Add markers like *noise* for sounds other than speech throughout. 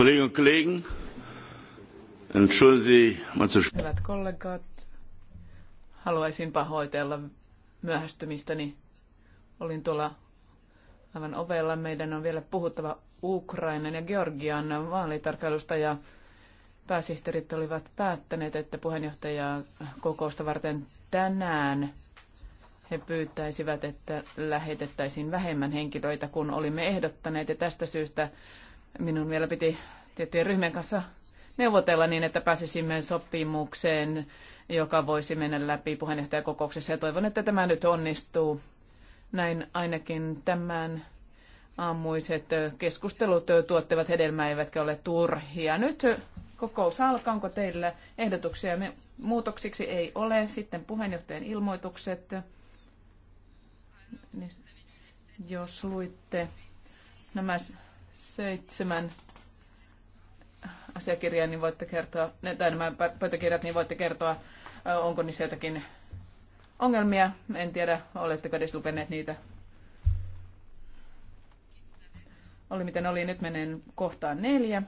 Kolleginnen und Kollegen, entschuldigen Sie, Hyvät kollegat, haluaisin pahoitella myöhästymistäni. Olin tuolla aivan ovella. Meidän on vielä puhuttava Ukrainan ja Georgian vaalitarkailusta ja pääsihteerit olivat päättäneet, että puheenjohtaja kokousta varten tänään he pyytäisivät, että lähetettäisiin vähemmän henkilöitä kuin olimme ehdottaneet ja tästä syystä Minun vielä piti tiettyjen ryhmien kanssa neuvotella niin, että pääsisimme sopimukseen, joka voisi mennä läpi puheenjohtajakokouksessa. Ja toivon, että tämä nyt onnistuu. Näin ainakin tämän aamuiset keskustelut tuottavat hedelmää, eivätkä ole turhia. Nyt kokous alkaa. Onko teillä ehdotuksia muutoksiksi? Ei ole. Sitten puheenjohtajan ilmoitukset. Niin, jos luitte nämä seitsemän asiakirjaa, niin voitte kertoa, tai nämä pöytäkirjat, niin voitte kertoa, onko niissä jotakin ongelmia. En tiedä, oletteko edes lukeneet niitä. Oli miten oli, nyt menen kohtaan neljä.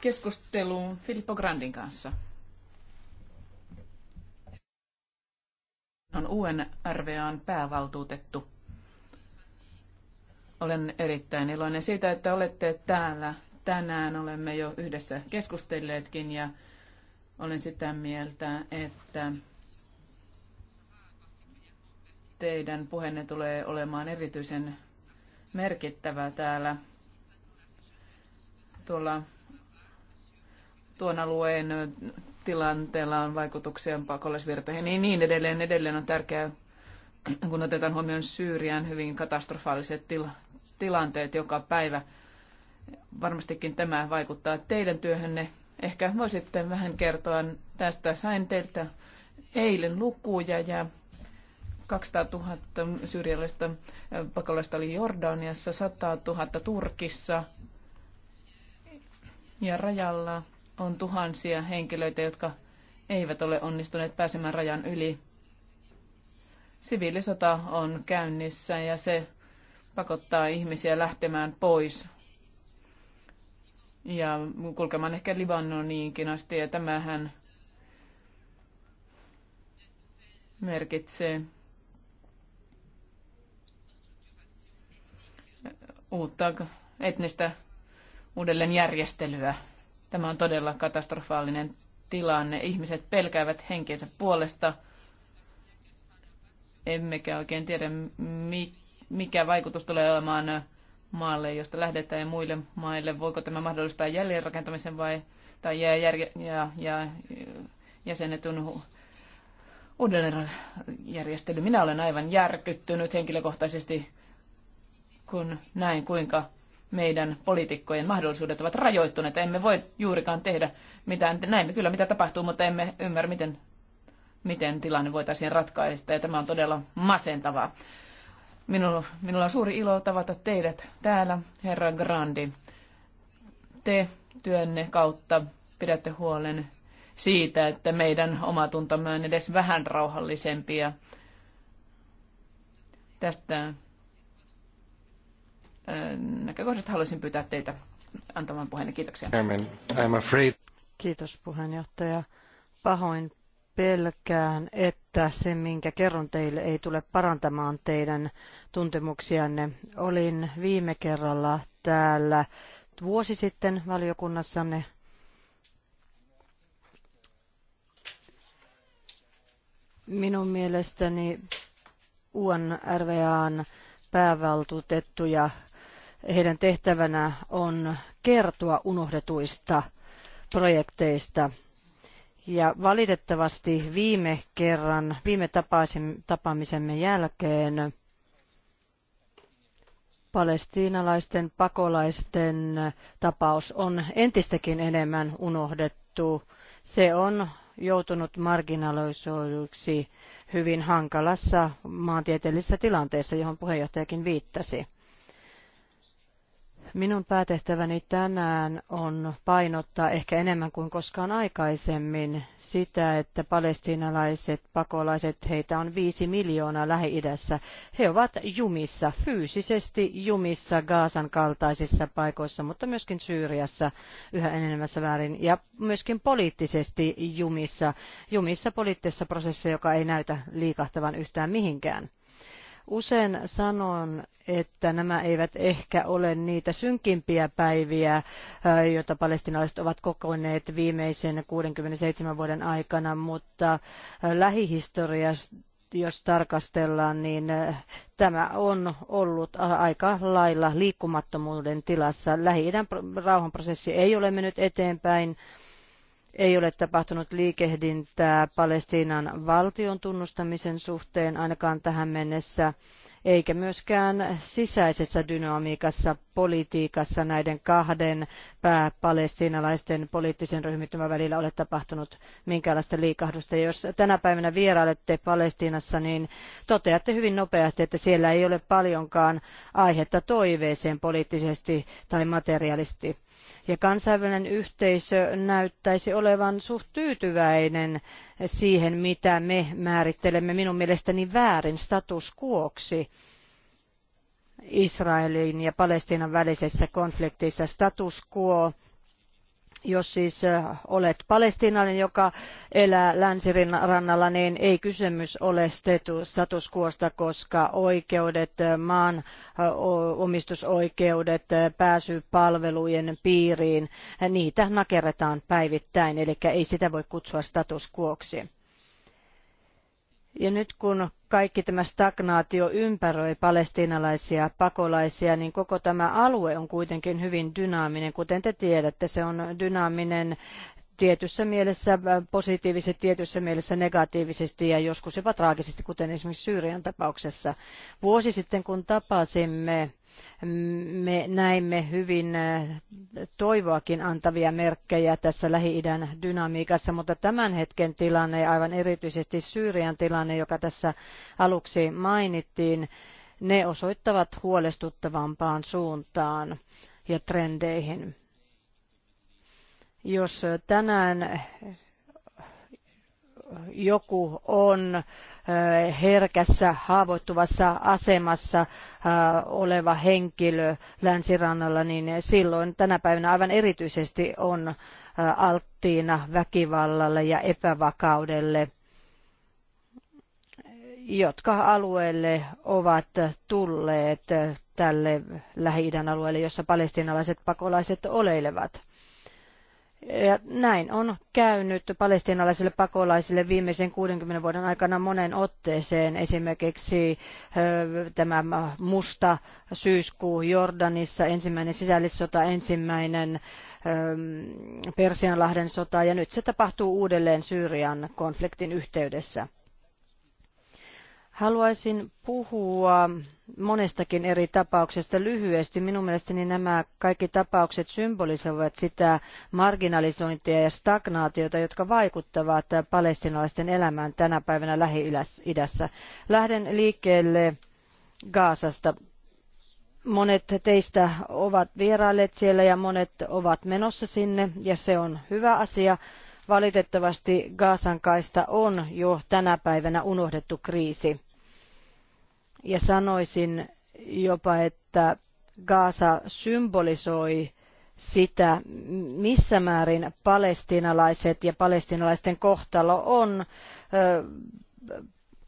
Keskusteluun Filippo Grandin kanssa. on UNRVAn päävaltuutettu. Olen erittäin iloinen siitä, että olette täällä tänään. Olemme jo yhdessä keskustelleetkin ja olen sitä mieltä, että teidän puheenne tulee olemaan erityisen merkittävä täällä tuolla tuon alueen tilanteella on vaikutuksia pakolaisvirtoihin niin, niin edelleen. Edelleen on tärkeää, kun otetaan huomioon Syyrian hyvin katastrofaaliset til- tilanteet joka päivä. Varmastikin tämä vaikuttaa teidän työhönne. Ehkä voisitte vähän kertoa tästä. Sain teiltä eilen lukuja ja 200 000 syyrialaista pakolaista oli Jordaniassa, 100 000 Turkissa ja rajalla on tuhansia henkilöitä, jotka eivät ole onnistuneet pääsemään rajan yli. Siviilisota on käynnissä ja se pakottaa ihmisiä lähtemään pois ja kulkemaan ehkä Libanoniinkin asti. Ja tämähän merkitsee uutta etnistä uudelleenjärjestelyä. Tämä on todella katastrofaalinen tilanne. Ihmiset pelkäävät henkensä puolesta. Emmekä oikein tiedä, mikä vaikutus tulee olemaan maalle, josta lähdetään ja muille maille. Voiko tämä mahdollistaa jäljenrakentamisen vai, tai jää jär, ja, ja jäsenetun uudelleenjärjestely. Minä olen aivan järkyttynyt henkilökohtaisesti, kun näin kuinka meidän poliitikkojen mahdollisuudet ovat rajoittuneet. Emme voi juurikaan tehdä mitään. Näemme kyllä, mitä tapahtuu, mutta emme ymmärrä, miten, miten tilanne voitaisiin ratkaista. Ja tämä on todella masentavaa. Minulla, minulla on suuri ilo tavata teidät täällä, herra Grandi. Te työnne kautta pidätte huolen siitä, että meidän oma tuntomme on edes vähän rauhallisempia. Tästä näkökohdasta haluaisin pyytää teitä antamaan puheenne. Kiitoksia. I'm afraid. Kiitos puheenjohtaja. Pahoin pelkään, että se, minkä kerron teille, ei tule parantamaan teidän tuntemuksianne. Olin viime kerralla täällä vuosi sitten valiokunnassanne minun mielestäni UNRVAn päävaltuutettuja heidän tehtävänä on kertoa unohdetuista projekteista. Ja valitettavasti viime kerran, viime tapaamisemme jälkeen palestiinalaisten pakolaisten tapaus on entistäkin enemmän unohdettu. Se on joutunut marginalisoiduksi hyvin hankalassa maantieteellisessä tilanteessa, johon puheenjohtajakin viittasi. Minun päätehtäväni tänään on painottaa ehkä enemmän kuin koskaan aikaisemmin sitä, että palestiinalaiset pakolaiset, heitä on viisi miljoonaa Lähi-idässä, he ovat jumissa, fyysisesti jumissa Gaasan kaltaisissa paikoissa, mutta myöskin Syyriassa yhä enemmässä väärin ja myöskin poliittisesti jumissa, jumissa poliittisessa prosessissa, joka ei näytä liikahtavan yhtään mihinkään. Usein sanon, että nämä eivät ehkä ole niitä synkimpiä päiviä, joita palestinalaiset ovat kokoneet viimeisen 67 vuoden aikana, mutta lähihistoriasta jos tarkastellaan, niin tämä on ollut aika lailla liikkumattomuuden tilassa. Lähi-idän rauhanprosessi ei ole mennyt eteenpäin ei ole tapahtunut liikehdintää Palestiinan valtion tunnustamisen suhteen ainakaan tähän mennessä, eikä myöskään sisäisessä dynamiikassa politiikassa näiden kahden pääpalestiinalaisten poliittisen ryhmittymän välillä ole tapahtunut minkäänlaista liikahdusta. jos tänä päivänä vierailette Palestiinassa, niin toteatte hyvin nopeasti, että siellä ei ole paljonkaan aihetta toiveeseen poliittisesti tai materiaalisesti ja kansainvälinen yhteisö näyttäisi olevan suht tyytyväinen siihen, mitä me määrittelemme minun mielestäni väärin status quoksi. Israelin ja Palestiinan välisessä konfliktissa status quo jos siis olet palestiinalainen, joka elää länsirannalla, niin ei kysymys ole statuskuosta, koska oikeudet, maan omistusoikeudet, pääsy palvelujen piiriin, niitä nakerretaan päivittäin, eli ei sitä voi kutsua statuskuoksi. Ja nyt kun kaikki tämä stagnaatio ympäröi palestiinalaisia pakolaisia, niin koko tämä alue on kuitenkin hyvin dynaaminen. Kuten te tiedätte, se on dynaaminen tietyssä mielessä äh, positiivisesti, tietyssä mielessä negatiivisesti ja joskus jopa traagisesti, kuten esimerkiksi Syyrian tapauksessa. Vuosi sitten, kun tapasimme me näimme hyvin äh, toivoakin antavia merkkejä tässä Lähi-idän dynamiikassa, mutta tämän hetken tilanne, aivan erityisesti Syyrian tilanne, joka tässä aluksi mainittiin, ne osoittavat huolestuttavampaan suuntaan ja trendeihin. Jos tänään joku on herkässä, haavoittuvassa asemassa oleva henkilö länsirannalla, niin silloin tänä päivänä aivan erityisesti on alttiina väkivallalle ja epävakaudelle jotka alueelle ovat tulleet tälle lähi alueelle, jossa palestiinalaiset pakolaiset oleilevat. Ja näin on käynyt palestiinalaisille pakolaisille viimeisen 60 vuoden aikana monen otteeseen. Esimerkiksi tämä musta syyskuu Jordanissa, ensimmäinen sisällissota, ensimmäinen Persianlahden sota ja nyt se tapahtuu uudelleen Syyrian konfliktin yhteydessä. Haluaisin puhua monestakin eri tapauksesta lyhyesti. Minun mielestäni nämä kaikki tapaukset symbolisoivat sitä marginalisointia ja stagnaatiota, jotka vaikuttavat palestinalaisten elämään tänä päivänä Lähi-idässä. Lähden liikkeelle Gaasasta. Monet teistä ovat vierailleet siellä ja monet ovat menossa sinne ja se on hyvä asia. Valitettavasti Gaasan kaista on jo tänä päivänä unohdettu kriisi ja sanoisin jopa, että Gaasa symbolisoi sitä, missä määrin palestinalaiset ja palestinalaisten kohtalo on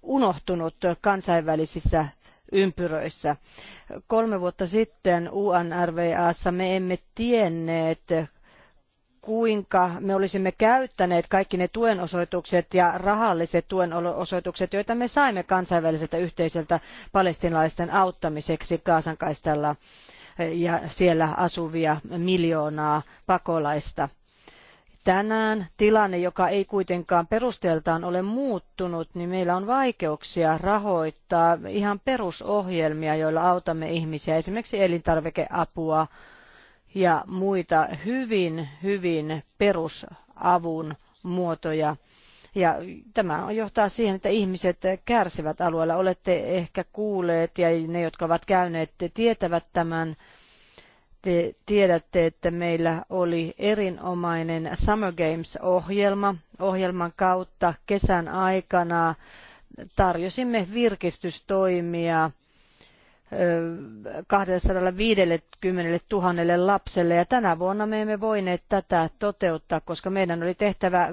unohtunut kansainvälisissä ympyröissä. Kolme vuotta sitten UNRWAssa me emme tienneet kuinka me olisimme käyttäneet kaikki ne tuenosoitukset ja rahalliset tuenosoitukset, joita me saimme kansainväliseltä yhteisöltä palestinalaisten auttamiseksi Kaasan kaistalla eh, ja siellä asuvia miljoonaa pakolaista. Tänään tilanne, joka ei kuitenkaan perusteeltaan ole muuttunut, niin meillä on vaikeuksia rahoittaa ihan perusohjelmia, joilla autamme ihmisiä, esimerkiksi elintarvikeapua, ja muita hyvin, hyvin perusavun muotoja. Ja tämä johtaa siihen, että ihmiset kärsivät alueella. Olette ehkä kuulleet ja ne, jotka ovat käyneet, tietävät tämän. Te tiedätte, että meillä oli erinomainen Summer Games-ohjelma. Ohjelman kautta kesän aikana tarjosimme virkistystoimia 250 000 lapselle ja tänä vuonna me emme voineet tätä toteuttaa, koska meidän oli tehtävä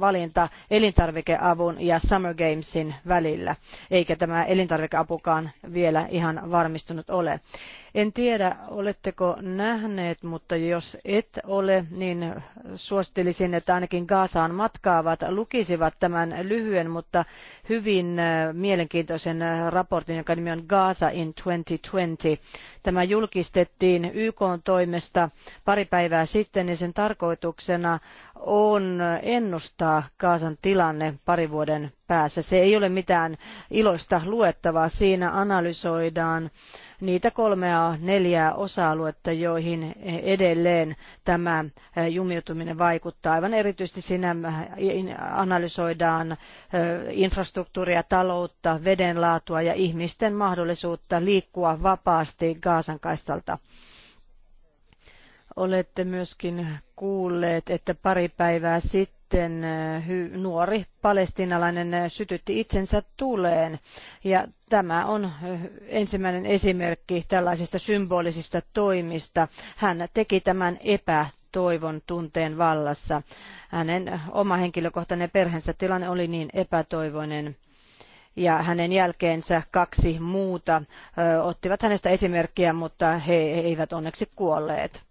valinta elintarvikeavun ja Summer Gamesin välillä, eikä tämä elintarvikeapukaan vielä ihan varmistunut ole. En tiedä, oletteko nähneet, mutta jos et ole, niin suosittelisin, että ainakin Gaasaan matkaavat lukisivat tämän lyhyen, mutta hyvin äh, mielenkiintoisen äh, raportin, joka nimi on Gaza in 2020. Tämä julkistettiin YK toimesta pari päivää sitten ja sen tarkoituksena on ennustaa Gaasan tilanne pari vuoden päässä. Se ei ole mitään iloista luettavaa. Siinä analysoidaan niitä kolmea neljää osa-aluetta, joihin edelleen tämä jumiutuminen vaikuttaa. Aivan erityisesti siinä analysoidaan infrastruktuuria, taloutta, vedenlaatua ja ihmisten mahdollisuutta liikkua vapaasti Gaasan kaistalta. Olette myöskin kuulleet, että pari päivää sitten sitten nuori palestinalainen sytytti itsensä tuleen. Ja tämä on ensimmäinen esimerkki tällaisista symbolisista toimista. Hän teki tämän epä toivon tunteen vallassa. Hänen oma henkilökohtainen perheensä tilanne oli niin epätoivoinen ja hänen jälkeensä kaksi muuta ö, ottivat hänestä esimerkkiä, mutta he eivät onneksi kuolleet.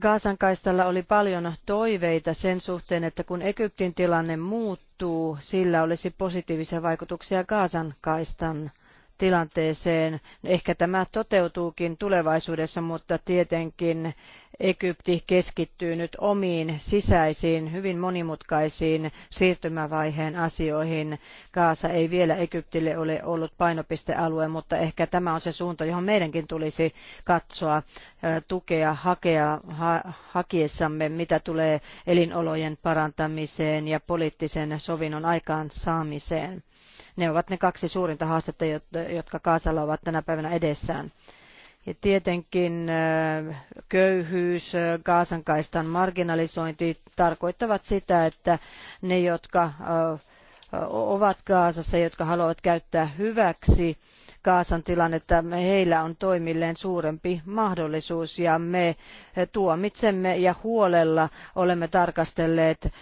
Gaasan kaistalla oli paljon toiveita sen suhteen, että kun Egyptin tilanne muuttuu, sillä olisi positiivisia vaikutuksia Gaasan kaistan tilanteeseen. Ehkä tämä toteutuukin tulevaisuudessa, mutta tietenkin Egypti keskittyy nyt omiin sisäisiin, hyvin monimutkaisiin siirtymävaiheen asioihin. Kaasa ei vielä Egyptille ole ollut painopistealue, mutta ehkä tämä on se suunta, johon meidänkin tulisi katsoa, tukea, hakea, ha, hakiessamme, mitä tulee elinolojen parantamiseen ja poliittisen sovinnon aikaansaamiseen. Ne ovat ne kaksi suurinta haastetta, jotka Kaasalla ovat tänä päivänä edessään. Ja tietenkin äh, köyhyys, kaasankaistan äh, marginalisointi tarkoittavat sitä, että ne, jotka äh, ovat kaasassa, jotka haluavat käyttää hyväksi Kaasan tilannetta, heillä on toimilleen suurempi mahdollisuus ja me tuomitsemme ja huolella olemme tarkastelleet äh,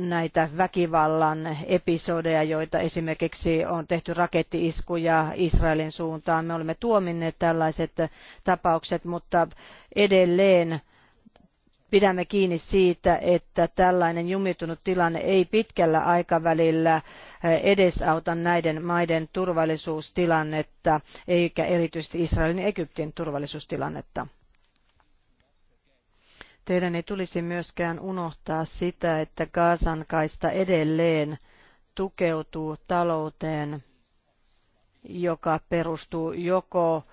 näitä väkivallan episodeja, joita esimerkiksi on tehty rakettiiskuja Israelin suuntaan. Me olemme tuominneet tällaiset tapaukset, mutta edelleen pidämme kiinni siitä, että tällainen jumitunut tilanne ei pitkällä aikavälillä eh, edesauta näiden maiden turvallisuustilannetta, eikä erityisesti Israelin ja Egyptin turvallisuustilannetta. Teidän ei tulisi myöskään unohtaa sitä, että Gaasan kaista edelleen tukeutuu talouteen, joka perustuu joko eh,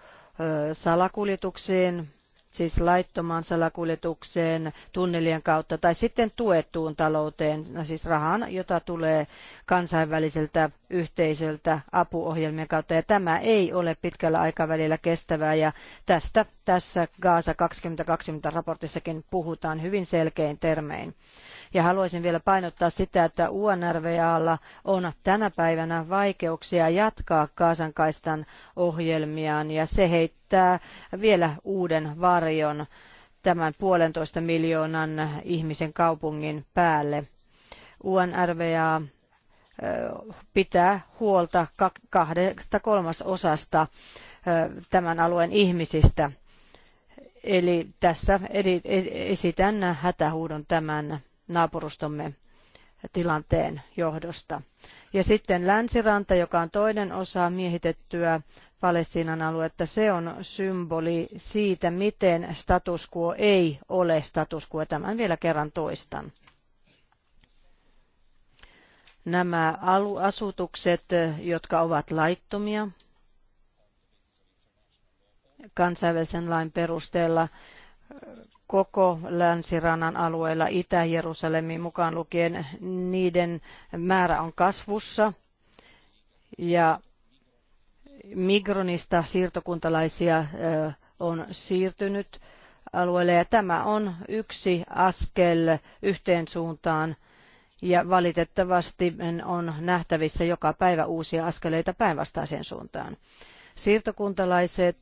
salakuljetukseen, siis laittomaan salakuljetukseen tunnelien kautta tai sitten tuettuun talouteen, no siis rahaan, jota tulee kansainväliseltä yhteisöltä apuohjelmien kautta. Ja tämä ei ole pitkällä aikavälillä kestävää ja tästä tässä Gaasa 2020 raportissakin puhutaan hyvin selkein termein. Ja haluaisin vielä painottaa sitä, että UNRWAlla on tänä päivänä vaikeuksia jatkaa Gaza-kaistan ohjelmiaan ja se heittää esittää vielä uuden varjon tämän puolentoista miljoonan ihmisen kaupungin päälle. UNRWA pitää huolta kahdesta kolmasosasta tämän alueen ihmisistä. Eli tässä e, esitän hätähuudon tämän naapurustomme tilanteen johdosta. Ja sitten länsiranta, joka on toinen osa miehitettyä Palestiinan aluetta. Se on symboli siitä, miten status quo ei ole status quo. Tämän vielä kerran toistan. Nämä asutukset, jotka ovat laittomia kansainvälisen lain perusteella, koko länsirannan alueella Itä-Jerusalemin mukaan lukien, niiden määrä on kasvussa. Ja Migronista siirtokuntalaisia on siirtynyt alueelle ja tämä on yksi askel yhteen suuntaan ja valitettavasti on nähtävissä joka päivä uusia askeleita päinvastaiseen suuntaan. Siirtokuntalaiset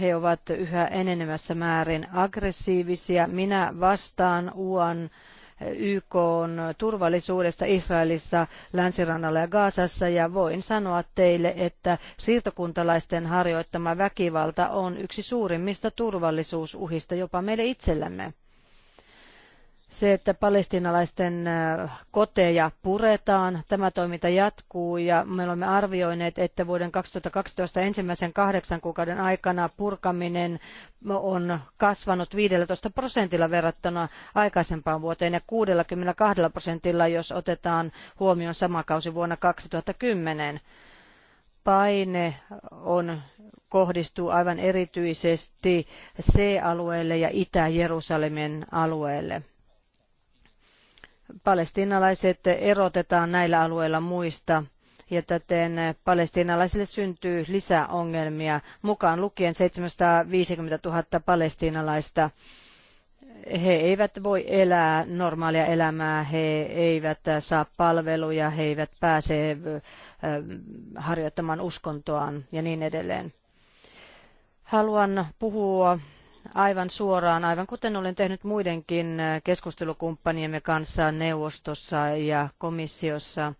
he ovat yhä enenevässä määrin aggressiivisia. Minä vastaan UAN YK on turvallisuudesta Israelissa, Länsirannalla ja Gaasassa ja voin sanoa teille, että siirtokuntalaisten harjoittama väkivalta on yksi suurimmista turvallisuusuhista jopa meille itsellämme. Se, että palestinalaisten äh, koteja puretaan, tämä toiminta jatkuu ja me olemme arvioineet, että vuoden 2012 ensimmäisen kahdeksan kuukauden aikana purkaminen on kasvanut 15 prosentilla verrattuna aikaisempaan vuoteen ja 62 prosentilla, jos otetaan huomioon sama kausi vuonna 2010 paine on, kohdistuu aivan erityisesti C-alueelle ja Itä-Jerusalemin alueelle. Palestiinalaiset erotetaan näillä alueilla muista ja täten palestiinalaisille syntyy lisää ongelmia, mukaan lukien 750 000 palestiinalaista. He eivät voi elää normaalia elämää, he eivät saa palveluja, he eivät pääse harjoittamaan uskontoaan ja niin edelleen. Haluan puhua aivan suoraan, aivan kuten olen tehnyt muidenkin äh, keskustelukumppaniemme kanssa neuvostossa ja komissiossa.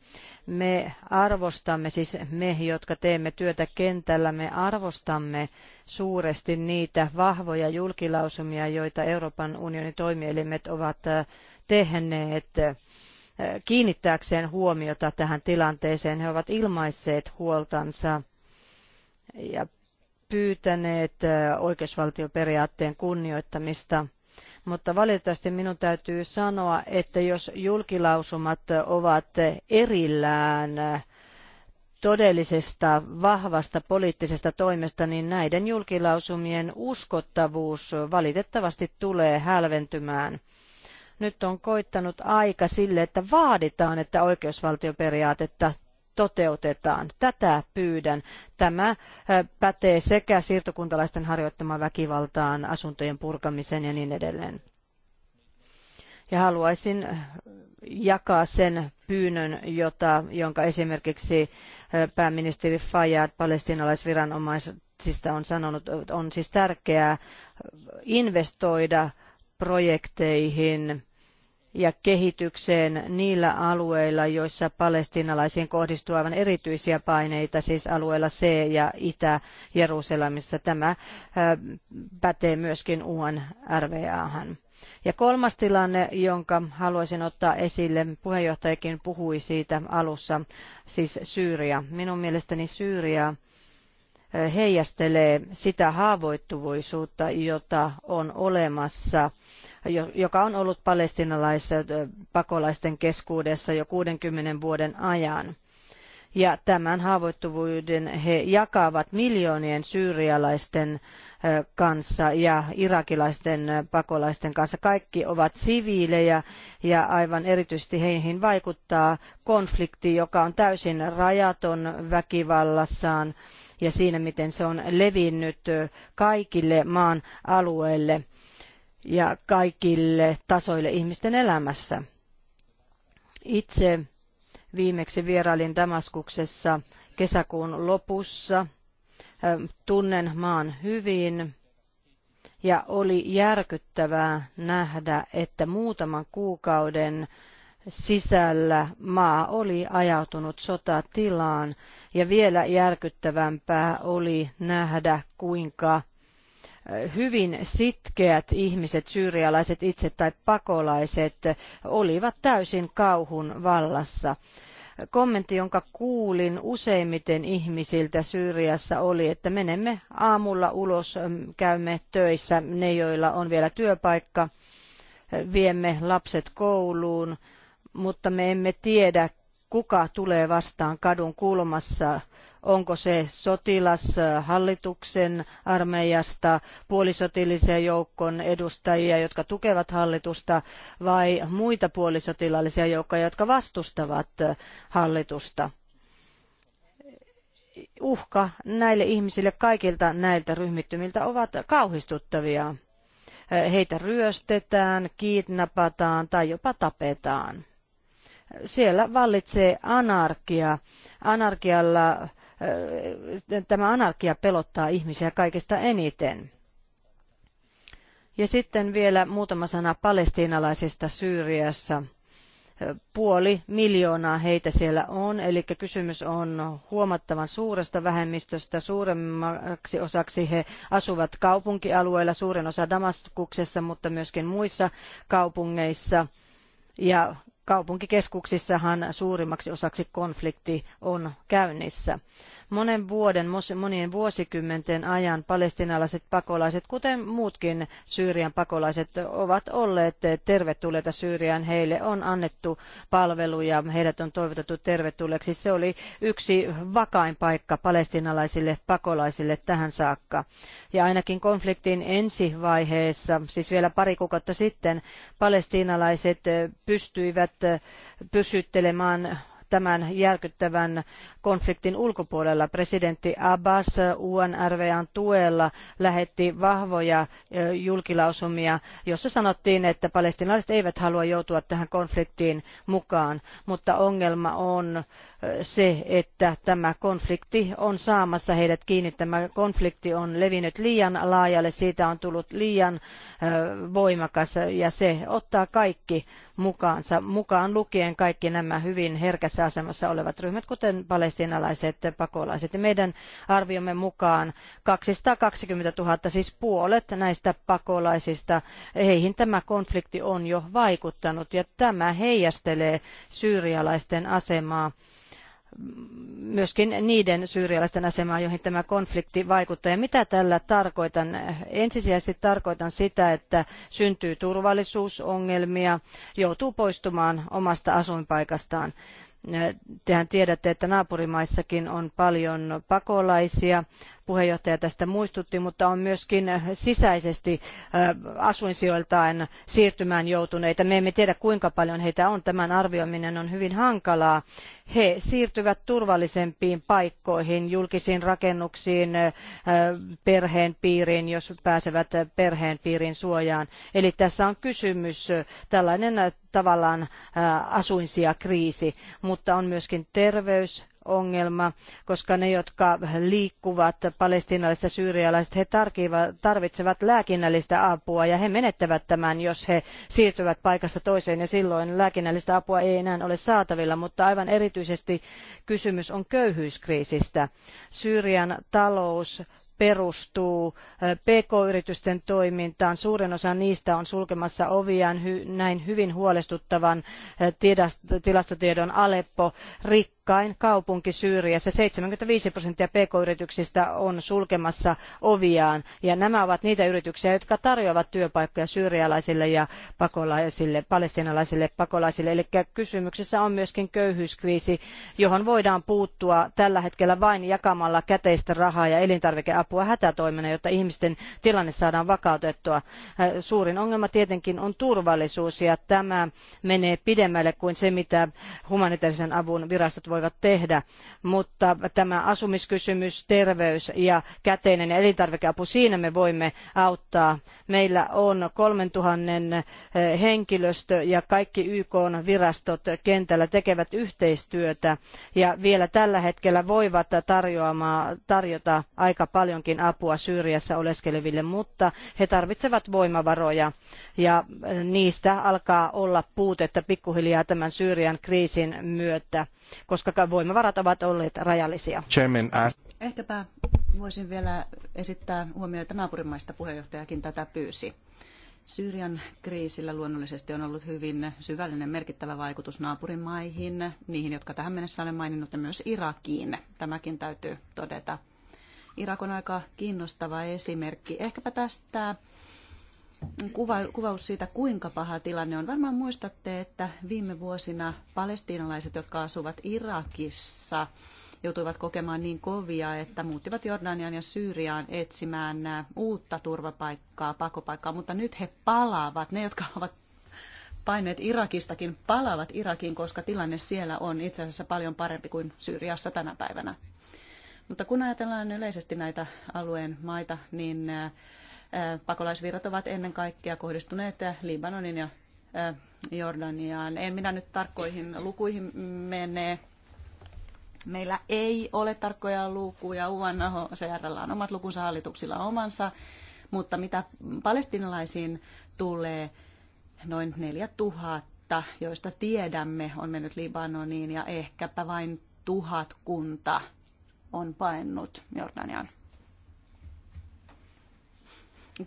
Me arvostamme, siis me, jotka teemme työtä kentällä, me arvostamme suuresti niitä vahvoja julkilausumia, joita Euroopan unionin toimielimet ovat äh, tehneet äh, kiinnittääkseen huomiota tähän tilanteeseen. He ovat ilmaisseet huoltansa ja pyytäneet oikeusvaltioperiaatteen kunnioittamista. Mutta valitettavasti minun täytyy sanoa, että jos julkilausumat ovat erillään todellisesta vahvasta poliittisesta toimesta, niin näiden julkilausumien uskottavuus valitettavasti tulee hälventymään nyt on koittanut aika sille, että vaaditaan, että oikeusvaltioperiaatetta toteutetaan. Tätä pyydän. Tämä äh, pätee sekä siirtokuntalaisten harjoittamaan väkivaltaan, asuntojen purkamiseen ja niin edelleen. Ja haluaisin äh, jakaa sen pyynnön, jota, jonka esimerkiksi äh, pääministeri Fayyad palestinalaisviranomaisista on sanonut, on siis tärkeää investoida projekteihin, ja kehitykseen niillä alueilla, joissa palestinalaisiin kohdistuu aivan erityisiä paineita, siis alueilla C ja Itä-Jerusalemissa. Tämä pätee myöskin UNRWAhan. Ja kolmas tilanne, jonka haluaisin ottaa esille, puheenjohtajakin puhui siitä alussa, siis Syyria. Minun mielestäni Syyria heijastelee sitä haavoittuvuisuutta, jota on olemassa, joka on ollut pakolaisten keskuudessa jo 60 vuoden ajan. Ja tämän haavoittuvuuden he jakavat miljoonien syyrialaisten kanssa ja irakilaisten pakolaisten kanssa. Kaikki ovat siviilejä ja aivan erityisesti heihin vaikuttaa konflikti, joka on täysin rajaton väkivallassaan ja siinä, miten se on levinnyt kaikille maan alueille ja kaikille tasoille ihmisten elämässä. Itse viimeksi vierailin Damaskuksessa kesäkuun lopussa Tunnen maan hyvin ja oli järkyttävää nähdä, että muutaman kuukauden sisällä maa oli ajautunut sotatilaan ja vielä järkyttävämpää oli nähdä, kuinka hyvin sitkeät ihmiset, syyrialaiset itse tai pakolaiset, olivat täysin kauhun vallassa kommentti, jonka kuulin useimmiten ihmisiltä Syyriassa oli, että menemme aamulla ulos, mm, käymme töissä, ne joilla on vielä työpaikka, viemme lapset kouluun, mutta me emme tiedä, kuka tulee vastaan kadun kulmassa onko se sotilashallituksen äh, armeijasta, puolisotilisen joukon edustajia, jotka tukevat hallitusta, vai muita puolisotilaallisia joukkoja, jotka vastustavat äh, hallitusta. Uhka näille ihmisille kaikilta näiltä ryhmittymiltä ovat kauhistuttavia. Äh, heitä ryöstetään, kiidnapataan tai jopa tapetaan siellä vallitsee anarkia. Anarkialla tämä anarkia pelottaa ihmisiä kaikista eniten. Ja sitten vielä muutama sana palestiinalaisista Syyriassa. Puoli miljoonaa heitä siellä on, eli kysymys on huomattavan suuresta vähemmistöstä. Suuremmaksi osaksi he asuvat kaupunkialueilla, suurin osa Damaskuksessa, mutta myöskin muissa kaupungeissa. Ja Kaupunkikeskuksissahan suurimmaksi osaksi konflikti on käynnissä. Monen vuoden, monien vuosikymmenten ajan palestinalaiset pakolaiset, kuten muutkin Syyrian pakolaiset, ovat olleet tervetulleita Syyriaan. Heille on annettu palveluja, heidät on toivotettu tervetulleeksi. Se oli yksi vakain paikka palestinalaisille pakolaisille tähän saakka. Ja ainakin konfliktin ensivaiheessa, siis vielä pari kuukautta sitten, palestinalaiset pystyivät pysyttelemään tämän järkyttävän konfliktin ulkopuolella. Presidentti Abbas UNRWAn tuella lähetti vahvoja julkilausumia, jossa sanottiin, että Palestiinalaiset eivät halua joutua tähän konfliktiin mukaan, mutta ongelma on se, että tämä konflikti on saamassa heidät kiinni. Tämä konflikti on levinnyt liian laajalle, siitä on tullut liian voimakas ja se ottaa kaikki mukaansa, mukaan lukien kaikki nämä hyvin herkässä asemassa olevat ryhmät, kuten palestiinalaiset pakolaiset. meidän arviomme mukaan 220 000, siis puolet näistä pakolaisista, heihin tämä konflikti on jo vaikuttanut ja tämä heijastelee syyrialaisten asemaa myöskin niiden syyrialaisten asemaa, joihin tämä konflikti vaikuttaa. Ja mitä tällä tarkoitan? Ensisijaisesti tarkoitan sitä, että syntyy turvallisuusongelmia, joutuu poistumaan omasta asuinpaikastaan. Tehän tiedätte, että naapurimaissakin on paljon pakolaisia, puheenjohtaja tästä muistutti, mutta on myöskin äh, sisäisesti äh, asuinsijoiltaan siirtymään joutuneita. Me emme tiedä kuinka paljon heitä on. Tämän arvioiminen on hyvin hankalaa. He siirtyvät turvallisempiin paikkoihin, julkisiin rakennuksiin, äh, perheen piiriin, jos pääsevät perheen piirin suojaan. Eli tässä on kysymys tällainen tavallaan asuinsijakriisi, mutta on myöskin terveys, ongelma, koska ne, jotka liikkuvat, palestiinalaiset ja syyrialaiset, he tarvitsevat lääkinnällistä apua ja he menettävät tämän, jos he siirtyvät paikasta toiseen ja silloin lääkinnällistä apua ei enää ole saatavilla, mutta aivan erityisesti kysymys on köyhyyskriisistä. Syyrian talous perustuu eh, PK-yritysten toimintaan. Suurin osa niistä on sulkemassa oviaan näin hyvin huolestuttavan eh, tilastotiedon Aleppo rikkoo rikkain kaupunki Syyriassa. 75 prosenttia pk-yrityksistä on sulkemassa oviaan ja nämä ovat niitä yrityksiä, jotka tarjoavat työpaikkoja syyrialaisille ja pakolaisille, palestinalaisille pakolaisille. Eli kysymyksessä on myöskin köyhyyskriisi, johon voidaan puuttua tällä hetkellä vain jakamalla käteistä rahaa ja elintarvikeapua hätätoimena, jotta ihmisten tilanne saadaan vakautettua. Äh, suurin ongelma tietenkin on turvallisuus ja tämä menee pidemmälle kuin se, mitä humanitaarisen avun virastot voivat voivat tehdä, mutta tämä asumiskysymys, terveys ja käteinen ja elintarvikeapu, siinä me voimme auttaa. Meillä on 3000 eh, henkilöstö ja kaikki YK virastot kentällä tekevät yhteistyötä ja vielä tällä hetkellä voivat tarjota aika paljonkin apua Syyriassa oleskeleville, mutta he tarvitsevat voimavaroja ja niistä alkaa olla puutetta pikkuhiljaa tämän Syyrian kriisin myötä, koska voimavarat ovat olleet rajallisia. Chairman, Ehkäpä voisin vielä esittää huomioita naapurimaista puheenjohtajakin tätä pyysi. Syyrian kriisillä luonnollisesti on ollut hyvin syvällinen merkittävä vaikutus naapurimaihin, niihin, jotka tähän mennessä olen maininnut, ja myös Irakiin. Tämäkin täytyy todeta. Irak on aika kiinnostava esimerkki. Ehkäpä tästä kuva, kuvaus siitä, kuinka paha tilanne on. Varmaan muistatte, että viime vuosina palestiinalaiset, jotka asuvat Irakissa, joutuivat kokemaan niin kovia, että muuttivat Jordanian ja Syyriaan etsimään uutta turvapaikkaa, pakopaikkaa, mutta nyt he palaavat. Ne, jotka ovat paineet Irakistakin, palaavat Irakiin, koska tilanne siellä on itse asiassa paljon parempi kuin Syyriassa tänä päivänä. Mutta kun ajatellaan yleisesti näitä alueen maita, niin Pakolaisvirrat ovat ennen kaikkea kohdistuneet Libanonin ja Jordaniaan. En minä nyt tarkkoihin lukuihin mene. Meillä ei ole tarkkoja lukuja. UNHCR on omat lukunsa, hallituksilla omansa. Mutta mitä palestinalaisiin tulee, noin 4000, joista tiedämme, on mennyt Libanoniin ja ehkäpä vain tuhat kunta on paennut Jordanian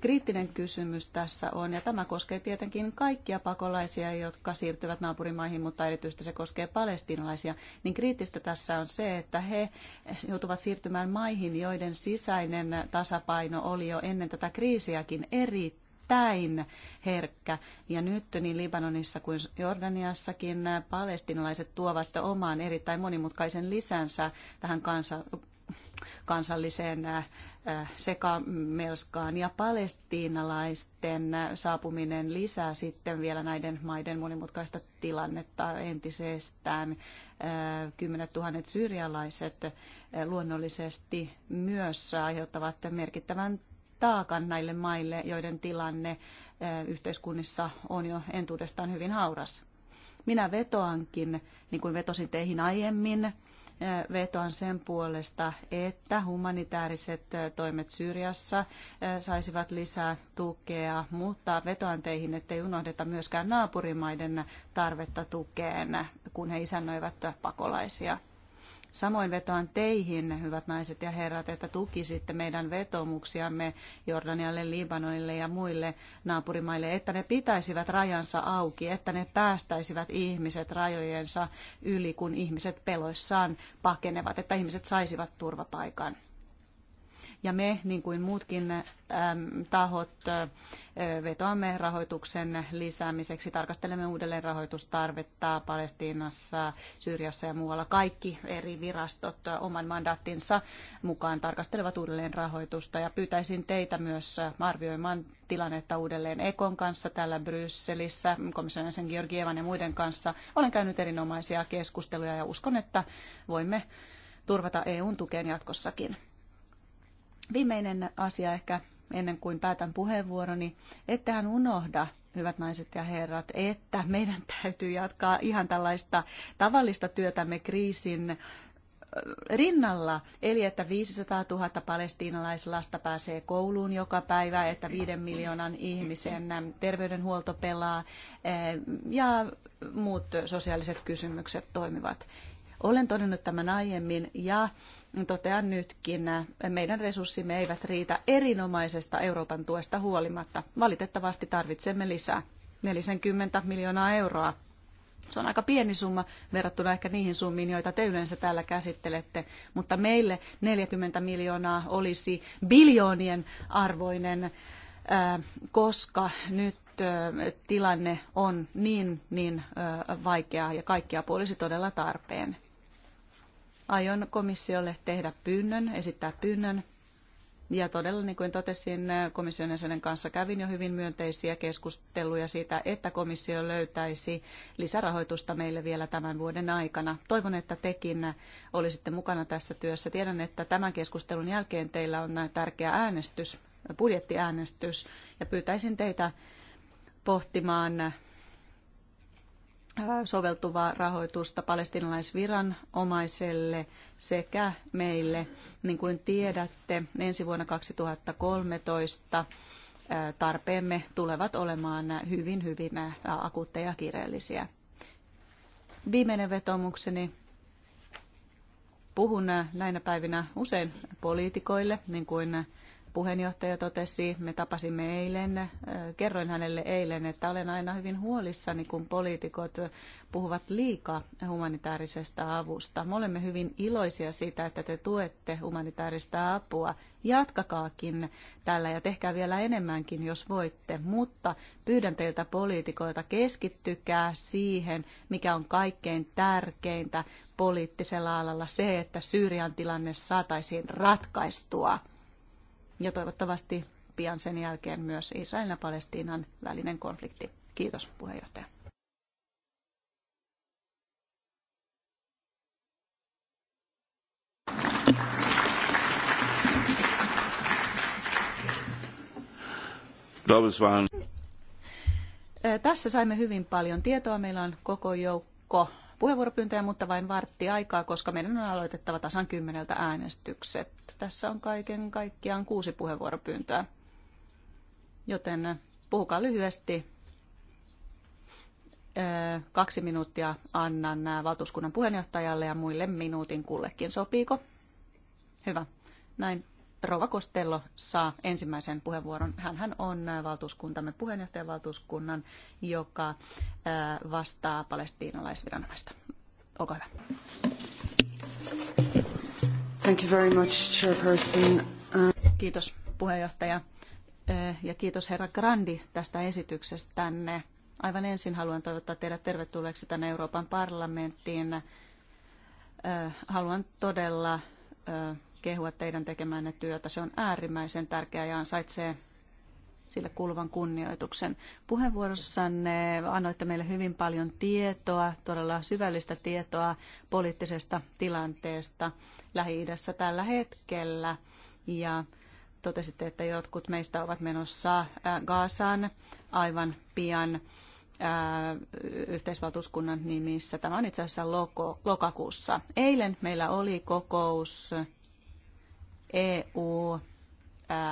kriittinen kysymys tässä on, ja tämä koskee tietenkin kaikkia pakolaisia, jotka siirtyvät naapurimaihin, mutta erityisesti se koskee palestiinalaisia, niin kriittistä tässä on se, että he joutuvat siirtymään maihin, joiden sisäinen tasapaino oli jo ennen tätä kriisiäkin erittäin herkkä. Ja nyt niin Libanonissa kuin Jordaniassakin palestinalaiset tuovat omaan erittäin monimutkaisen lisänsä tähän kansa- kansalliseen äh, äh, sekamelskaan ja palestiinalaisten äh, saapuminen lisää sitten vielä näiden maiden monimutkaista tilannetta entisestään. Kymmenet tuhannet syyrialaiset luonnollisesti myös aiheuttavat merkittävän taakan näille maille, joiden tilanne yhteiskunnissa on jo entuudestaan hyvin hauras. Minä vetoankin, niin kuin vetosin teihin aiemmin, vetoan sen puolesta, että humanitaariset toimet Syyriassa saisivat lisää tukea, mutta vetoan teihin, ettei unohdeta myöskään naapurimaiden tarvetta tukeen, kun he isännöivät pakolaisia. Samoin vetoan teihin, hyvät naiset ja herrat, että tukisitte meidän vetomuksiamme Jordanialle, Libanonille ja muille naapurimaille, että ne pitäisivät rajansa auki, että ne päästäisivät ihmiset rajojensa yli, kun ihmiset peloissaan pakenevat, että ihmiset saisivat turvapaikan. Ja me, niin kuin muutkin tahot, vetoamme rahoituksen lisäämiseksi. Tarkastelemme uudelleen rahoitustarvetta Palestiinassa, Syyriassa ja muualla. Kaikki eri virastot oman mandaattinsa mukaan tarkastelevat uudelleen rahoitusta. Ja pyytäisin teitä myös arvioimaan tilannetta uudelleen Ekon kanssa täällä Brysselissä, komission jäsen Georgievan ja muiden kanssa. Olen käynyt erinomaisia keskusteluja ja uskon, että voimme turvata EUn tukeen jatkossakin. Viimeinen asia ehkä ennen kuin päätän puheenvuoroni, ettehän unohda, hyvät naiset ja herrat, että meidän täytyy jatkaa ihan tällaista tavallista työtämme kriisin rinnalla, eli että 500 000 palestiinalaislasta pääsee kouluun joka päivä, että viiden miljoonan ihmisen terveydenhuolto pelaa ja muut sosiaaliset kysymykset toimivat. Olen todennut tämän aiemmin ja totean nytkin, äh, meidän resurssimme eivät riitä erinomaisesta Euroopan tuesta huolimatta. Valitettavasti tarvitsemme lisää. 40 miljoonaa euroa. Se on aika pieni summa verrattuna ehkä niihin summiin, joita te yleensä täällä käsittelette, mutta meille 40 miljoonaa olisi biljoonien arvoinen, äh, koska nyt äh, tilanne on niin, niin vaikea ja kaikkia puolisi todella tarpeen. Aion komissiolle tehdä pyynnön, esittää pyynnön. Ja todella, niin kuin totesin, komission jäsenen kanssa kävin jo hyvin myönteisiä keskusteluja siitä, että komissio löytäisi lisärahoitusta meille vielä tämän vuoden aikana. Toivon, että tekin olisitte mukana tässä työssä. Tiedän, että tämän keskustelun jälkeen teillä on tärkeä äänestys, budjettiäänestys, ja pyytäisin teitä pohtimaan Äh, soveltuvaa rahoitusta palestinalaisviranomaiselle sekä meille. Niin kuin tiedätte, ensi vuonna 2013 äh, tarpeemme tulevat olemaan hyvin, hyvin äh, akuutteja ja kiireellisiä. Viimeinen vetomukseni. Puhun näinä päivinä usein poliitikoille, niin kuin puheenjohtaja totesi, me tapasimme eilen, kerroin hänelle eilen, että olen aina hyvin huolissani, kun poliitikot puhuvat liikaa humanitaarisesta avusta. Me olemme hyvin iloisia siitä, että te tuette humanitaarista apua. Jatkakaakin tällä ja tehkää vielä enemmänkin, jos voitte, mutta pyydän teiltä poliitikoilta keskittykää siihen, mikä on kaikkein tärkeintä poliittisella alalla, se, että Syyrian tilanne saataisiin ratkaistua ja toivottavasti pian sen jälkeen myös Israelin ja Palestiinan välinen konflikti. Kiitos puheenjohtaja. Tässä saimme hyvin paljon tietoa. Meillä on koko joukko puheenvuoropyyntöjä, mutta vain vartti aikaa, koska meidän on aloitettava tasan kymmeneltä äänestykset. Tässä on kaiken kaikkiaan kuusi puheenvuoropyyntöä, joten äh, puhukaa lyhyesti. Äh, kaksi minuuttia annan äh, valtuuskunnan puheenjohtajalle ja muille minuutin kullekin. Sopiiko? Hyvä. Näin Rova Kostello saa ensimmäisen puheenvuoron. hän on äh, valtuuskuntamme puheenjohtajan valtuuskunnan, joka äh, vastaa palestiinalaisviranomaista. Olkaa hyvä. Thank you very much, Chairperson. Uh, kiitos puheenjohtaja äh, ja kiitos herra Grandi tästä tänne. Aivan ensin haluan toivottaa teidät tervetulleeksi tänne Euroopan parlamenttiin. Haluan todella kehua teidän tekemänne työtä. Se on äärimmäisen tärkeää ja ansaitsee sille kuuluvan kunnioituksen. Puheenvuorossanne annoitte meille hyvin paljon tietoa, todella syvällistä tietoa poliittisesta tilanteesta Lähi-idässä tällä hetkellä. Ja totesitte, että jotkut meistä ovat menossa äh, Gaasaan aivan pian äh, yhteisvaltuuskunnan nimissä. Tämä on itse asiassa lokakuussa. Eilen meillä oli kokous EU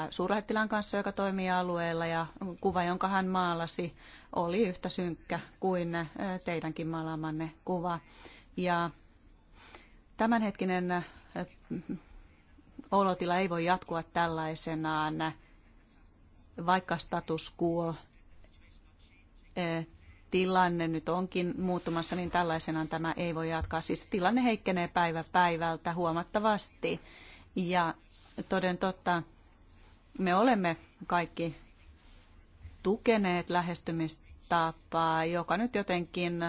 suurlähettilään kanssa, joka toimii alueella ja kuva, jonka hän maalasi, oli yhtä synkkä kuin teidänkin maalaamanne kuva. Ja tämänhetkinen olotila ei voi jatkua tällaisenaan, vaikka status quo tilanne nyt onkin muuttumassa, niin tällaisenaan tämä ei voi jatkaa. Siis tilanne heikkenee päivä päivältä huomattavasti. Ja toden totta me olemme kaikki tukeneet lähestymistapaa, joka nyt jotenkin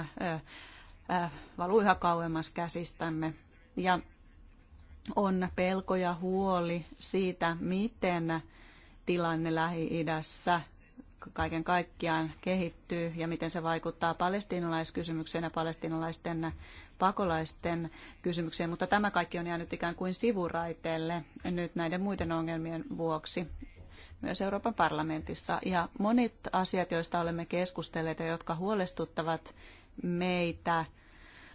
valuu yhä kauemmas käsistämme. Ja on pelko ja huoli siitä, miten tilanne Lähi-idässä kaiken kaikkiaan kehittyy ja miten se vaikuttaa palestiinalaiskysymykseen ja palestiinalaisten pakolaisten kysymykseen, mutta tämä kaikki on jäänyt ikään kuin sivuraiteelle nyt näiden muiden ongelmien vuoksi myös Euroopan parlamentissa. Ja monet asiat, joista olemme keskustelleet ja jotka huolestuttavat meitä,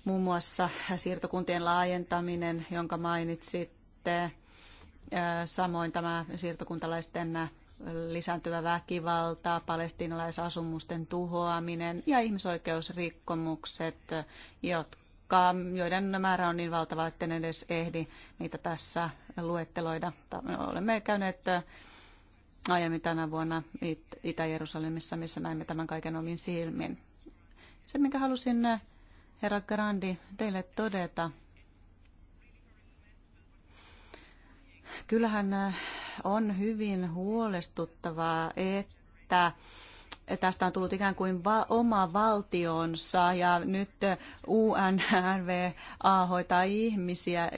muun muassa siirtokuntien laajentaminen, jonka mainitsitte, samoin tämä siirtokuntalaisten lisääntyvä väkivalta, palestinalaisasumusten tuhoaminen ja ihmisoikeusrikkomukset, jotka, joiden määrä on niin valtava, en edes ehdi niitä tässä luetteloida. Olemme käyneet äh, aiemmin tänä vuonna Itä-Jerusalemissa, missä näimme tämän kaiken omin silmin. Se, minkä halusin, äh, herra Grandi, teille todeta, kyllähän äh, on hyvin huolestuttavaa, että tästä on tullut ikään kuin va- oma valtionsa ja nyt UNRWA hoitaa ihmisiä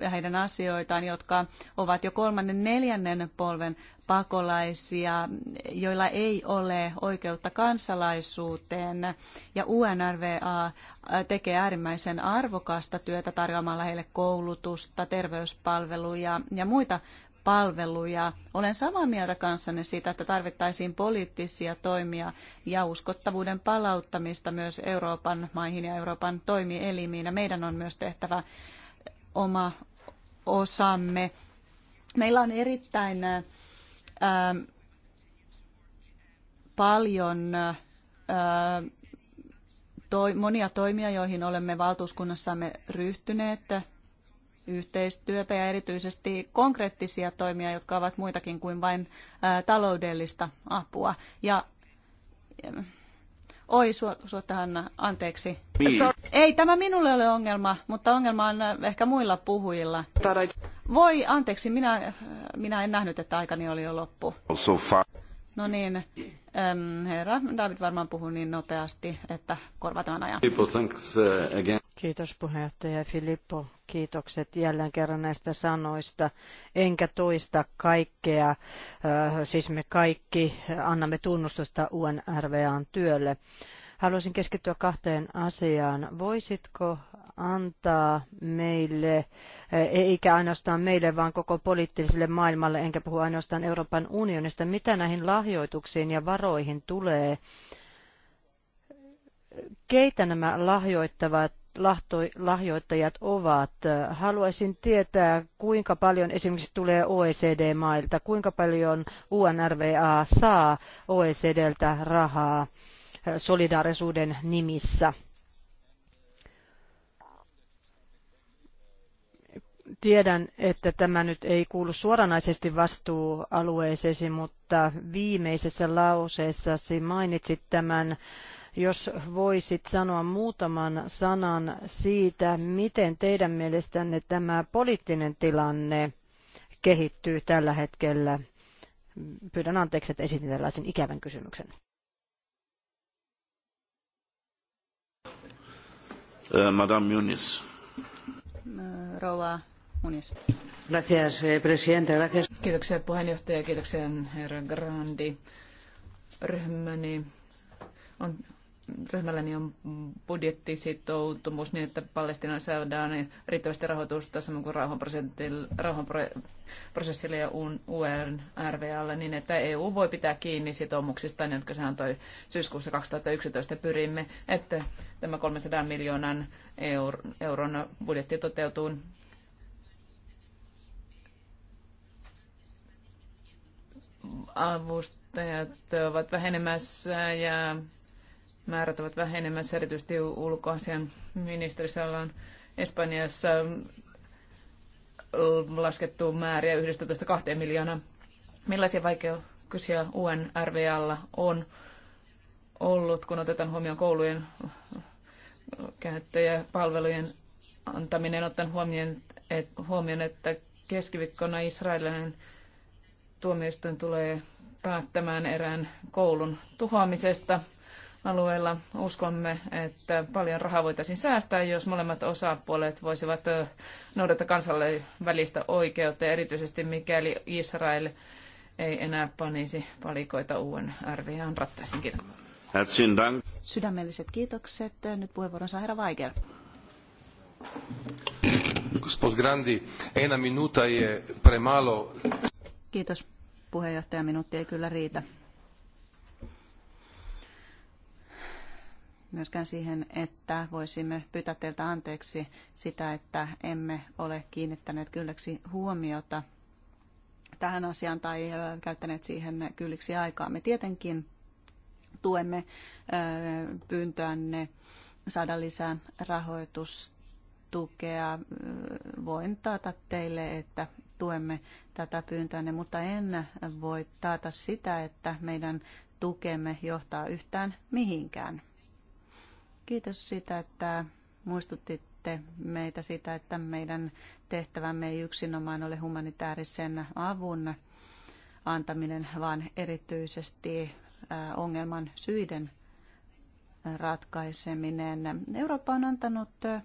ja heidän asioitaan, jotka ovat jo kolmannen neljännen polven pakolaisia, joilla ei ole oikeutta kansalaisuuteen. Ja UNRWA tekee äärimmäisen arvokasta työtä tarjoamalla heille koulutusta, terveyspalveluja ja muita palveluja. Olen samaa mieltä kanssanne siitä, että tarvittaisiin poliittisia toimia ja uskottavuuden palauttamista myös Euroopan maihin ja Euroopan toimielimiin. Ja meidän on myös tehtävä oma osamme. Meillä on erittäin ää, paljon ää, toi, monia toimia, joihin olemme valtuuskunnassamme ryhtyneet yhteistyötä ja erityisesti konkreettisia toimia, jotka ovat muitakin kuin vain taloudellista apua. Ja Oi, Hanna, anteeksi. Niin. Ei, tämä minulle ole ongelma, mutta ongelma on ehkä muilla puhujilla. Voi, anteeksi, minä, minä en nähnyt, että aikani oli jo loppu. No niin, herra David varmaan puhuu niin nopeasti, että korvataan ajan. Uh, Kiitos puheenjohtaja Filippo. Kiitokset jälleen kerran näistä sanoista. Enkä toista kaikkea, siis me kaikki annamme tunnustusta UNRVAn työlle. Haluaisin keskittyä kahteen asiaan. Voisitko antaa meille, eh, eikä ainoastaan meille, vaan koko poliittiselle maailmalle, enkä puhu ainoastaan Euroopan unionista, mitä näihin lahjoituksiin ja varoihin tulee, keitä nämä lahjoittavat lahjoittajat ovat. Haluaisin tietää, kuinka paljon esimerkiksi tulee OECD-mailta, kuinka paljon UNRWA saa OECDltä rahaa solidaarisuuden nimissä. Tiedän, että tämä nyt ei kuulu suoranaisesti vastuualueeseesi, mutta viimeisessä lauseessasi mainitsit tämän jos voisit sanoa muutaman sanan siitä, miten teidän mielestänne tämä poliittinen tilanne kehittyy tällä hetkellä. Pyydän anteeksi, että esitin tällaisen ikävän kysymyksen. Äh, Madame Yunis. Rouva Munis. Gracias, eh, presidente. Gracias. Kiitoksia puheenjohtaja, kiitoksia herra Grandi. Ryhmäni on, ryhmälläni on budjettisitoutumus niin, että Palestinaan saadaan riittävästi rahoitusta samoin kuin rauhanprosessille ja UNRWAlle niin, että EU voi pitää kiinni sitoumuksistaan, jotka se antoi syyskuussa 2011. Pyrimme, että tämä 300 miljoonan euron budjetti toteutuu avustajat ovat vähenemässä ja määrät ovat vähenemässä, erityisesti ulkoasian ministerissä ollaan Espanjassa laskettu määriä 11-2 miljoonaa. Millaisia vaikeuksia UNRVAlla on ollut, kun otetaan huomioon koulujen ja palvelujen antaminen, ottaen huomioon, huomioon että keskiviikkona israelilainen tuomioistuin tulee päättämään erään koulun tuhoamisesta alueella. Uskomme, että paljon rahaa voitaisiin säästää, jos molemmat osapuolet voisivat noudata kansalle välistä oikeutta, erityisesti mikäli Israel ei enää panisi palikoita UNRWAn rattaisiin. Kiitos. Sydämelliset kiitokset. Nyt puheenvuoron saa herra Weiger. Gospod Grandi, ena minuta je premalo. Kiitos puheenjohtaja, minuutti ei kyllä riitä. myöskään siihen, että voisimme pyytää teiltä anteeksi sitä, että emme ole kiinnittäneet kylläksi huomiota tähän asiaan tai käyttäneet siihen kylliksi aikaa. Me tietenkin tuemme pyyntöänne saada lisää rahoitustukea. Voin taata teille, että tuemme tätä pyyntöänne, mutta en voi taata sitä, että meidän tukemme johtaa yhtään mihinkään. Kiitos sitä, että muistutitte meitä sitä, että meidän tehtävämme ei yksinomaan ole humanitaarisen avun antaminen, vaan erityisesti äh, ongelman syiden ratkaiseminen. Eurooppa on antanut äh,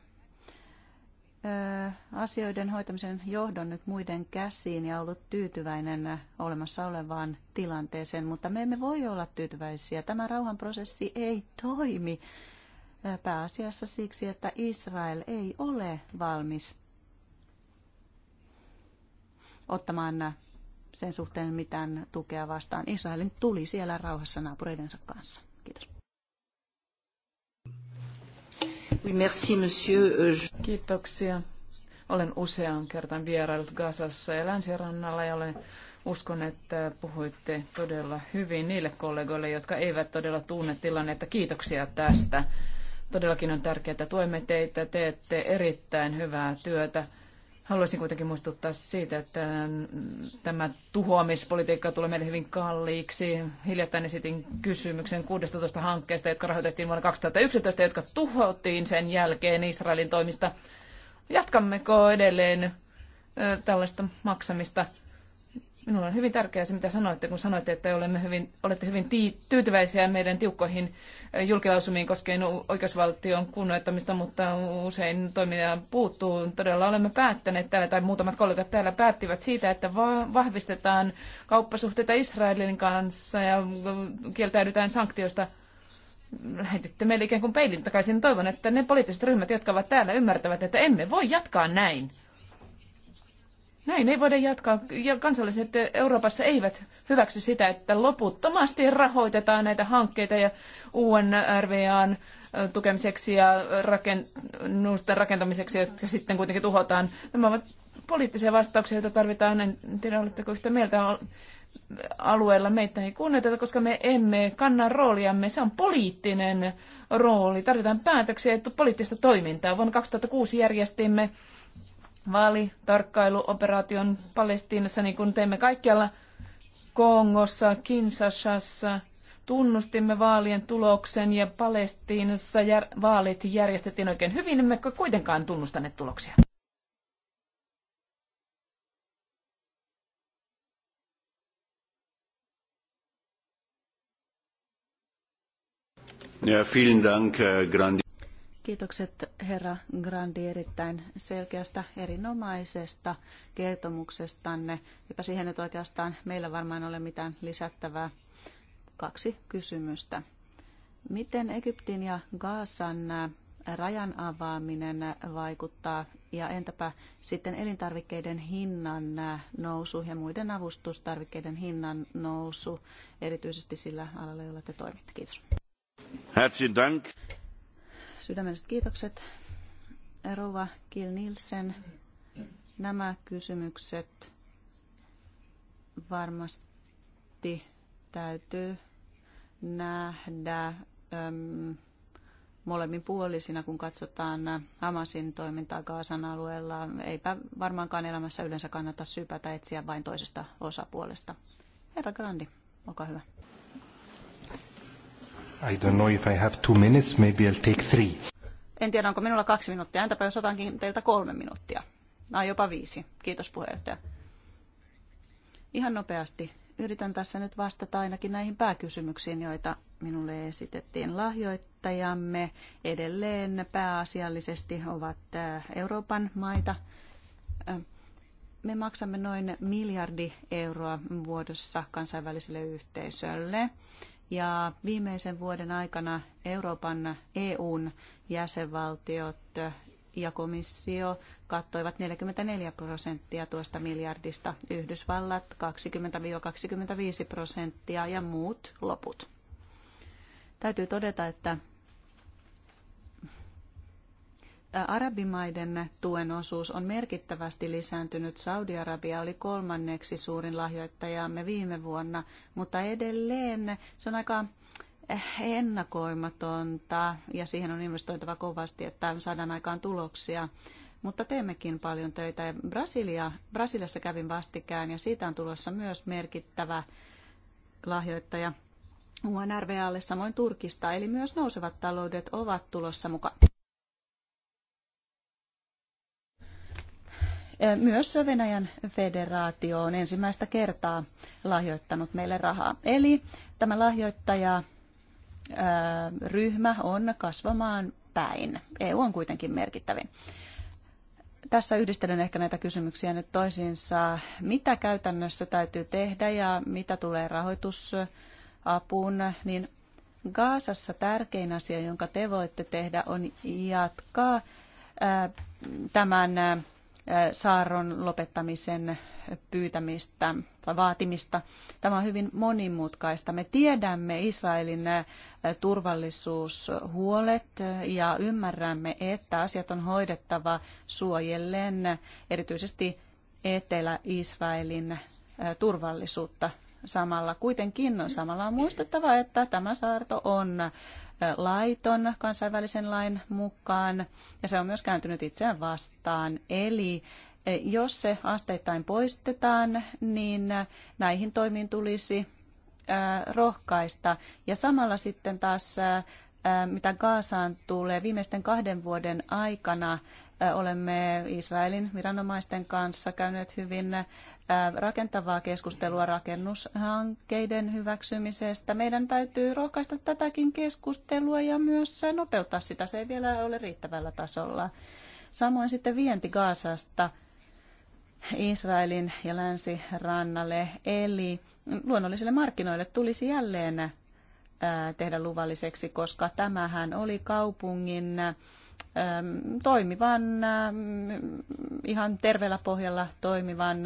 asioiden hoitamisen johdon nyt muiden käsiin ja ollut tyytyväinen olemassa olevaan tilanteeseen, mutta me emme voi olla tyytyväisiä. Tämä rauhanprosessi ei toimi pääasiassa siksi, että Israel ei ole valmis ottamaan sen suhteen mitään tukea vastaan. Israelin tuli siellä rauhassa naapureidensa kanssa. Kiitos. Merci, monsieur. Euh, Kiitoksia. Olen useaan kertaan vieraillut Gazassa ja länsirannalla ja olen uskon, että puhuitte todella hyvin niille kollegoille, jotka eivät todella tunne tilannetta. Kiitoksia tästä. Todellakin on tärkeää, että tuemme teitä. Teette erittäin hyvää työtä Haluaisin kuitenkin muistuttaa siitä, että tämä tuhoamispolitiikka tulee meille hyvin kalliiksi. Hiljattain esitin kysymyksen 16 hankkeesta, jotka rahoitettiin vuonna 2011, jotka tuhottiin sen jälkeen Israelin toimista. Jatkammeko edelleen tällaista maksamista? Minulla on hyvin tärkeää se, mitä sanoitte, kun sanoitte, että olemme hyvin, olette hyvin tyytyväisiä meidän tiukkoihin julkilausumiin koskien oikeusvaltion kunnoittamista, mutta usein toimintaan puuttuu. Todella olemme päättäneet täällä, tai muutamat kollegat täällä päättivät siitä, että vahvistetaan kauppasuhteita Israelin kanssa ja kieltäydytään sanktioista lähetitte meille ikään kuin peilin takaisin. Toivon, että ne poliittiset ryhmät, jotka ovat täällä, ymmärtävät, että emme voi jatkaa näin. Näin ei voida jatkaa. Ja kansalliset eh, Euroopassa eivät hyväksy sitä, että loputtomasti rahoitetaan näitä hankkeita ja UNRVAn eh, tukemiseksi ja rakennusten rakentamiseksi, jotka sitten kuitenkin tuhotaan. Nämä ovat poliittisia vastauksia, joita tarvitaan. En tiedä, oletteko yhtä mieltä alueella. Meitä ei kunnioiteta, koska me emme kanna rooliamme. Se on poliittinen rooli. Tarvitaan päätöksiä ja poliittista toimintaa. Vuonna 2006 järjestimme vaalitarkkailuoperaation Palestiinassa, niin kuin teimme kaikkialla Kongossa, Kinshasassa. Tunnustimme vaalien tuloksen ja Palestiinassa jär- vaalit järjestettiin oikein hyvin, emmekä kuitenkaan tunnustaneet tuloksia. Ja, vielen Dank, äh, Grandi. Kiitokset herra Grandi erittäin selkeästä, erinomaisesta kertomuksestanne. Eipä siihen nyt oikeastaan meillä varmaan ole mitään lisättävää. Kaksi kysymystä. Miten Egyptin ja Gaasan äh, rajan avaaminen äh, vaikuttaa ja entäpä sitten elintarvikkeiden hinnan äh, nousu ja muiden avustustarvikkeiden hinnan nousu, erityisesti sillä alalla, jolla te toimitte. Kiitos. Herzlichen Dank. Sydämelliset kiitokset. Rova Kil Nielsen, nämä kysymykset varmasti täytyy nähdä äm, molemmin puolisina, kun katsotaan Hamasin toimintaa Gaasan alueella. Eipä varmaankaan elämässä yleensä kannata syypätä etsiä vain toisesta osapuolesta. Herra Grandi, olkaa hyvä. I don't know if I have two minutes, maybe I'll take three. En tiedä, onko minulla kaksi minuuttia. Entäpä jos otankin teiltä kolme minuuttia? No jopa viisi. Kiitos puheenjohtaja. Ihan nopeasti. Yritän tässä nyt vastata ainakin näihin pääkysymyksiin, joita minulle esitettiin. Lahjoittajamme edelleen pääasiallisesti ovat äh, Euroopan maita. Äh, me maksamme noin miljardi euroa vuodessa kansainväliselle yhteisölle. Ja viimeisen vuoden aikana Euroopan EUn jäsenvaltiot ja komissio kattoivat 44 prosenttia tuosta miljardista, Yhdysvallat 20-25 prosenttia ja muut loput. Täytyy todeta, että arabimaiden tuen osuus on merkittävästi lisääntynyt. Saudi-Arabia oli kolmanneksi suurin lahjoittajamme viime vuonna, mutta edelleen se on aika eh, ennakoimatonta ja siihen on investoitava kovasti, että saadaan aikaan tuloksia. Mutta teemmekin paljon töitä. Brasilia, Brasiliassa kävin vastikään ja siitä on tulossa myös merkittävä lahjoittaja UNRWAlle, samoin Turkista. Eli myös nousevat taloudet ovat tulossa mukaan. Myös Venäjän federaatio on ensimmäistä kertaa lahjoittanut meille rahaa. Eli tämä lahjoittajaryhmä on kasvamaan päin. EU on kuitenkin merkittävin. Tässä yhdistelen ehkä näitä kysymyksiä nyt toisiinsa. Mitä käytännössä täytyy tehdä ja mitä tulee rahoitusapuun, niin Gaasassa tärkein asia, jonka te voitte tehdä, on jatkaa tämän saarron lopettamisen pyytämistä tai vaatimista. Tämä on hyvin monimutkaista. Me tiedämme Israelin turvallisuushuolet ja ymmärrämme, että asiat on hoidettava suojellen erityisesti Etelä-Israelin turvallisuutta samalla. Kuitenkin on samalla on muistettava, että tämä saarto on laiton kansainvälisen lain mukaan ja se on myös kääntynyt itseään vastaan. Eli jos se asteittain poistetaan, niin näihin toimiin tulisi rohkaista. Ja samalla sitten taas, mitä Gaasaan tulee, viimeisten kahden vuoden aikana olemme Israelin viranomaisten kanssa käyneet hyvin rakentavaa keskustelua rakennushankkeiden hyväksymisestä. Meidän täytyy rohkaista tätäkin keskustelua ja myös nopeuttaa sitä. Se ei vielä ole riittävällä tasolla. Samoin sitten vienti Gaasasta Israelin ja länsirannalle, eli luonnollisille markkinoille tulisi jälleen tehdä luvalliseksi, koska tämähän oli kaupungin toimivan, ihan terveellä pohjalla toimivan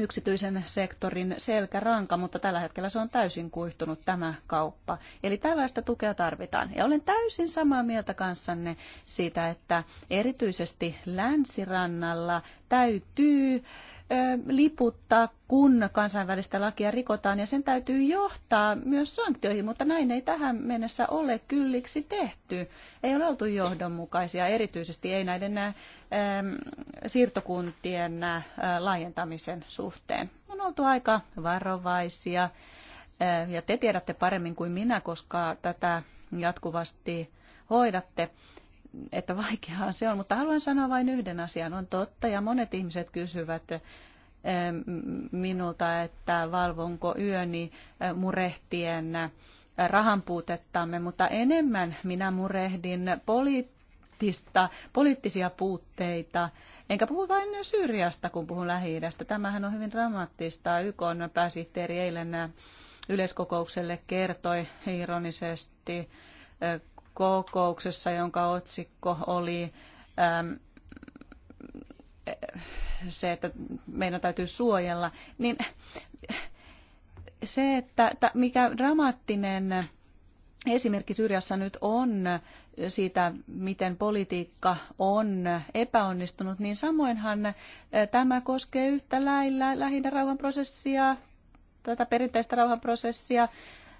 yksityisen sektorin selkäranka, mutta tällä hetkellä se on täysin kuihtunut tämä kauppa. Eli tällaista tukea tarvitaan. Ja olen täysin samaa mieltä kanssanne siitä, että erityisesti länsirannalla täytyy liputtaa, kun kansainvälistä lakia rikotaan, ja sen täytyy johtaa myös sanktioihin, mutta näin ei tähän mennessä ole kylliksi tehty. Ei ole oltu johdonmukaisia, erityisesti ei näiden ähm, siirtokuntien äh, laajentamisen suhteen. On oltu aika varovaisia, äh, ja te tiedätte paremmin kuin minä, koska tätä jatkuvasti hoidatte että vaikeaa se on, mutta haluan sanoa vain yhden asian. On totta ja monet ihmiset kysyvät eh, minulta, että valvonko yöni eh, murehtien eh, puutettamme, mutta enemmän minä murehdin poliittista, poliittisia puutteita. Enkä puhu vain Syyriasta, kun puhun lähi -idästä. Tämähän on hyvin dramaattista. YK pääsihteeri eilen yleiskokoukselle kertoi ironisesti kokouksessa, jonka otsikko oli ähm, se, että meidän täytyy suojella, niin se, että mikä dramaattinen esimerkki Syyriassa nyt on siitä, miten politiikka on epäonnistunut, niin samoinhan äh, tämä koskee yhtä lailla lähinnä rauhanprosessia, tätä perinteistä rauhanprosessia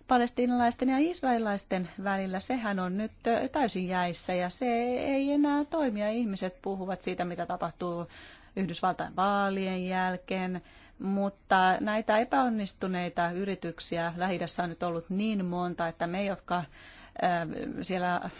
palestiinalaisten ja israelilaisten välillä, sehän on nyt täysin jäissä ja se ei enää toimia. Ihmiset puhuvat siitä, mitä tapahtuu Yhdysvaltain vaalien jälkeen, mutta näitä epäonnistuneita yrityksiä lähi on nyt ollut niin monta, että me, jotka siellä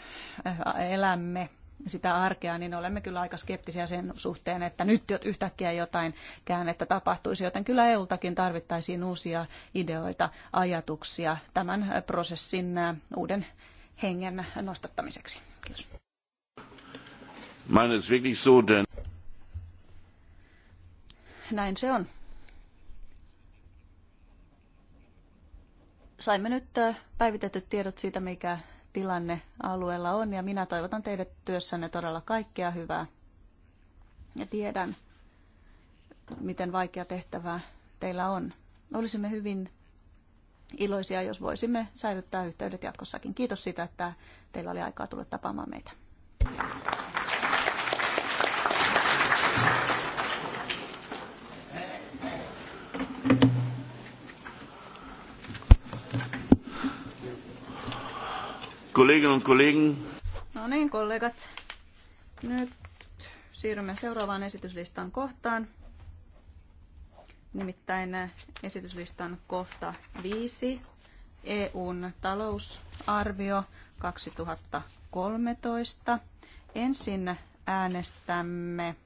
elämme, sitä arkea, niin olemme kyllä aika skeptisiä sen suhteen, että nyt yhtäkkiä jotain käännettä tapahtuisi, joten kyllä EU-takin tarvittaisiin uusia ideoita, ajatuksia tämän prosessin uuden hengen nostattamiseksi. Kiitos. Meine ist wirklich so, denn näin se on. Saimme nyt päivitetyt tiedot siitä, mikä tilanne alueella on ja minä toivotan teidät työssänne todella kaikkea hyvää. Ja tiedän, miten vaikea tehtävä teillä on. Olisimme hyvin iloisia, jos voisimme säilyttää yhteydet jatkossakin. Kiitos siitä, että teillä oli aikaa tulla tapaamaan meitä. Kolleginnen und Kollegen. No niin, kollegat. Nyt siirrymme seuraavaan esityslistan kohtaan. Nimittäin eh, esityslistan kohta 5, EUn talousarvio 2013. Ensin äänestämme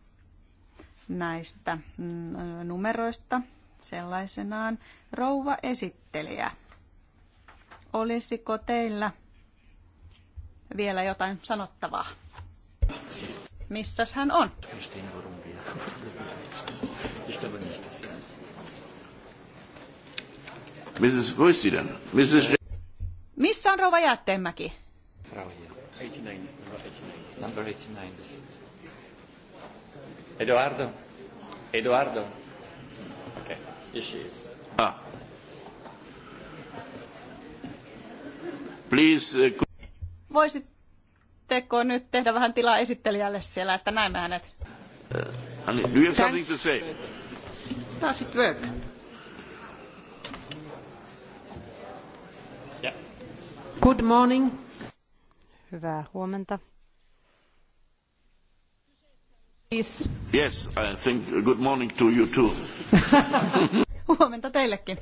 näistä mm, numeroista sellaisenaan. Rouva esittelijä, olisiko teillä vielä jotain sanottavaa? Missäs hän on? Mrs. Mrs. Missä on rouva Jäätteenmäki? Number 89. Eduardo. Eduardo. Okay. Here she is. Ah. Please. Uh, Voisitteko nyt tehdä vähän tilaa esittelijälle siellä, että näemme hänet? Uh, do you have something to say? Does it work? Yeah. Good morning. Hyvää huomenta. Yes, I think good morning to you too. *laughs* huomenta teillekin.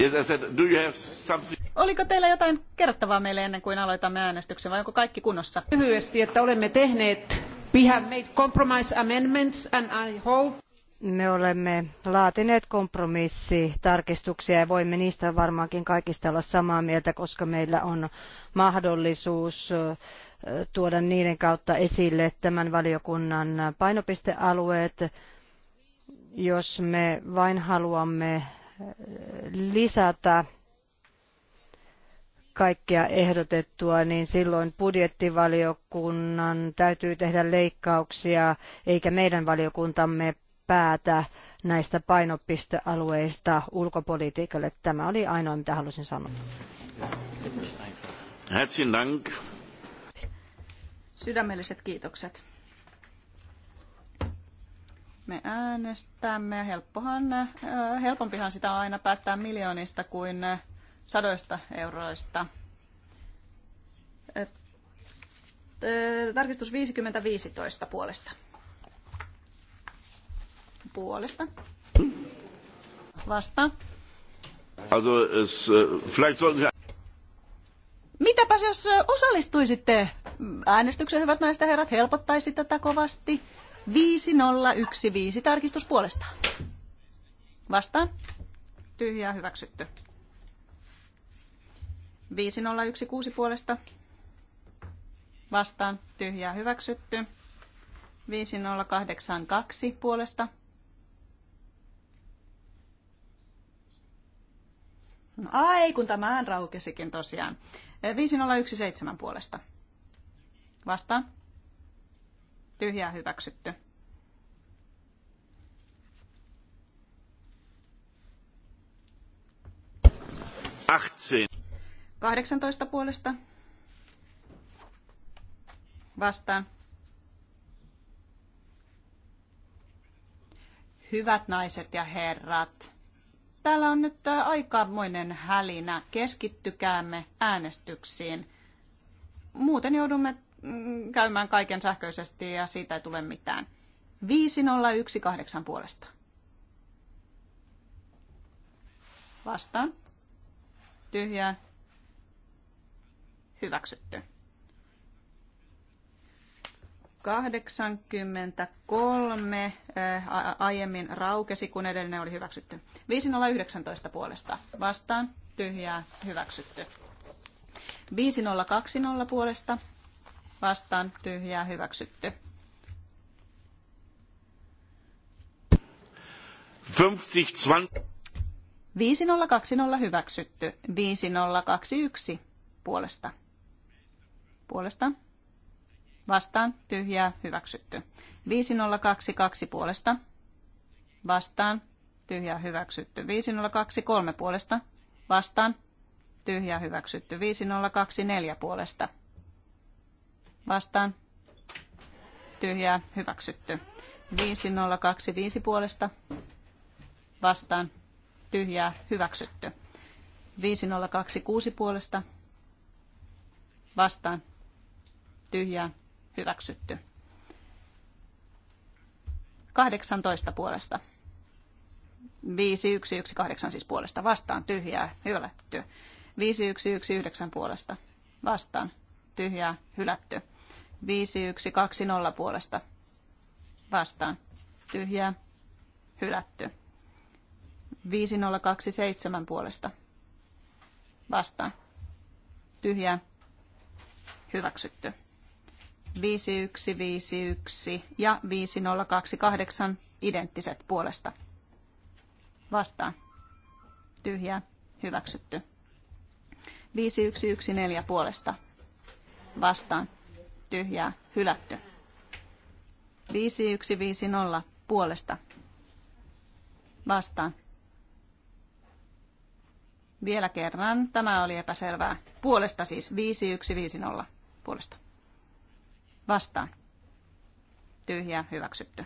yes, I said, do you have something? Oliko teillä jotain kerrottavaa meille ennen kuin aloitamme äänestyksen vai onko kaikki kunnossa? Lyhyesti, että olemme tehneet, we have made compromise amendments and I hope me olemme laatineet kompromissitarkistuksia ja voimme niistä varmaankin kaikista olla samaa mieltä, koska meillä on mahdollisuus tuoda niiden kautta esille tämän valiokunnan painopistealueet, jos me vain haluamme lisätä kaikkea ehdotettua, niin silloin budjettivaliokunnan täytyy tehdä leikkauksia, eikä meidän valiokuntamme päätä näistä painopistealueista ulkopolitiikalle. Tämä oli ainoa, mitä halusin sanoa. Herzlichen Dank. Sydämelliset kiitokset. Me äänestämme. Helppohan, äh, helpompihan sitä on aina päättää miljoonista kuin äh, sadoista euroista. Tarkistus 50-15 puolesta. Puolesta. Vasta. Also es, äh, vielleicht sollten Mitäpäs jos osallistuisitte äänestykseen, hyvät naiset ja herrat, helpottaisi tätä kovasti. 5015 tarkistus puolesta. Vastaan. Tyhjää hyväksytty. 5016 puolesta vastaan tyhjää hyväksytty. 5082 puolesta. No, ai, kun tämä raukesikin tosiaan. 5017 puolesta. Vastaan. Tyhjää hyväksytty. Achtzehn. 18 puolesta vastaan. Hyvät naiset ja herrat, täällä on nyt aikamoinen hälinä. Keskittykäämme äänestyksiin. Muuten joudumme mm, käymään kaiken sähköisesti ja siitä ei tule mitään. 5018 puolesta. Vastaan. Tyhjää Hyväksytty. 83 aiemmin raukesi, kun edellinen oli hyväksytty. 5019 puolesta vastaan, tyhjää, hyväksytty. 5020 puolesta vastaan, tyhjää, hyväksytty. 5020 hyväksytty, 5021 puolesta puolesta. Vastaan. Tyhjää. Hyväksytty. 5022 puolesta. Vastaan. Tyhjää. Hyväksytty. 5023 puolesta. Vastaan. Tyhjää. Hyväksytty. 5024 puolesta. Vastaan. Tyhjää. Hyväksytty. 5025 puolesta. Vastaan. Tyhjää. Hyväksytty. 5026 puolesta. Vastaan tyhjää hyväksytty. 18 puolesta. 5118 siis puolesta vastaan tyhjää hylätty. 5119 puolesta vastaan tyhjää hylätty. 5120 puolesta vastaan tyhjää hylätty. 5027 puolesta vastaan tyhjää hyväksytty. 5151 ja 5028 identtiset puolesta. Vastaan. Tyhjää. Hyväksytty. 5114 puolesta. Vastaan. Tyhjää. Hylätty. 5150 puolesta. Vastaan. Vielä kerran. Tämä oli epäselvää. Puolesta siis. 5150 puolesta. Vastaan. tyhjä Hyväksytty.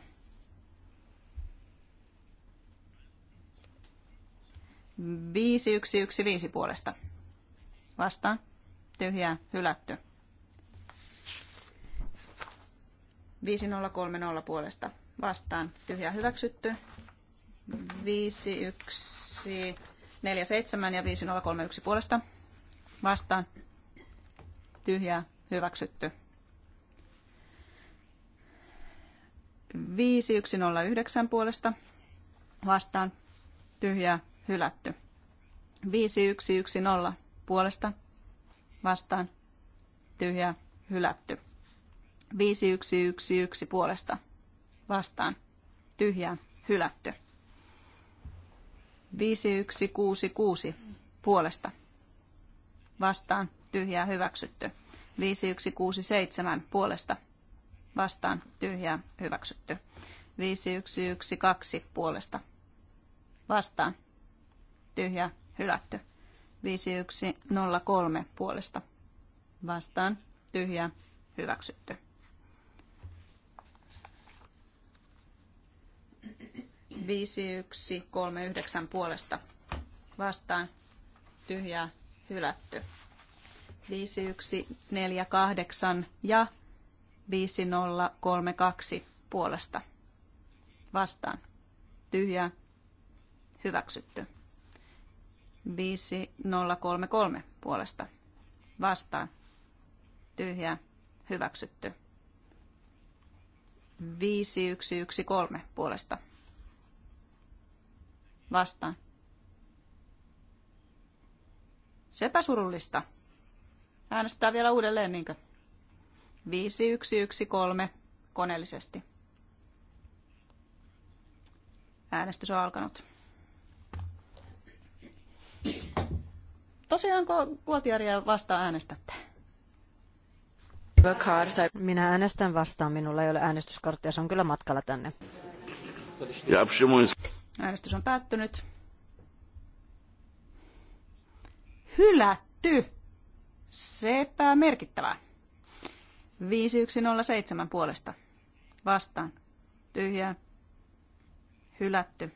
Viisi, yksi, yksi, viisi puolesta. Vastaan. Tyhjää. Hylätty. nolla puolesta vastaan. Tyhjä hyväksytty. viisi yksi neljä seitsemän ja viisi nolla kolme yksi puolesta vastaan. Tyhjää hyväksytty. 5109 puolesta vastaan tyhjää hylätty. 5110 puolesta vastaan tyhjää hylätty. 5111 puolesta vastaan tyhjää hylätty. 5166 puolesta vastaan tyhjää hyväksytty. 5167 puolesta vastaan tyhjää hyväksytty. 5112 puolesta vastaan tyhjä hylätty. 5103 puolesta vastaan tyhjä hyväksytty. Viisi, yksi, kolme, yhdeksän puolesta vastaan tyhjää hylätty. kahdeksan ja 5032 puolesta. Vastaan. Tyhjää. Hyväksytty. 5033 puolesta. Vastaan. Tyhjää. Hyväksytty. 5113 puolesta. Vastaan. Sepä surullista. Äänestää vielä uudelleen, niinkö? 5113 koneellisesti. Äänestys on alkanut. Tosiaanko Kuotiaria vastaan äänestätte? Minä äänestän vastaan. Minulla ei ole äänestyskorttia. Se on kyllä matkalla tänne. Äänestys on päättynyt. Hylätty! Sepä merkittävää. 5107 puolesta. Vastaan. Tyhjää. Hylätty.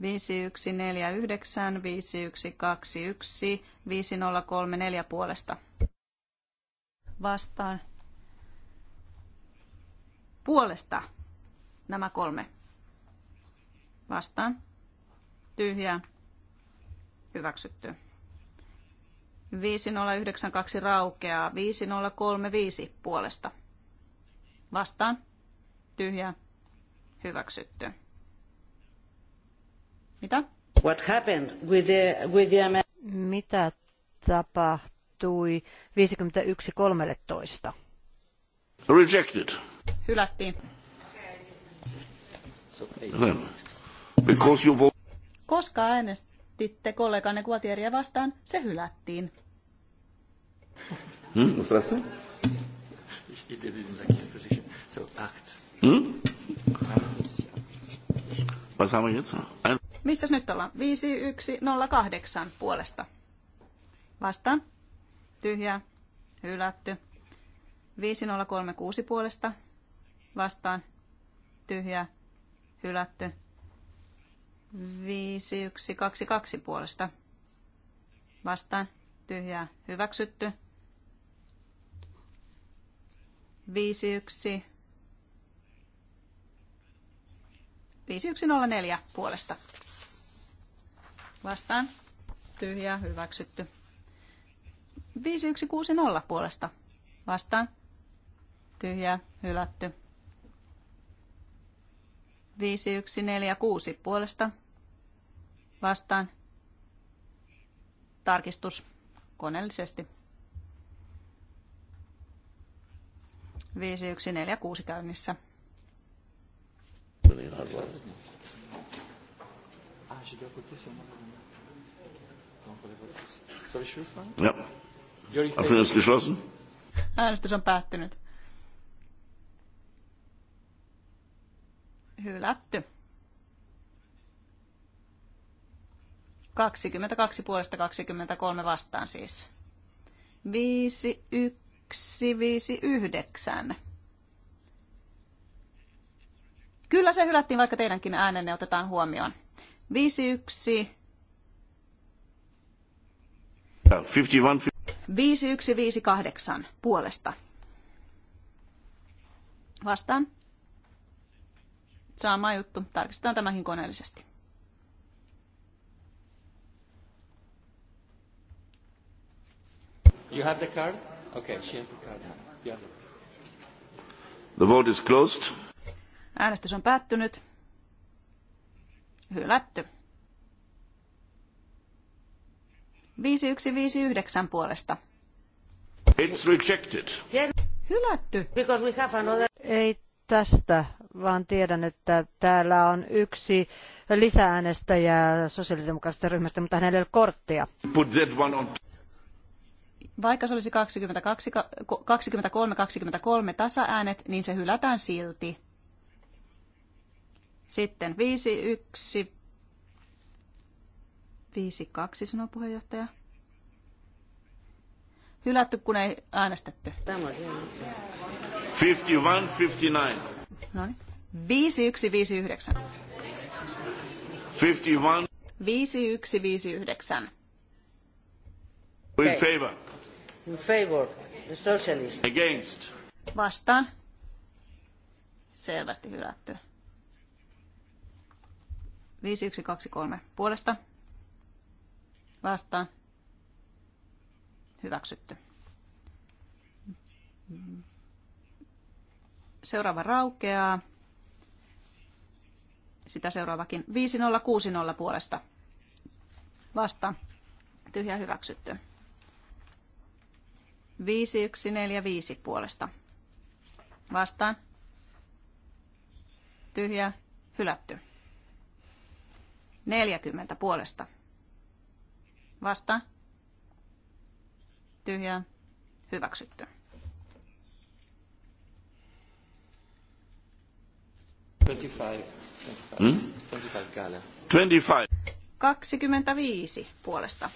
5149, 5121, 5034 puolesta. Vastaan. Puolesta. Nämä kolme. Vastaan. Tyhjää. Hyväksytty. 5092 raukeaa. 5035 puolesta. Vastaan. tyhjä, Hyväksytty. Mitä? What happened with the, with the... Mitä tapahtui 51.13? Rejected. Hylättiin. Because you... Koska äänestitte kolleganne Guatieria vastaan, se hylättiin. Hmm? Was sagst du? Ich gebe dir den Position. So, acht. Hmm? Was haben wir jetzt? Ein Mistäs nyt ollaan? 5108 puolesta. Vasta. Tyhjä. Hylätty. 5036 puolesta. Vastaan. Tyhjä. Hylätty. 5122 puolesta. Vastaan. Tyhjä. Hyväksytty. 51. 5104 puolesta. Vastaan. Tyhjä, hyväksytty. 5160 puolesta. Vastaan. Tyhjä, hylätty. 5146 puolesta. Vastaan. Tarkistus koneellisesti. 5146 käynnissä. Niin, ah, ja. Abstimmung Äänestys on päättynyt. Hylätty. 22 puolesta 23 vastaan siis. 5, 1, 159. Kyllä se hylättiin, vaikka teidänkin äänenne otetaan huomioon. 51. viisi 5158 puolesta. Vastaan. Sama juttu. Tarkistetaan tämäkin koneellisesti. You have the card? the vote is closed. Äänestys on päättynyt. Hylätty. 5159 puolesta. It's rejected. Hylätty. Because we have another... Ei tästä, vaan tiedän, että täällä on yksi lisääänestäjä sosiaalidemokraattisesta ryhmästä, mutta hänellä ei ole korttia. Put that one on vaikka se olisi 22, 23, 23 tasaäänet, niin se hylätään silti. Sitten 5, 1, 5, 2 sanoo puheenjohtaja. Hylätty, kun ei äänestetty. 51-59. No niin. 5159. 51. 59. In favor. In favor. The socialist. Against. Vastaan. Selvästi hylätty. 5123 puolesta. Vastaan. Hyväksytty. Seuraava raukeaa. Sitä seuraavakin 5060 puolesta. Vastaan. Tyhjä hyväksytty. 5145 puolesta. Vastaan. Tyhjä. Hylätty. 40 puolesta. Vastaan. Tyhjä. Hyväksytty. Hmm? 25. 25 puolesta.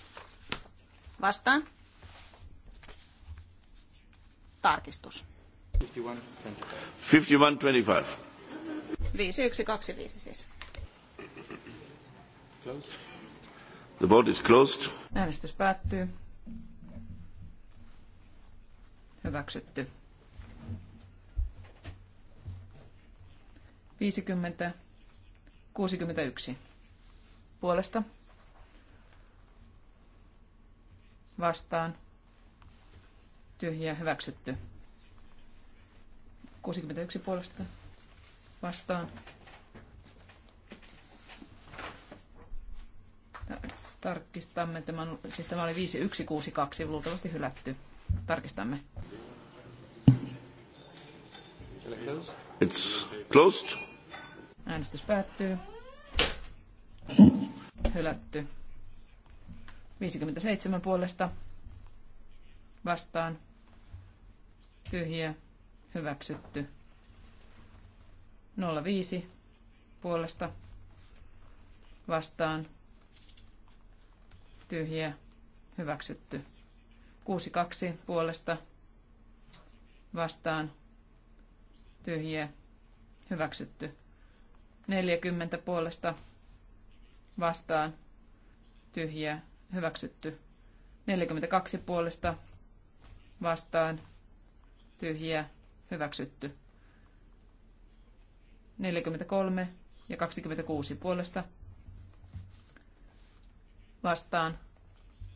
Vastaan tarkistus. 5125. 5125 siis. The vote is closed. Äänestys päättyy. Hyväksytty. 50, 61. Puolesta. Vastaan ja hyväksytty. 61 puolesta vastaan. Tarkistamme tämän, siis tämä oli 5162, luultavasti hylätty. Tarkistamme. It's closed. Äänestys päättyy. Hylätty. 57 puolesta vastaan tyhjä hyväksytty. 05 puolesta vastaan tyhjä hyväksytty. 62 puolesta vastaan tyhjä hyväksytty. 40 puolesta vastaan tyhjä hyväksytty. 42 puolesta vastaan tyhjiä hyväksytty. 43 ja 26 puolesta vastaan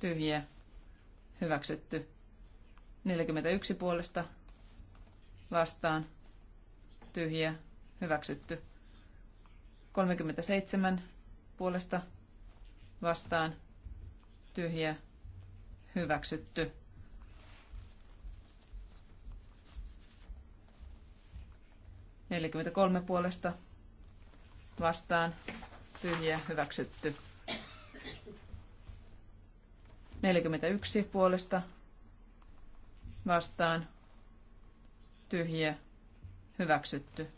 tyhjiä hyväksytty. 41 puolesta vastaan tyhjiä hyväksytty. 37 puolesta vastaan tyhjiä hyväksytty. 43 puolesta vastaan tyhjä hyväksytty. 41 puolesta vastaan tyhjä hyväksytty.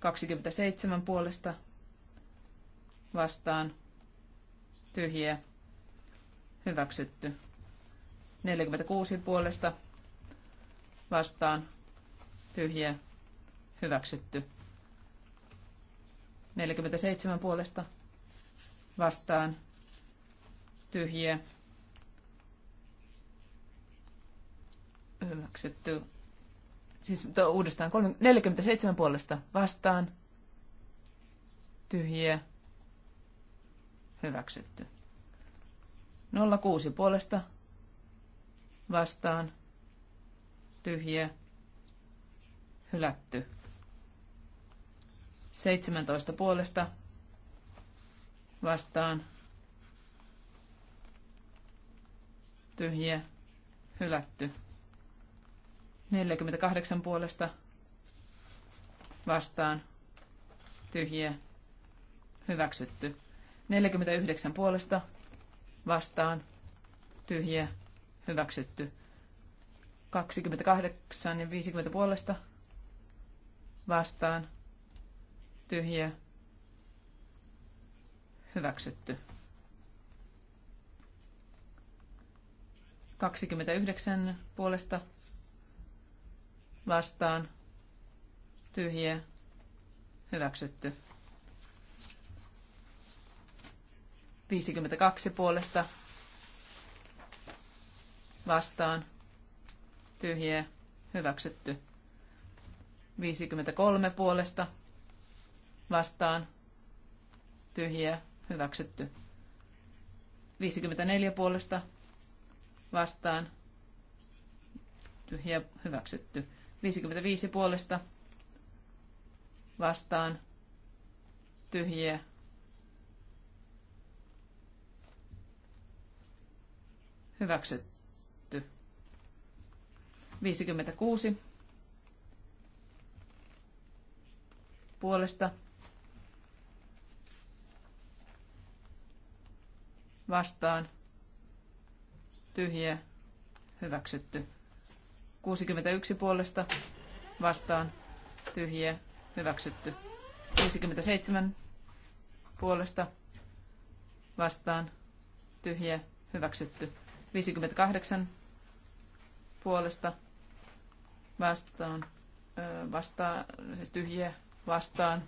27 puolesta vastaan tyhjä hyväksytty. 46 puolesta vastaan tyhjä hyväksytty. 47 puolesta vastaan tyhjiä hyväksytty. Siis to, uudestaan 47 puolesta vastaan tyhjiä hyväksytty. 06 puolesta vastaan tyhjiä hylätty. 17 puolesta vastaan tyhjiä hylätty. 48 puolesta vastaan tyhjiä hyväksytty. 49 puolesta vastaan tyhjiä hyväksytty. 28 ja 50 puolesta vastaan tyhjä, hyväksytty. 29 puolesta vastaan, tyhjä, hyväksytty. 52 puolesta vastaan, tyhjä, hyväksytty. 53 puolesta vastaan, vastaan tyhjiä hyväksytty. 54 puolesta vastaan tyhjiä hyväksytty. 55 puolesta vastaan tyhjiä hyväksytty. 56 puolesta vastaan tyhjiä hyväksytty. 61 puolesta vastaan tyhjiä hyväksytty. 67 puolesta vastaan tyhjiä hyväksytty. 58 puolesta vastaan, vastaan siis tyhjiä vastaan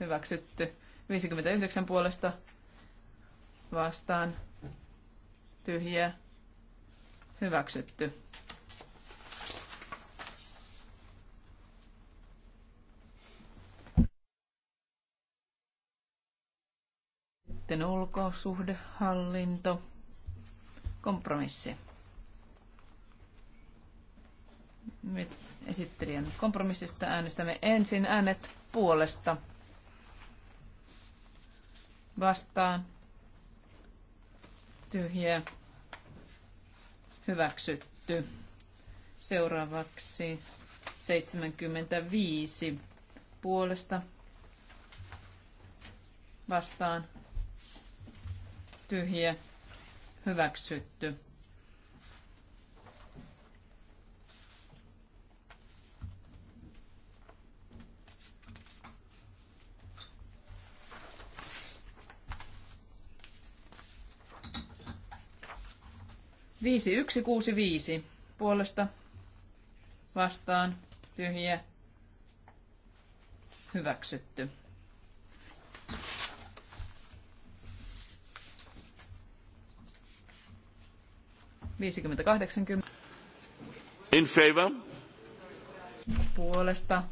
hyväksytty. 59 puolesta vastaan tyhjä hyväksytty. Sitten ulkosuhdehallinto, kompromissi. Nyt esittelijän kompromissista äänestämme ensin äänet puolesta vastaan tyhjä hyväksytty. Seuraavaksi 75 puolesta vastaan tyhjä hyväksytty. 5165 puolesta vastaan tyhjä hyväksytty. In favor. Puolesta.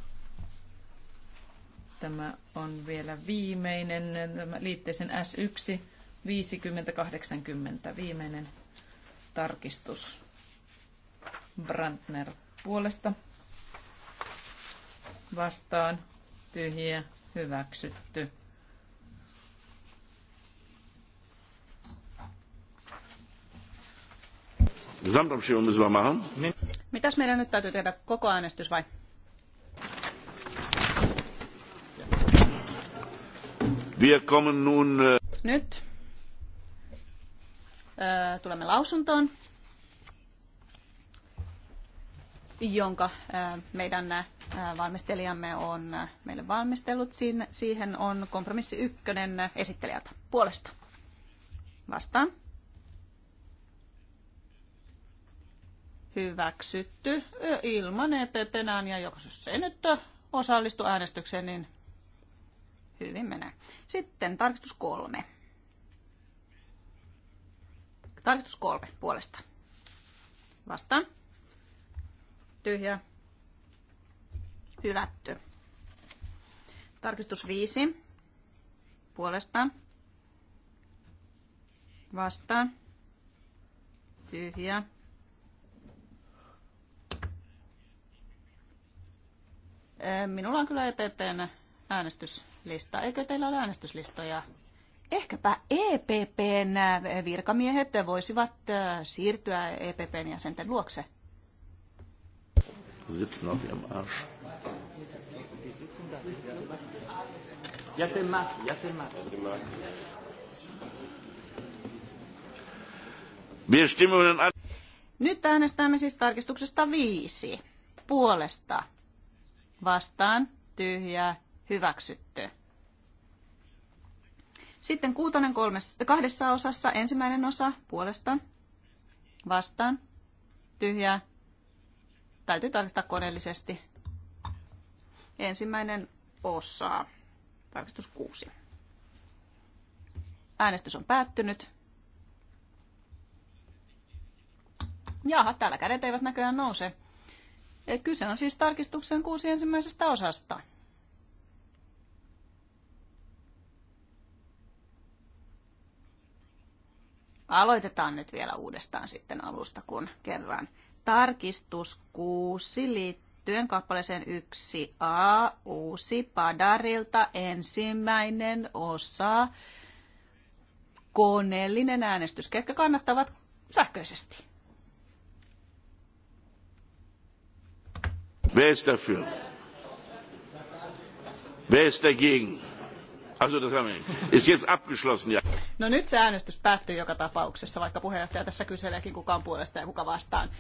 Tämä on vielä viimeinen, tämä liitteisen S1, 50-80, viimeinen tarkistus Brandner puolesta vastaan tyhjiä hyväksytty. Mitäs meidän nyt täytyy tehdä? Koko äänestys vai? Wir kommen nun... Äh, nyt tulemme lausuntoon, jonka meidän valmistelijamme on meille valmistellut. Siihen on kompromissi ykkönen esittelijältä puolesta. Vastaan. Hyväksytty ilman EPP-nään ja jos se nyt osallistu äänestykseen, niin hyvin menee. Sitten tarkistus kolme. Tarkistus kolme puolesta. Vastaan. Tyhjä. Hylätty. Tarkistus viisi puolesta. Vastaan. Tyhjä. Minulla on kyllä EPPn äänestyslista. Eikö teillä ole äänestyslistoja ehkäpä EPPn äh, virkamiehet voisivat äh, siirtyä EPPn jäsenten luokse. Sitzen auf ihrem Arsch. Nyt äänestämme siis tarkistuksesta viisi. Puolesta. Vastaan. Tyhjää. Hyväksytty. Sitten kuutonen kolmessa, kahdessa osassa, ensimmäinen osa puolesta, vastaan, tyhjää, täytyy tarkistaa koneellisesti. Ensimmäinen osa, tarkistus kuusi Äänestys on päättynyt. Jaha, täällä kädet eivät näköjään nouse. Kyse on siis tarkistuksen kuusi ensimmäisestä osasta. Aloitetaan nyt vielä uudestaan sitten alusta, kun kerran. Tarkistus 6 liittyen kappaleeseen 1a, uusi padarilta ensimmäinen osa, koneellinen äänestys. Ketkä kannattavat sähköisesti? Wer ist dafür? Wer ist dagegen? No nyt se äänestys päättyy joka tapauksessa, vaikka puheenjohtaja tässä kyseleekin on puolesta ja kuka vastaan.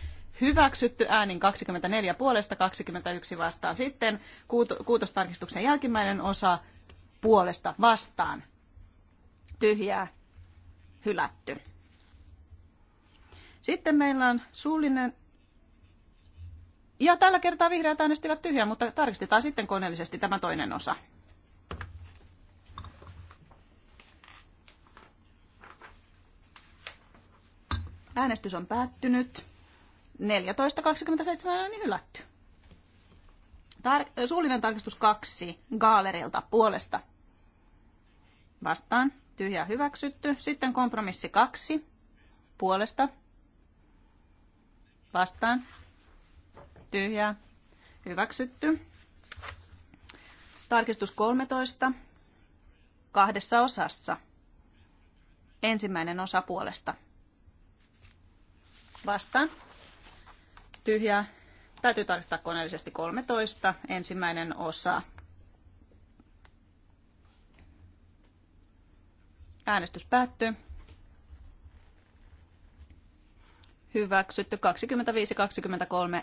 Hyväksytty äänin 24 puolesta, 21 vastaan. Sitten kuutostarkistuksen jälkimmäinen osa puolesta vastaan. Tyhjää, hylätty. Sitten meillä on suullinen... Ja tällä kertaa vihreät äänestivät tyhjää, mutta tarkistetaan sitten koneellisesti tämä toinen osa. Äänestys on päättynyt. 14.27 ääni hylätty. Tar- suullinen tarkistus 2 Gaalerilta puolesta. Vastaan. Tyhjä hyväksytty. Sitten kompromissi 2 puolesta. Vastaan. Tyhjä hyväksytty. Tarkistus 13 kahdessa osassa. Ensimmäinen osa puolesta vastaan. Tyhjä. Täytyy tarkistaa koneellisesti 13. Ensimmäinen osa. Äänestys päättyy. Hyväksytty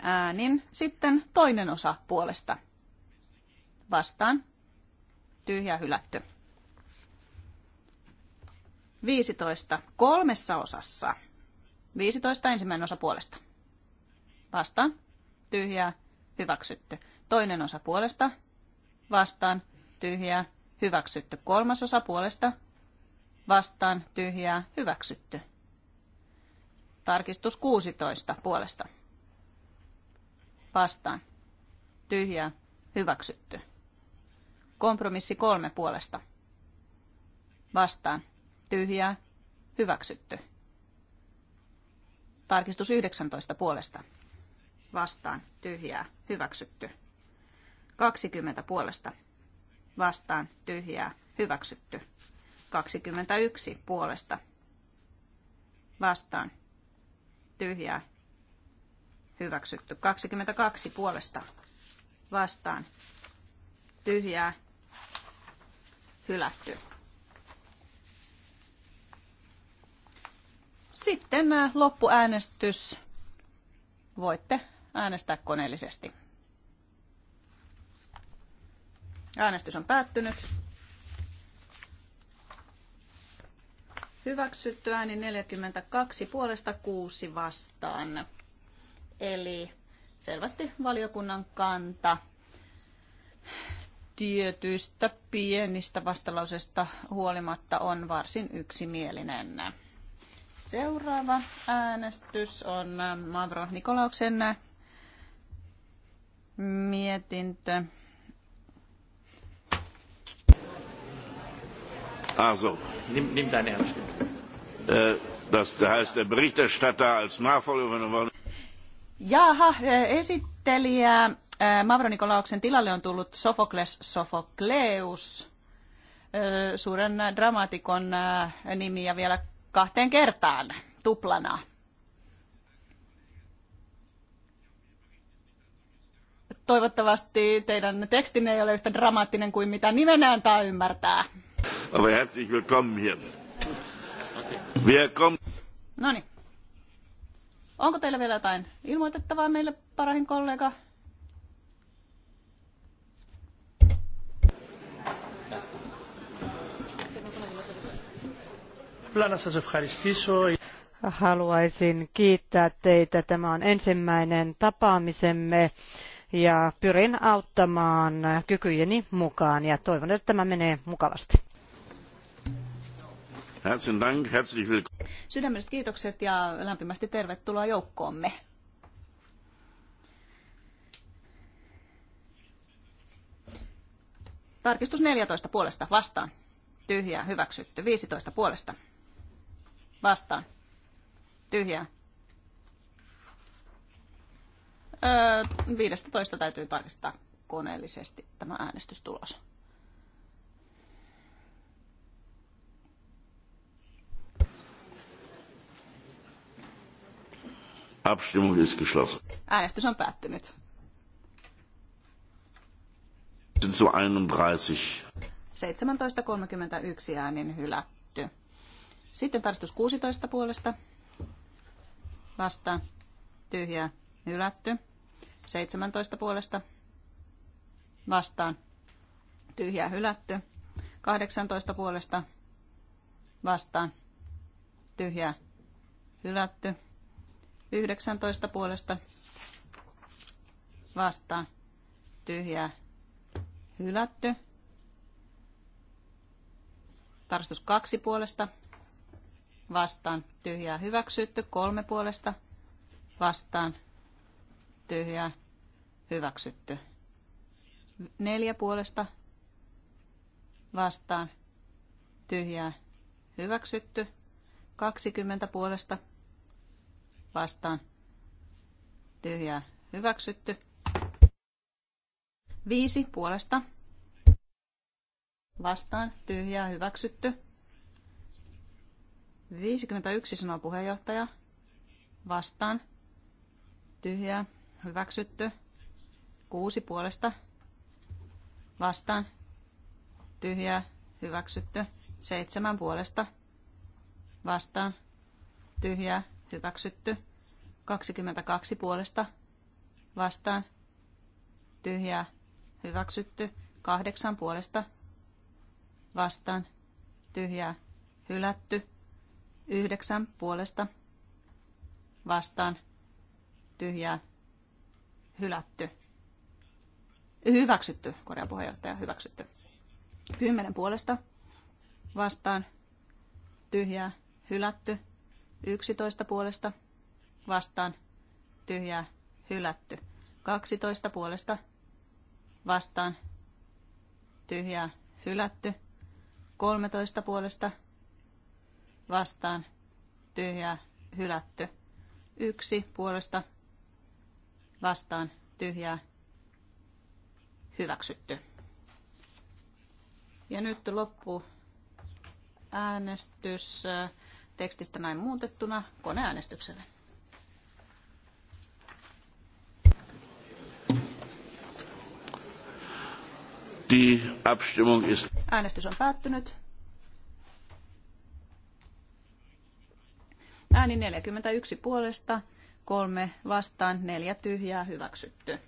25-23 äänin. Sitten toinen osa puolesta. Vastaan. Tyhjä hylätty. 15. Kolmessa osassa. 15 ensimmäinen osa puolesta. Vastaan. Tyhjää. Hyväksytty. Toinen osa puolesta. Vastaan. Tyhjää. Hyväksytty. Kolmas osa puolesta. Vastaan. Tyhjää. Hyväksytty. Tarkistus 16 puolesta. Vastaan. Tyhjää. Hyväksytty. Kompromissi kolme puolesta. Vastaan. Tyhjää. Hyväksytty. Tarkistus 19 puolesta. Vastaan. Tyhjää. Hyväksytty. 20 puolesta. Vastaan. Tyhjää. Hyväksytty. 21 puolesta. Vastaan. Tyhjää. Hyväksytty. 22 puolesta. Vastaan. Tyhjää. Hylätty. Sitten äh, loppuäänestys. Voitte äänestää koneellisesti. Äänestys on päättynyt. Hyväksytty ääni 42 puolesta 6 vastaan. Eli selvästi valiokunnan kanta tietyistä pienistä vastalausesta huolimatta on varsin yksimielinen. Seuraava äänestys on Mavro Nikolauksen mietintö. Also, nimm, nimm deine äh, Das heißt, der Berichterstatter als Nachfolger. Jaha, äh, esittelijä äh, Mavro Nikolauksen tilalle on tullut Sofokles Sofokleus, äh, suuren dramaatikon nimi ja vielä kahteen kertaan tuplana. Toivottavasti teidän tekstinne ei ole yhtä dramaattinen kuin mitä nimen antaa ymmärtää. Aber herzlich willkommen hier. Willkommen. No niin. Onko teillä vielä jotain ilmoitettavaa meille parahin kollega? Απλά να σας ευχαριστήσω. Haluaisin kiittää teitä. Tämä on ensimmäinen tapaamisemme ja pyrin auttamaan kykyjeni mukaan ja toivon, että tämä menee mukavasti. Sydämelliset kiitokset ja lämpimästi tervetuloa joukkoomme. Tarkistus 14 puolesta vastaan. Tyhjää hyväksytty. 15 puolesta Vastaan. Tyhjää. Öö, 15 täytyy tarkistaa koneellisesti tämä äänestystulos. Abstimmung ist geschlossen. Äänestys on päättynyt. Zu 31. 17.31 äänin hylätty. Sitten tarkistus 16 puolesta vastaan tyhjää hylätty. 17 puolesta vastaan tyhjää hylätty. 18 puolesta vastaan tyhjää hylätty. 19 puolesta vastaan tyhjää hylätty. Tarkistus kaksi puolesta vastaan tyhjää hyväksytty, kolme puolesta vastaan tyhjää hyväksytty, neljä puolesta vastaan tyhjää hyväksytty, 20 puolesta vastaan tyhjää hyväksytty, viisi puolesta vastaan tyhjää hyväksytty, 51 sanoo puheenjohtaja. Vastaan. tyhjä Hyväksytty. Kuusi puolesta. Vastaan. tyhjä Hyväksytty. Seitsemän puolesta. Vastaan. Tyhjä. Hyväksytty. 22 puolesta. Vastaan. tyhjä Hyväksytty. Kahdeksan puolesta. Vastaan. tyhjä Hylätty. Yhdeksän puolesta vastaan tyhjää hylätty. Hyväksytty, korjaa puheenjohtaja, hyväksytty. Kymmenen puolesta vastaan tyhjää hylätty. Yksitoista puolesta vastaan tyhjää hylätty. Kaksitoista puolesta vastaan tyhjää hylätty. Kolmetoista puolesta vastaan tyhjää hylätty. Yksi puolesta vastaan tyhjää hyväksytty. Ja nyt loppu äänestys äh, tekstistä näin muutettuna koneäänestyksellä. Die Abstimmung ist... Äänestys on päättynyt. Ääni 41 puolesta, kolme vastaan, neljä tyhjää hyväksytty.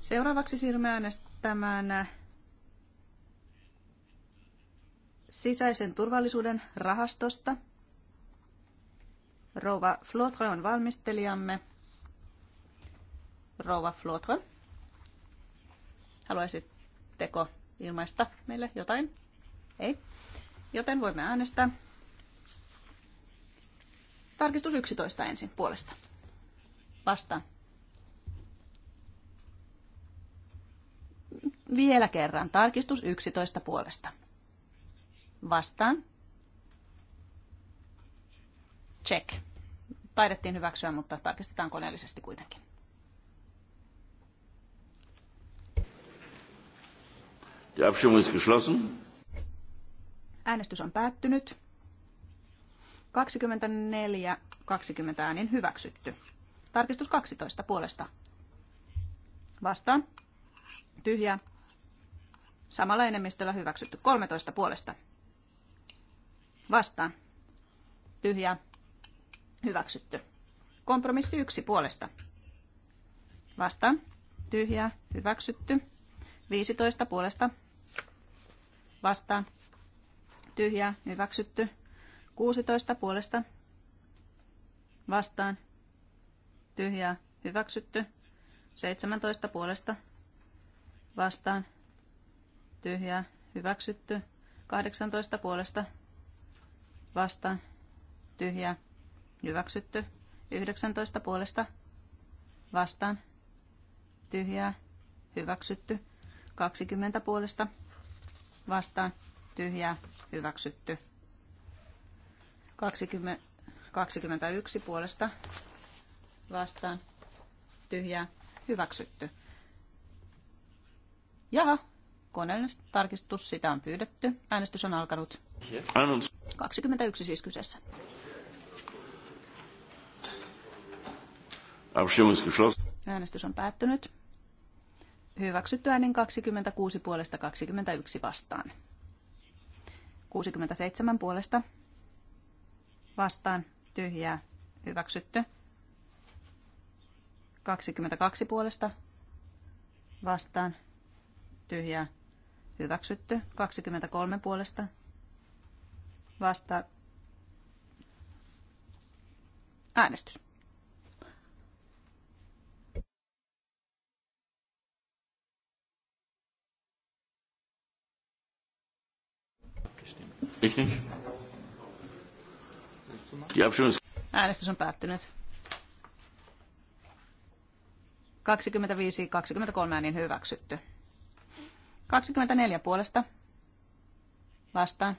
Seuraavaksi siirrymme äänestämään sisäisen turvallisuuden rahastosta. Rouva Flotre on valmistelijamme. Rouva Flotre, haluaisitteko ilmaista meille jotain? Ei. Joten voimme äänestää. Tarkistus 11 ensin puolesta. Vastaan. Vielä kerran. Tarkistus 11 puolesta. Vastaan. Check. Taidettiin hyväksyä, mutta tarkistetaan koneellisesti kuitenkin. Die Abstimmung ist geschlossen. Äänestys on päättynyt. 24, 20 äänin hyväksytty. Tarkistus 12 puolesta. Vastaan. Tyhjä. Samalla enemmistöllä hyväksytty. 13 puolesta. Vastaan. Tyhjä. Hyväksytty. Kompromissi 1 puolesta. Vastaan. Tyhjä. Hyväksytty. 15 puolesta vastaan. Tyhjää, hyväksytty. 16 puolesta vastaan. Tyhjää, hyväksytty. 17 puolesta vastaan. Tyhjää, hyväksytty. 18 puolesta vastaan. Tyhjää, hyväksytty. 19 puolesta vastaan. Tyhjää, hyväksytty. 20 puolesta vastaan tyhjää hyväksytty. 20, 21 puolesta vastaan tyhjää hyväksytty. Jaha, koneellinen tarkistus, sitä on pyydetty. Äänestys on alkanut. 21 siis kyseessä. Äänestys on päättynyt. Hyväksytty äänin 26 puolesta 21 vastaan. 67 puolesta vastaan tyhjää hyväksytty. 22 puolesta vastaan tyhjää hyväksytty. 23 puolesta vastaan äänestys. Ich nicht. Die Abstimmung ist... Äänestys on päättynyt. 25-23 äänin hyväksytty. 24 puolesta. Vastaan.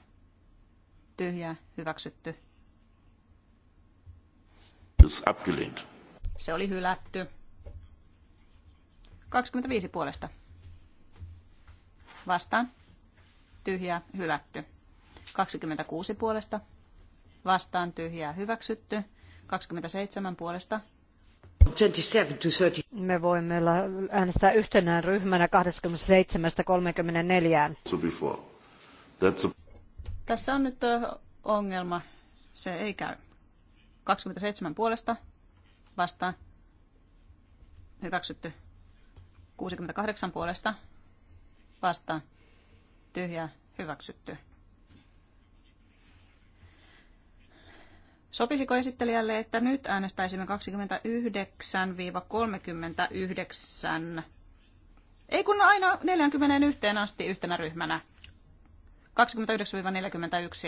Tyhjää. Hyväksytty. Ist abgelehnt. Se oli hylätty. 25 puolesta. Vastaan. Tyhjää. Hylätty. 26 puolesta vastaan tyhjää hyväksytty. 27 puolesta. 27 to 30. Me voimme äänestää yhtenä ryhmänä 27-34. So a... Tässä on nyt ongelma. Se ei käy. 27 puolesta vastaan. Hyväksytty. 68 puolesta vastaan. Tyhjää hyväksytty. Sopisiko esittelijälle, että nyt äänestäisimme 29-39? Ei kun aina 41 asti yhtenä ryhmänä.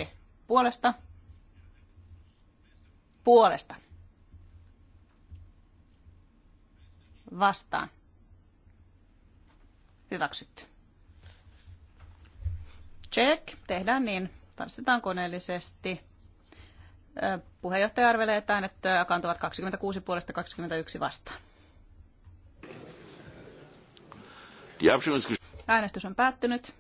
29-41 puolesta. Puolesta. Vastaan. Hyväksytty. Check. Tehdään niin. Tarvitaan koneellisesti Puheenjohtaja arvelee, että äänet äh, kantavat 26 puolesta 21 vastaan. Äänestys on päättynyt.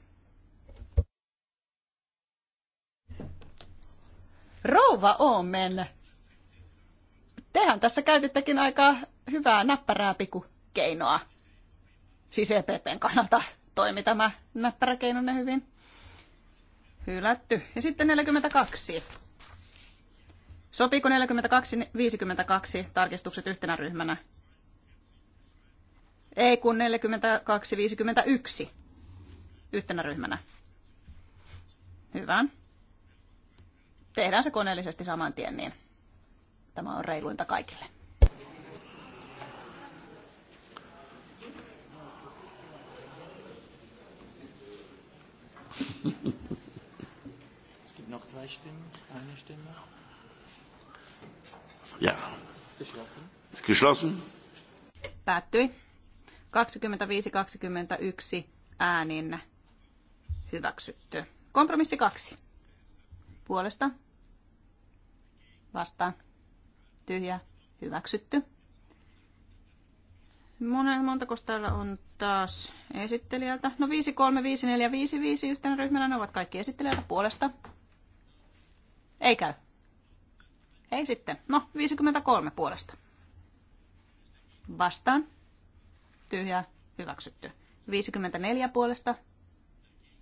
Rouva Omen, tehän tässä käytittekin aika hyvää näppärää pikukeinoa. Siis EPPn kannalta toimi tämä näppärä hyvin. Hylätty. Ja sitten 42. Sopiiko 42-52 tarkistukset yhtenä ryhmänä? Ei kun 42-51 yhtenä ryhmänä. Hyvä. Tehdään se koneellisesti saman tien, niin tämä on reiluinta kaikille. Es gibt noch zwei Stimmen, eine Stimme. Ja. Geschlossen. Päättyi. 25-21 äänin hyväksytty. Kompromissi kaksi. Puolesta. Vastaan. Tyhjä. Hyväksytty. Monen, montako täällä on taas esittelijältä? No 5, 3, 5, 4, 5, 5 yhtenä ryhmänä. Ne ovat kaikki esittelijältä puolesta. Ei käy. Ei sitten. No, 53 puolesta. Vastaan. Tyhjä. Hyväksytty. 54 puolesta.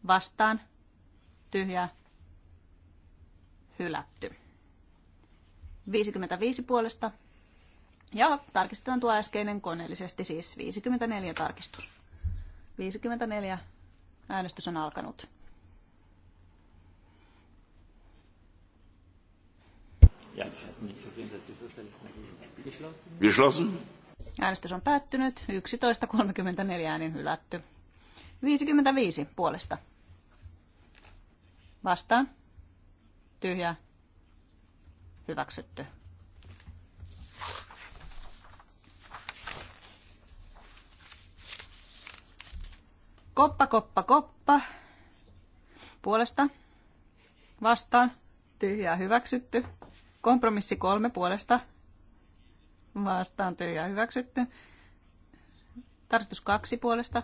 Vastaan. Tyhjä. Hylätty. 55 puolesta. Ja tarkistetaan tuo äskeinen koneellisesti, siis 54 tarkistus. 54 äänestys on alkanut. Geschlossen. Äänestys on päättynyt. 11.34 äänin hylätty. 55 puolesta. Vastaan. Tyhjä. Hyväksytty. Koppa, koppa, koppa. Puolesta. Vastaan. Tyhjää hyväksytty. Kompromissi kolme puolesta vastaan tyhjää hyväksytty. Tarkistus kaksi puolesta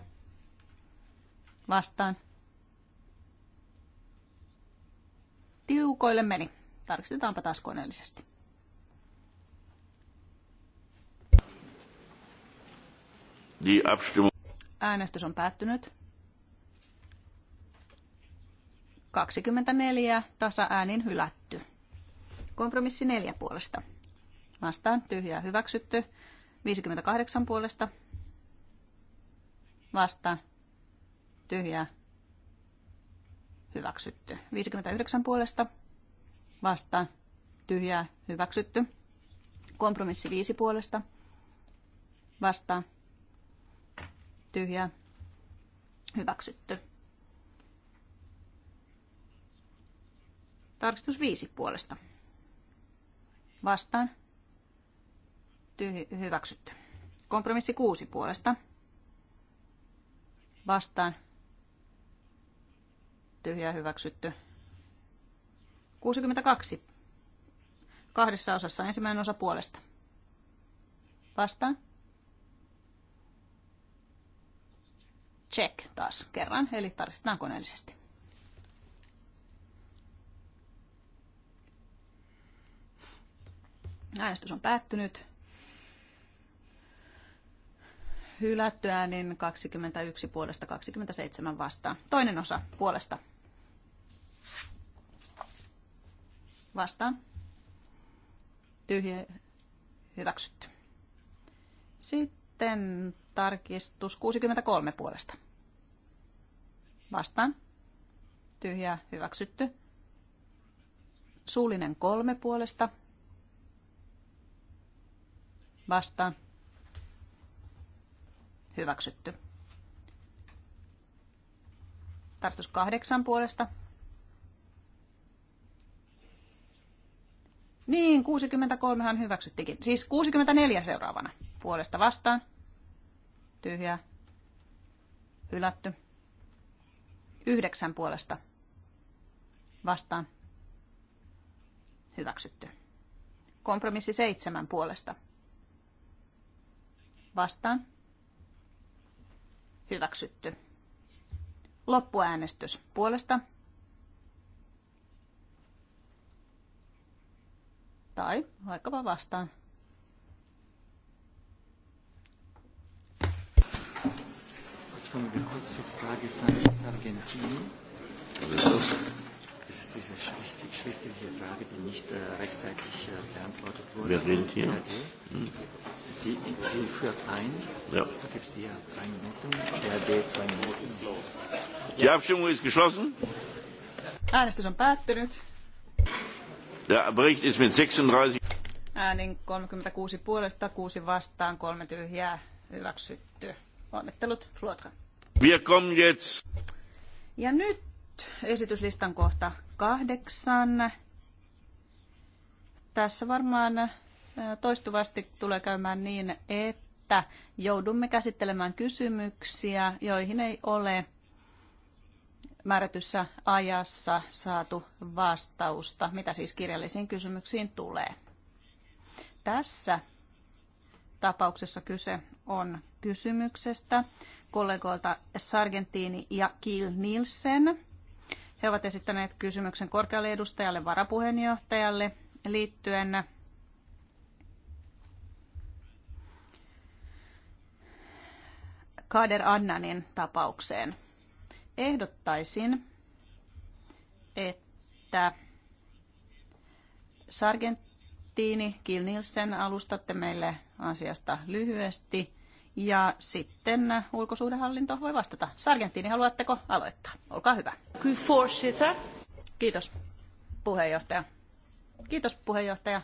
vastaan. Tiukoille meni. Tarkistetaanpa taas koneellisesti. Äänestys on päättynyt. 24 tasa äänin hylätty. Kompromissi neljä puolesta. Vastaan tyhjää hyväksytty. 58 puolesta. Vastaan tyhjää hyväksytty. 59 puolesta. Vastaan tyhjää hyväksytty. Kompromissi viisi puolesta. Vastaan tyhjää hyväksytty. Tarkistus viisi puolesta Vastaan. Tyh- hyväksytty. Kompromissi 6 puolesta. Vastaan. Tyhjä hyväksytty. 62. Kahdessa osassa ensimmäinen osa puolesta. Vastaan. Check taas kerran, eli tarkistetaan koneellisesti. Äänestys on päättynyt. Hylätty äänin 21 puolesta 27 vastaan. Toinen osa puolesta. Vastaan. Tyhjä hyväksytty. Sitten tarkistus 63 puolesta. Vastaan. Tyhjä hyväksytty. Suullinen kolme puolesta vastaan. Hyväksytty. Tarkistus kahdeksan puolesta. Niin, 63 hän hyväksyttikin. Siis 64 seuraavana. Puolesta vastaan. Tyhjää. Hylätty. Yhdeksän puolesta. Vastaan. Hyväksytty. Kompromissi seitsemän puolesta. Vastaan. Hyväksytty. Loppuäänestys puolesta. Tai vaikkapa vastaan. kommen wir kurz zur Frage ist diese schriftliche Frage, die nicht äh, rechtzeitig äh, beantwortet wurde. Wir sind hier. Hm. Sie, sie führt ein. Ja. Du gibst dir drei Minuten, BRD zwei Minuten. Die Abstimmung ist geschlossen. Äänestys on päättynyt. Der Bericht ist mit 36 äänin 36 puolesta, 6 vastaan, 3 tyhjää hyväksytty. Onnittelut, Flotra. Wir kommen jetzt. Ja nyt esityslistan kohta kahdeksan. Tässä varmaan toistuvasti tulee käymään niin, että joudumme käsittelemään kysymyksiä, joihin ei ole määrätyssä ajassa saatu vastausta, mitä siis kirjallisiin kysymyksiin tulee. Tässä tapauksessa kyse on kysymyksestä kollegoilta Sargentini ja Kill Nielsen. He ovat esittäneet kysymyksen korkealle edustajalle varapuheenjohtajalle liittyen Kader Annanin tapaukseen. Ehdottaisin, että Sargenttiini Kilnilsen alustatte meille asiasta lyhyesti ja sitten ulkosuhdehallinto voi vastata. Sargentini, haluatteko aloittaa? Olkaa hyvä. Kiitos puheenjohtaja. Kiitos puheenjohtaja.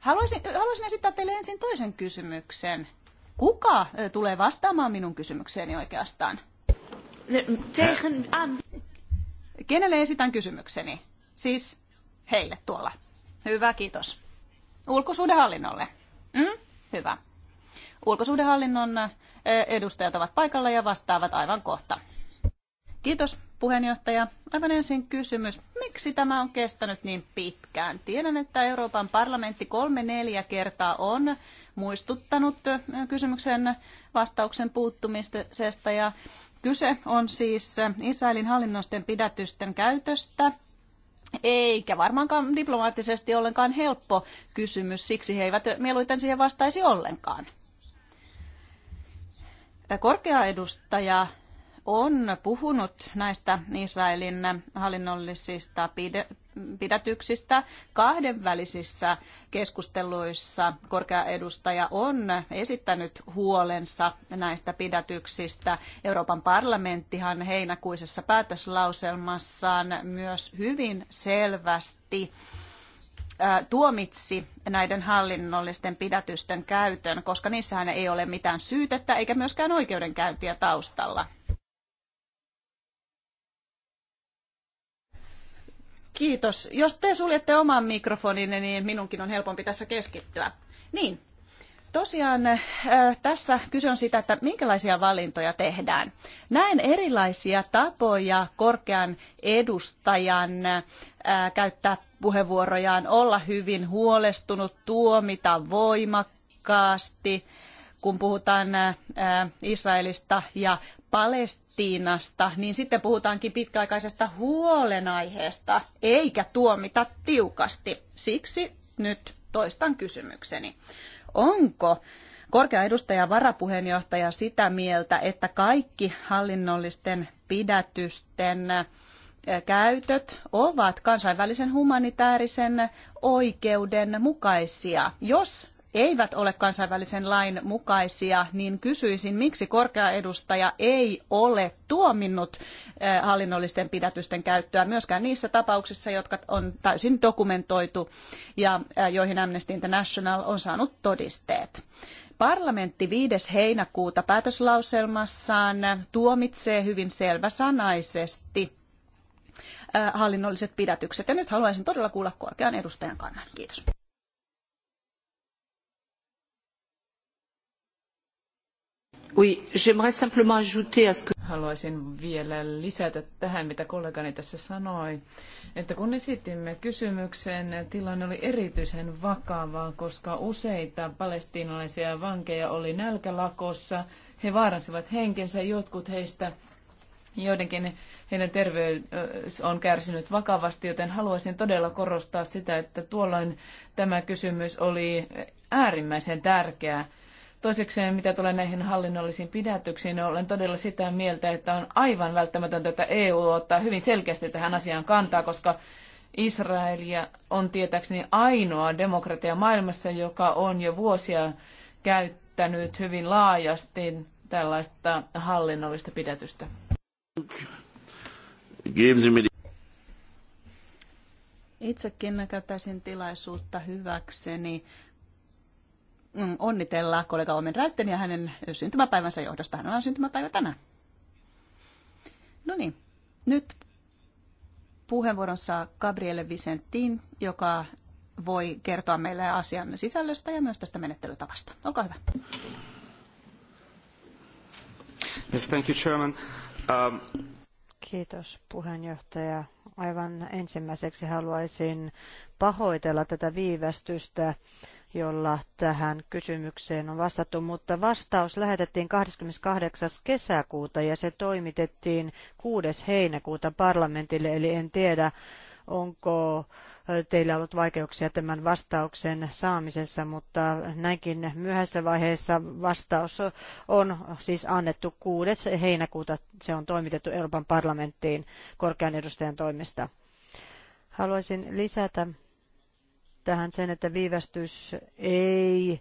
Haluaisin, haluaisin esittää teille ensin toisen kysymyksen. Kuka tulee vastaamaan minun kysymykseeni oikeastaan? Kenelle esitän kysymykseni? Siis heille tuolla. Hyvä, kiitos. Ulkosuhdehallinnolle. Mm? Hyvä. Ulkosuhdehallinnon edustajat ovat paikalla ja vastaavat aivan kohta. Kiitos puheenjohtaja. Aivan ensin kysymys, miksi tämä on kestänyt niin pitkään? Tiedän, että Euroopan parlamentti kolme neljä kertaa on muistuttanut kysymyksen vastauksen puuttumisesta ja kyse on siis Israelin hallinnosten pidätysten käytöstä eikä varmaankaan diplomaattisesti ollenkaan helppo kysymys, siksi he eivät mieluiten siihen vastaisi ollenkaan korkea edustaja on puhunut näistä Israelin hallinnollisista pidätyksistä kahdenvälisissä keskusteluissa. Korkea edustaja on esittänyt huolensa näistä pidätyksistä. Euroopan parlamenttihan heinäkuisessa päätöslauselmassaan myös hyvin selvästi tuomitsi näiden hallinnollisten pidätysten käytön, koska niissähän ei ole mitään syytettä eikä myöskään oikeudenkäyntiä taustalla. Kiitos. Jos te suljette oman mikrofoninne, niin minunkin on helpompi tässä keskittyä. Niin, tosiaan tässä kyse on sitä, että minkälaisia valintoja tehdään. Näen erilaisia tapoja korkean edustajan käyttää puheenvuorojaan olla hyvin huolestunut, tuomita voimakkaasti, kun puhutaan Israelista ja Palestiinasta, niin sitten puhutaankin pitkäaikaisesta huolenaiheesta, eikä tuomita tiukasti. Siksi nyt toistan kysymykseni. Onko korkea edustaja varapuheenjohtaja sitä mieltä, että kaikki hallinnollisten pidätysten käytöt ovat kansainvälisen humanitaarisen oikeuden mukaisia. Jos eivät ole kansainvälisen lain mukaisia, niin kysyisin, miksi korkea edustaja ei ole tuominnut eh, hallinnollisten pidätysten käyttöä myöskään niissä tapauksissa, jotka on täysin dokumentoitu ja eh, joihin Amnesty International on saanut todisteet. Parlamentti 5. heinäkuuta päätöslauselmassaan tuomitsee hyvin selväsanaisesti hallinnolliset pidätykset. Ja nyt haluaisin todella kuulla korkean edustajan kannan. Kiitos. Haluaisin vielä lisätä tähän, mitä kollegani tässä sanoi, että kun esitimme kysymyksen, tilanne oli erityisen vakava, koska useita palestiinalaisia vankeja oli nälkälakossa. He vaaransivat henkensä, jotkut heistä Joidenkin heidän terveys on kärsinyt vakavasti, joten haluaisin todella korostaa sitä, että tuolloin tämä kysymys oli äärimmäisen tärkeä. Toisekseen, mitä tulee näihin hallinnollisiin pidätyksiin, niin olen todella sitä mieltä, että on aivan välttämätöntä, että EU ottaa hyvin selkeästi tähän asiaan kantaa, koska Israelia on tietääkseni ainoa demokratia maailmassa, joka on jo vuosia käyttänyt hyvin laajasti tällaista hallinnollista pidätystä. Itsekin käyttäisin tilaisuutta hyväkseni onnitella kollega Omen Räytten ja hänen syntymäpäivänsä johdosta. Hän on syntymäpäivä tänään. No niin, nyt puheenvuoron saa Gabriele Vicentin, joka voi kertoa meille asian sisällöstä ja myös tästä menettelytavasta. Olkaa hyvä. Yes, thank you, Chairman. Um. Kiitos puheenjohtaja. Aivan ensimmäiseksi haluaisin pahoitella tätä viivästystä, jolla tähän kysymykseen on vastattu, mutta vastaus lähetettiin 28. kesäkuuta ja se toimitettiin 6. heinäkuuta parlamentille, eli en tiedä, onko teillä ollut vaikeuksia tämän vastauksen saamisessa, mutta näinkin myöhässä vaiheessa vastaus on siis annettu 6. heinäkuuta. Se on toimitettu Euroopan parlamenttiin korkean edustajan toimesta. Haluaisin lisätä tähän sen, että viivästys ei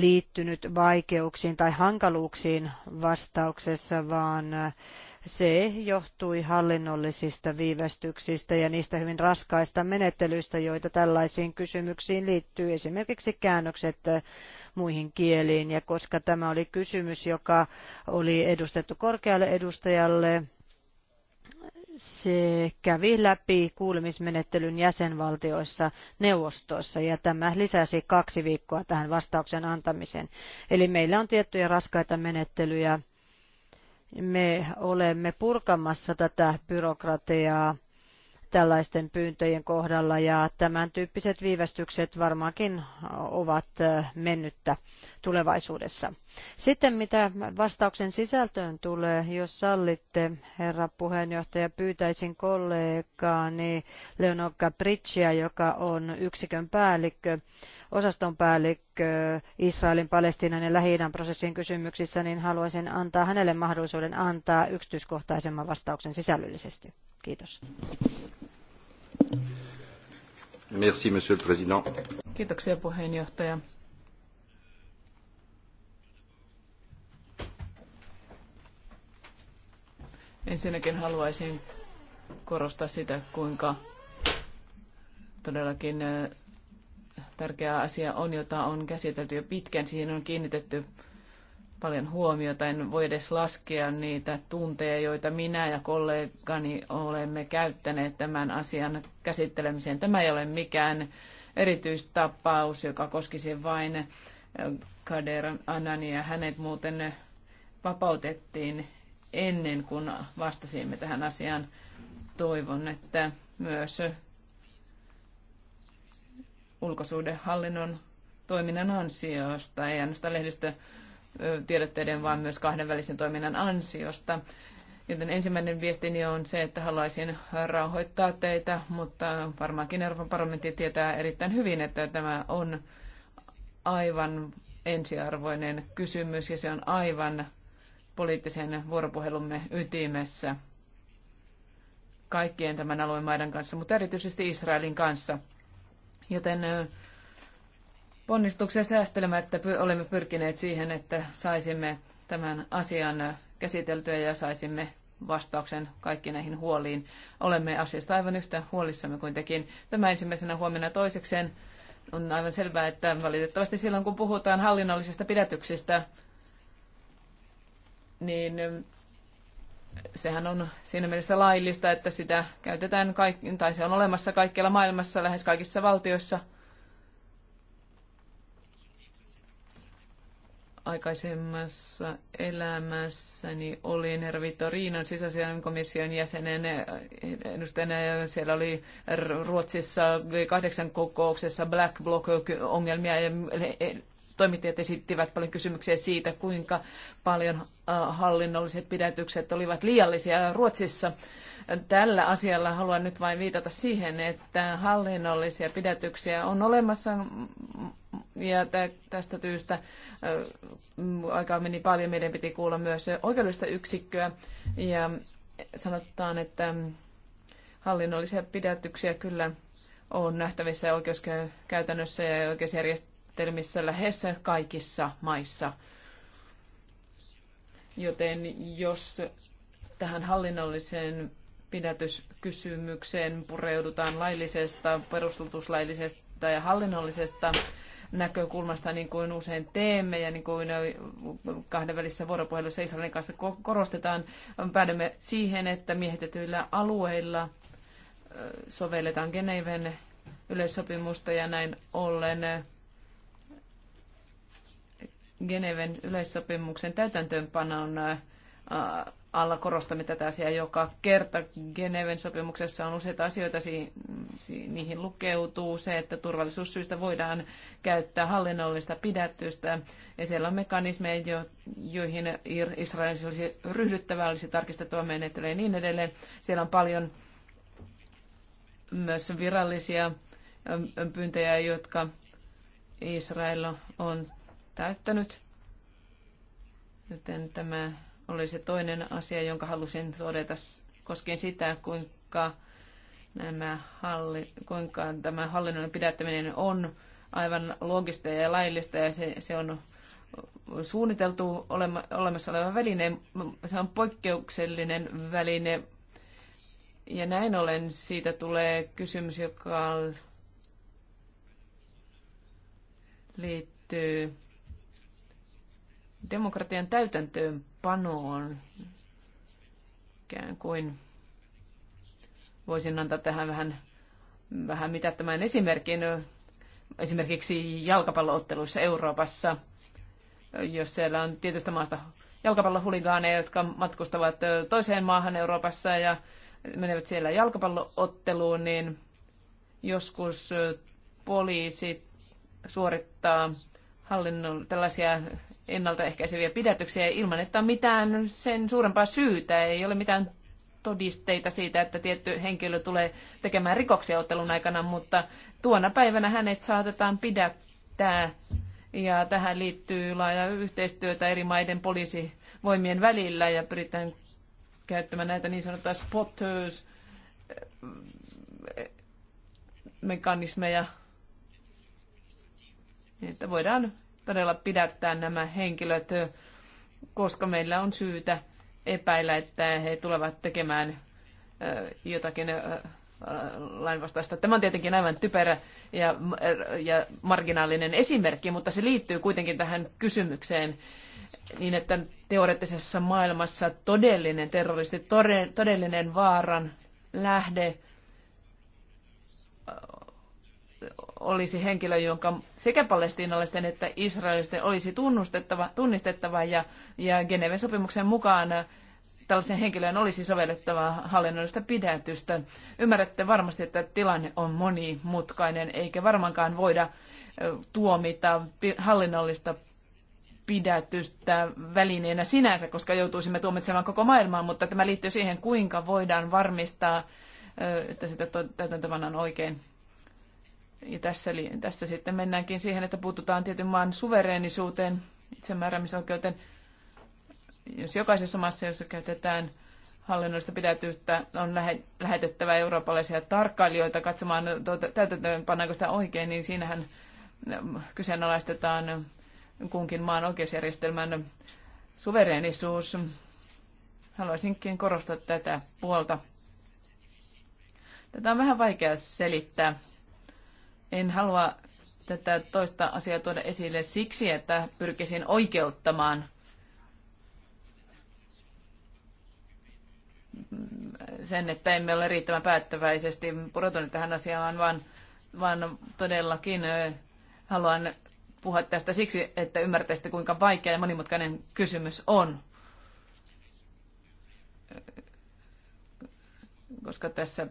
liittynyt vaikeuksiin tai hankaluuksiin vastauksessa, vaan se johtui hallinnollisista viivästyksistä ja niistä hyvin raskaista menettelyistä, joita tällaisiin kysymyksiin liittyy, esimerkiksi käännökset äh, muihin kieliin. Ja koska tämä oli kysymys, joka oli edustettu korkealle edustajalle, se kävi läpi kuulemismenettelyn jäsenvaltioissa neuvostossa ja tämä lisäsi kaksi viikkoa tähän vastauksen antamiseen. Eli meillä on tiettyjä raskaita menettelyjä me olemme purkamassa tätä byrokratiaa tällaisten pyyntöjen kohdalla ja tämän tyyppiset viivästykset varmaankin ovat mennyttä tulevaisuudessa. Sitten mitä vastauksen sisältöön tulee, jos sallitte, herra puheenjohtaja, pyytäisin kollegaani Leonor Capriccia, joka on yksikön päällikkö, osaston Israelin, Palestiinan ja lähi prosessin kysymyksissä, niin haluaisin antaa hänelle mahdollisuuden antaa yksityiskohtaisemman vastauksen sisällöllisesti. Kiitos. Merci, monsieur le président. Kiitoksia puheenjohtaja. Ensinnäkin haluaisin korostaa sitä, kuinka todellakin tärkeä asia on, jota on käsitelty jo pitkään. Siihen on kiinnitetty paljon huomiota. En voi edes laskea niitä tunteja, joita minä ja kollegani olemme käyttäneet tämän asian käsittelemiseen. Tämä ei ole mikään erityistapaus, joka koskisi vain eh, Kader Anania. Hänet muuten vapautettiin ennen kuin vastasimme tähän asiaan. Toivon, että myös ulkosuhdehallinnon toiminnan ansiosta, ei ainoastaan lehdistötiedotteiden, vaan myös kahdenvälisen toiminnan ansiosta. Joten ensimmäinen viestini on se, että haluaisin rauhoittaa teitä, mutta varmaankin Euroopan parlamentti tietää erittäin hyvin, että tämä on aivan ensiarvoinen kysymys ja se on aivan poliittisen vuoropuhelumme ytimessä kaikkien tämän alueen maiden kanssa, mutta erityisesti Israelin kanssa – joten ponnistuksia säästelemättä olemme pyrkineet siihen, että saisimme tämän asian käsiteltyä ja saisimme vastauksen kaikki näihin huoliin. Olemme asiasta aivan yhtä huolissamme kuin tekin. Tämä ensimmäisenä huomenna toisekseen on aivan selvää, että valitettavasti silloin kun puhutaan hallinnollisista pidätyksistä, niin sehän on siinä mielessä laillista, että sitä käytetään, kaik- tai se on olemassa kaikkialla maailmassa, lähes kaikissa valtioissa. Aikaisemmassa elämässäni olin herra Riinan sisäisen komission jäsenen edustajana ja siellä oli Ruotsissa kahdeksan kokouksessa Black block ongelmia ja toimittajat esittivät paljon kysymyksiä siitä, kuinka paljon äh, hallinnolliset pidätykset olivat liiallisia Ruotsissa. Tällä asialla haluan nyt vain viitata siihen, että hallinnollisia pidätyksiä on olemassa mm, ja tästä tyystä äh, aikaa meni paljon. Meidän piti kuulla myös oikeudellista yksikköä ja sanotaan, että hallinnollisia pidätyksiä kyllä on nähtävissä oikeuskäytännössä ja oikeusjärjestelmässä järjestelmissä lähes kaikissa maissa. Joten jos tähän hallinnolliseen pidätyskysymykseen pureudutaan laillisesta, perustutuslaillisesta ja hallinnollisesta näkökulmasta, niin kuin usein teemme ja niin kuin kahdenvälisessä vuoropuhelussa Israelin kanssa korostetaan, päädymme siihen, että miehitetyillä alueilla sovelletaan Geneven yleissopimusta ja näin ollen Geneven yleissopimuksen täytäntöönpanon äh, äh, alla korostamme tätä asiaa joka kerta. Geneven sopimuksessa on useita asioita, niihin lukeutuu se, että turvallisuussyistä voidaan käyttää hallinnollista pidätystä. Ja siellä on mekanismeja, joihin Israelissa olisi ryhdyttävä, olisi tarkistettava menettelyä ja niin edelleen. Siellä on paljon myös virallisia pyyntöjä, jotka Israel on täyttänyt. Joten tämä oli se toinen asia, jonka halusin todeta koskien sitä, kuinka, nämä halli, kuinka tämä hallinnon pidättäminen on aivan loogista ja laillista ja se, se on suunniteltu olema, olemassa oleva väline. Se on poikkeuksellinen väline ja näin ollen siitä tulee kysymys, joka liittyy Demokratian täytäntöönpano on ikään kuin, voisin antaa tähän vähän, vähän mitä tämän esimerkin, esimerkiksi jalkapallootteluissa Euroopassa, jos siellä on tietystä maasta jalkapallohuligaaneja, jotka matkustavat toiseen maahan Euroopassa ja menevät siellä jalkapallootteluun, niin joskus poliisi suorittaa hallinnon tällaisia ennaltaehkäiseviä pidätyksiä ilman, että on mitään sen suurempaa syytä, ei ole mitään todisteita siitä, että tietty henkilö tulee tekemään rikoksia ottelun aikana, mutta tuona päivänä hänet saatetaan pidättää. Ja tähän liittyy laaja yhteistyötä eri maiden poliisivoimien välillä ja pyritään käyttämään näitä niin sanottuja spotters eh, eh, mekanismeja, niin että voidaan todella pidättää nämä henkilöt, koska meillä on syytä epäillä, että he tulevat tekemään jotakin lainvastaista. Tämä on tietenkin aivan typerä ja, ja marginaalinen esimerkki, mutta se liittyy kuitenkin tähän kysymykseen niin, että teoreettisessa maailmassa todellinen terroristi, todellinen vaaran lähde olisi henkilö, jonka sekä palestiinalaisten että israelisten olisi tunnustettava, tunnistettava ja, ja Geneven sopimuksen mukaan tällaisen henkilön olisi sovellettava hallinnollista pidätystä. Ymmärrätte varmasti, että tilanne on monimutkainen, eikä varmaankaan voida tuomita hallinnollista pidätystä välineenä sinänsä, koska joutuisimme tuomitsemaan koko maailmaa, mutta tämä liittyy siihen, kuinka voidaan varmistaa, että sitä täytäntöpannaan oikein. Ja tässä, tässä sitten mennäänkin siihen, että puututaan tietyn maan suvereenisuuteen, itsemääräämisoikeuteen. Jos jokaisessa maassa, jossa käytetään hallinnollista pidätystä, on lähetettävä eurooppalaisia tarkkailijoita katsomaan, tuota täytäntöönpannaanko sitä oikein, niin siinähän ähm, kyseenalaistetaan kunkin maan oikeusjärjestelmän suvereenisuus. Haluaisinkin korostaa tätä puolta. Tätä on vähän vaikea selittää en halua tätä toista asiaa tuoda esille siksi, että pyrkisin oikeuttamaan sen, että emme ole riittävän päättäväisesti pudotuneet tähän asiaan, vaan, vaan todellakin haluan puhua tästä siksi, että ymmärtäisitte, kuinka vaikea ja monimutkainen kysymys on. Koska tässä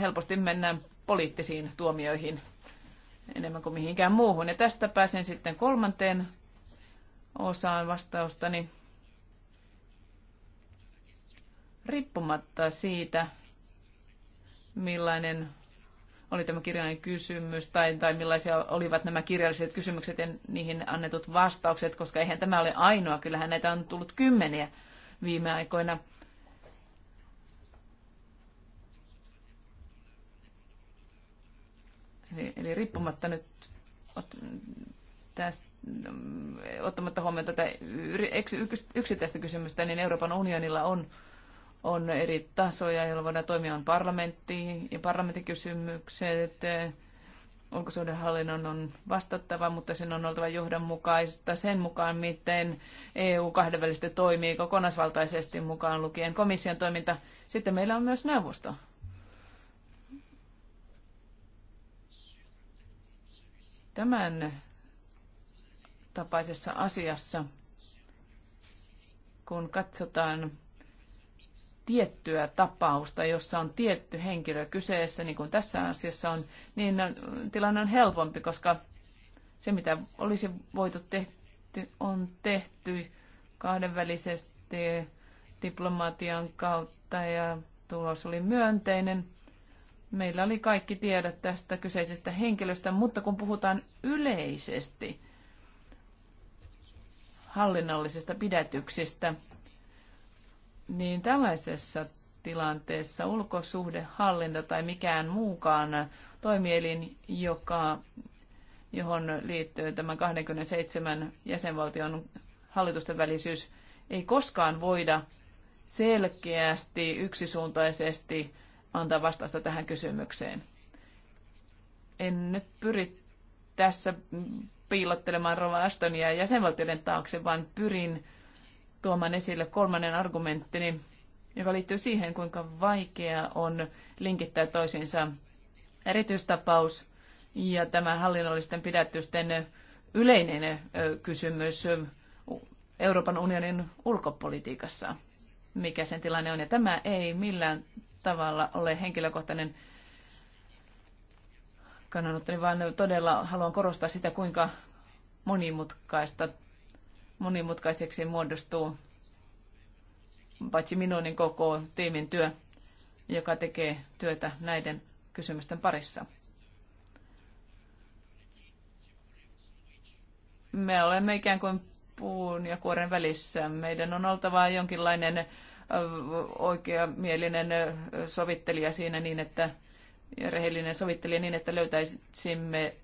helposti mennään poliittisiin tuomioihin enemmän kuin mihinkään muuhun. Ja tästä pääsen sitten kolmanteen osaan vastaustani. Riippumatta siitä, millainen oli tämä kirjallinen kysymys tai, tai millaisia olivat nämä kirjalliset kysymykset ja niihin annetut vastaukset, koska eihän tämä ole ainoa, kyllähän näitä on tullut kymmeniä viime aikoina Eli, eli riippumatta nyt ot, tästä, ottamatta huomioon tätä yksittäistä kysymystä, niin Euroopan unionilla on, on eri tasoja, joilla voidaan toimia on parlamentti ja parlamenttikysymykset, ulkosuhdehallinnon on vastattava, mutta sen on oltava johdonmukaista sen mukaan, miten EU kahdenvälisesti toimii kokonaisvaltaisesti mukaan lukien komission toiminta. Sitten meillä on myös neuvosto. Tämän tapaisessa asiassa, kun katsotaan tiettyä tapausta, jossa on tietty henkilö kyseessä, niin kuin tässä asiassa on, niin tilanne on helpompi, koska se, mitä olisi voitu tehty, on tehty kahdenvälisesti diplomaatian kautta ja tulos oli myönteinen. Meillä oli kaikki tiedot tästä kyseisestä henkilöstä, mutta kun puhutaan yleisesti hallinnollisista pidätyksistä, niin tällaisessa tilanteessa ulkosuhdehallinto tai mikään muukaan toimielin, joka, johon liittyy tämän 27 jäsenvaltion hallitusten välisyys, ei koskaan voida selkeästi, yksisuuntaisesti antaa vastausta tähän kysymykseen. En nyt pyri tässä piilottelemaan Rova Astonia jäsenvaltioiden taakse, vaan pyrin tuomaan esille kolmannen argumenttini, joka liittyy siihen, kuinka vaikea on linkittää toisiinsa erityistapaus ja tämä hallinnollisten pidätysten yleinen kysymys Euroopan unionin ulkopolitiikassa, mikä sen tilanne on. Ja tämä ei millään tavalla ole henkilökohtainen kannanottoni, vaan todella haluan korostaa sitä, kuinka monimutkaista, monimutkaiseksi muodostuu paitsi minun, niin koko tiimin työ, joka tekee työtä näiden kysymysten parissa. Me olemme ikään kuin puun ja kuoren välissä. Meidän on oltava jonkinlainen oikeamielinen sovittelija siinä niin, että rehellinen sovittelija niin, että löytäisimme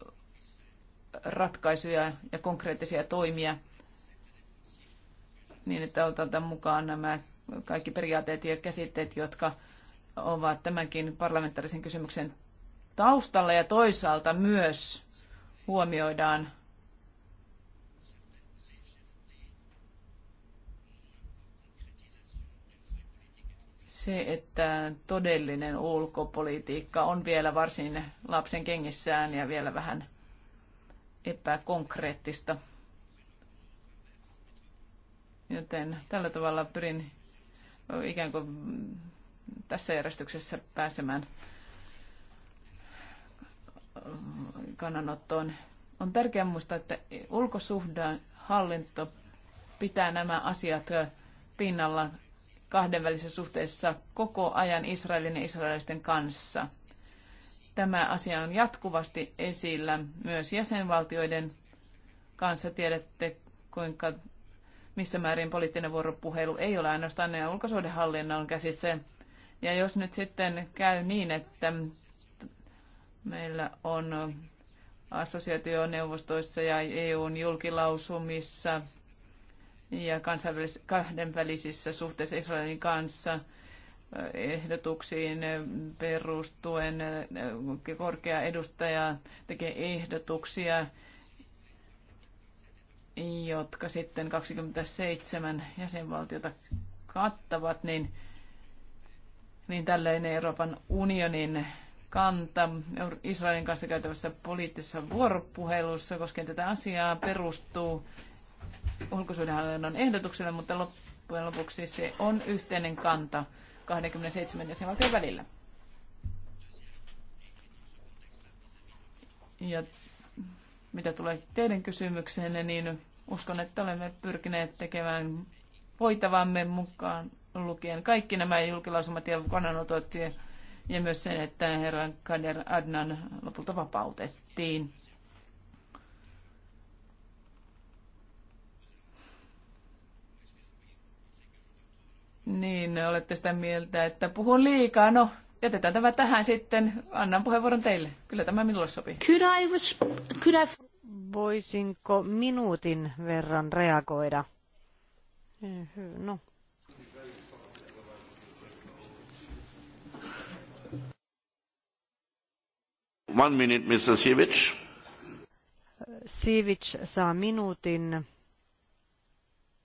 ratkaisuja ja konkreettisia toimia niin, että otetaan mukaan nämä kaikki periaatteet ja käsitteet, jotka ovat tämänkin parlamentaarisen kysymyksen taustalla ja toisaalta myös huomioidaan se, että todellinen ulkopolitiikka on vielä varsin lapsen kengissään ja vielä vähän epäkonkreettista. Joten tällä tavalla pyrin ikään kuin tässä järjestyksessä pääsemään kannanottoon. On tärkeää muistaa, että ulkosuhdehallinto hallinto pitää nämä asiat pinnalla kahdenvälisissä suhteissa koko ajan Israelin ja israelisten kanssa. Tämä asia on jatkuvasti esillä myös jäsenvaltioiden kanssa. Tiedätte, kuinka missä määrin poliittinen vuoropuhelu ei ole ainoastaan ne ulkosuhdehallinnon käsissä. Ja jos nyt sitten käy niin, että meillä on assosiaationeuvostoissa ja EUn julkilausumissa – ja kansainvälis- kahdenvälisissä suhteissa Israelin kanssa eh, ehdotuksiin eh, perustuen. Eh, korkea edustaja tekee ehdotuksia, jotka sitten 27 jäsenvaltiota kattavat, niin, niin tällainen Euroopan unionin kanta Israelin kanssa käytävässä poliittisessa vuoropuhelussa koskien tätä asiaa perustuu ulkosuudenhallinnon ehdotukselle, mutta loppujen lopuksi se on yhteinen kanta 27 jäsenvaltion välillä. Ja mitä tulee teidän kysymykseenne, niin uskon, että olemme pyrkineet tekemään voitavamme mukaan lukien kaikki nämä julkilausumat ja kannanotot ja myös sen, että herra Kader Adnan lopulta vapautettiin. Niin, olette sitä mieltä, että puhun liikaa. No, jätetään tämä tähän sitten. Annan puheenvuoron teille. Kyllä tämä minulle sopii. Could I could I... Voisinko minuutin verran reagoida? Eh, no, One minute, Mr. Sivic. Sivic saa minuutin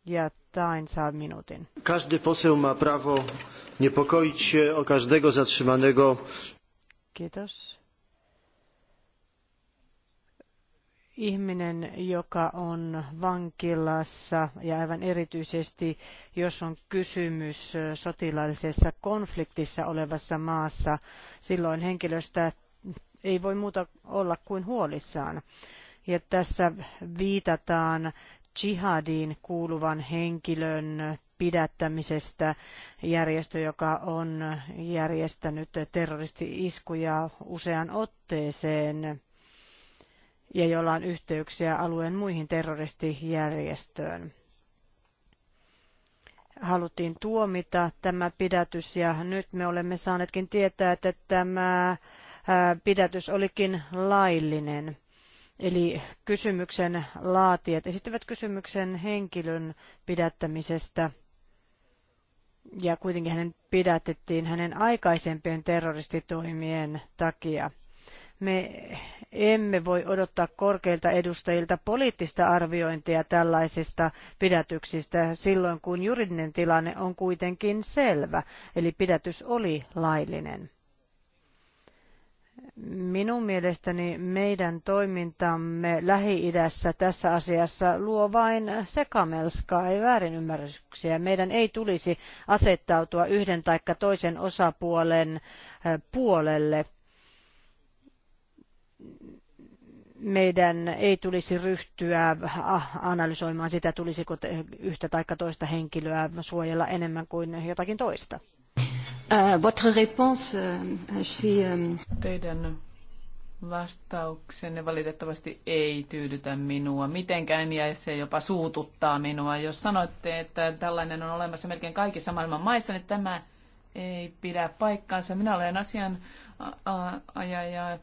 ja Tain saa minuutin. Każdy poseł ma prawo niepokoić się o każdego zatrzymanego. Kiitos. ihminen, joka on vankilassa ja aivan erityisesti, jos on kysymys sotilaallisessa konfliktissa olevassa maassa, silloin henkilöstä ei voi muuta olla kuin huolissaan. Ja tässä viitataan jihadiin kuuluvan henkilön pidättämisestä järjestö, joka on järjestänyt terroristi-iskuja usean otteeseen ja jolla on yhteyksiä alueen muihin terroristijärjestöön. Haluttiin tuomita tämä pidätys ja nyt me olemme saaneetkin tietää, että tämä pidätys olikin laillinen. Eli kysymyksen laatijat esittävät kysymyksen henkilön pidättämisestä ja kuitenkin hänen pidätettiin hänen aikaisempien terroristitoimien takia. Me emme voi odottaa korkeilta edustajilta poliittista arviointia tällaisista pidätyksistä silloin, kun juridinen tilanne on kuitenkin selvä, eli pidätys oli laillinen. Minun mielestäni meidän toimintamme Lähi-idässä tässä asiassa luo vain sekamelskaa ja väärinymmärryksiä. Meidän ei tulisi asettautua yhden tai toisen osapuolen puolelle. Meidän ei tulisi ryhtyä analysoimaan sitä, tulisiko yhtä tai toista henkilöä suojella enemmän kuin jotakin toista. Euh, votre réponse, euh, je suis... Euh, Teidän vastauksenne valitettavasti ei tyydytä minua mitenkään ja se jopa suututtaa minua. Jos sanoitte, että tällainen on olemassa melkein kaikissa maailman maissa, niin tämä ei pidä paikkaansa. Minä olen asian ajaja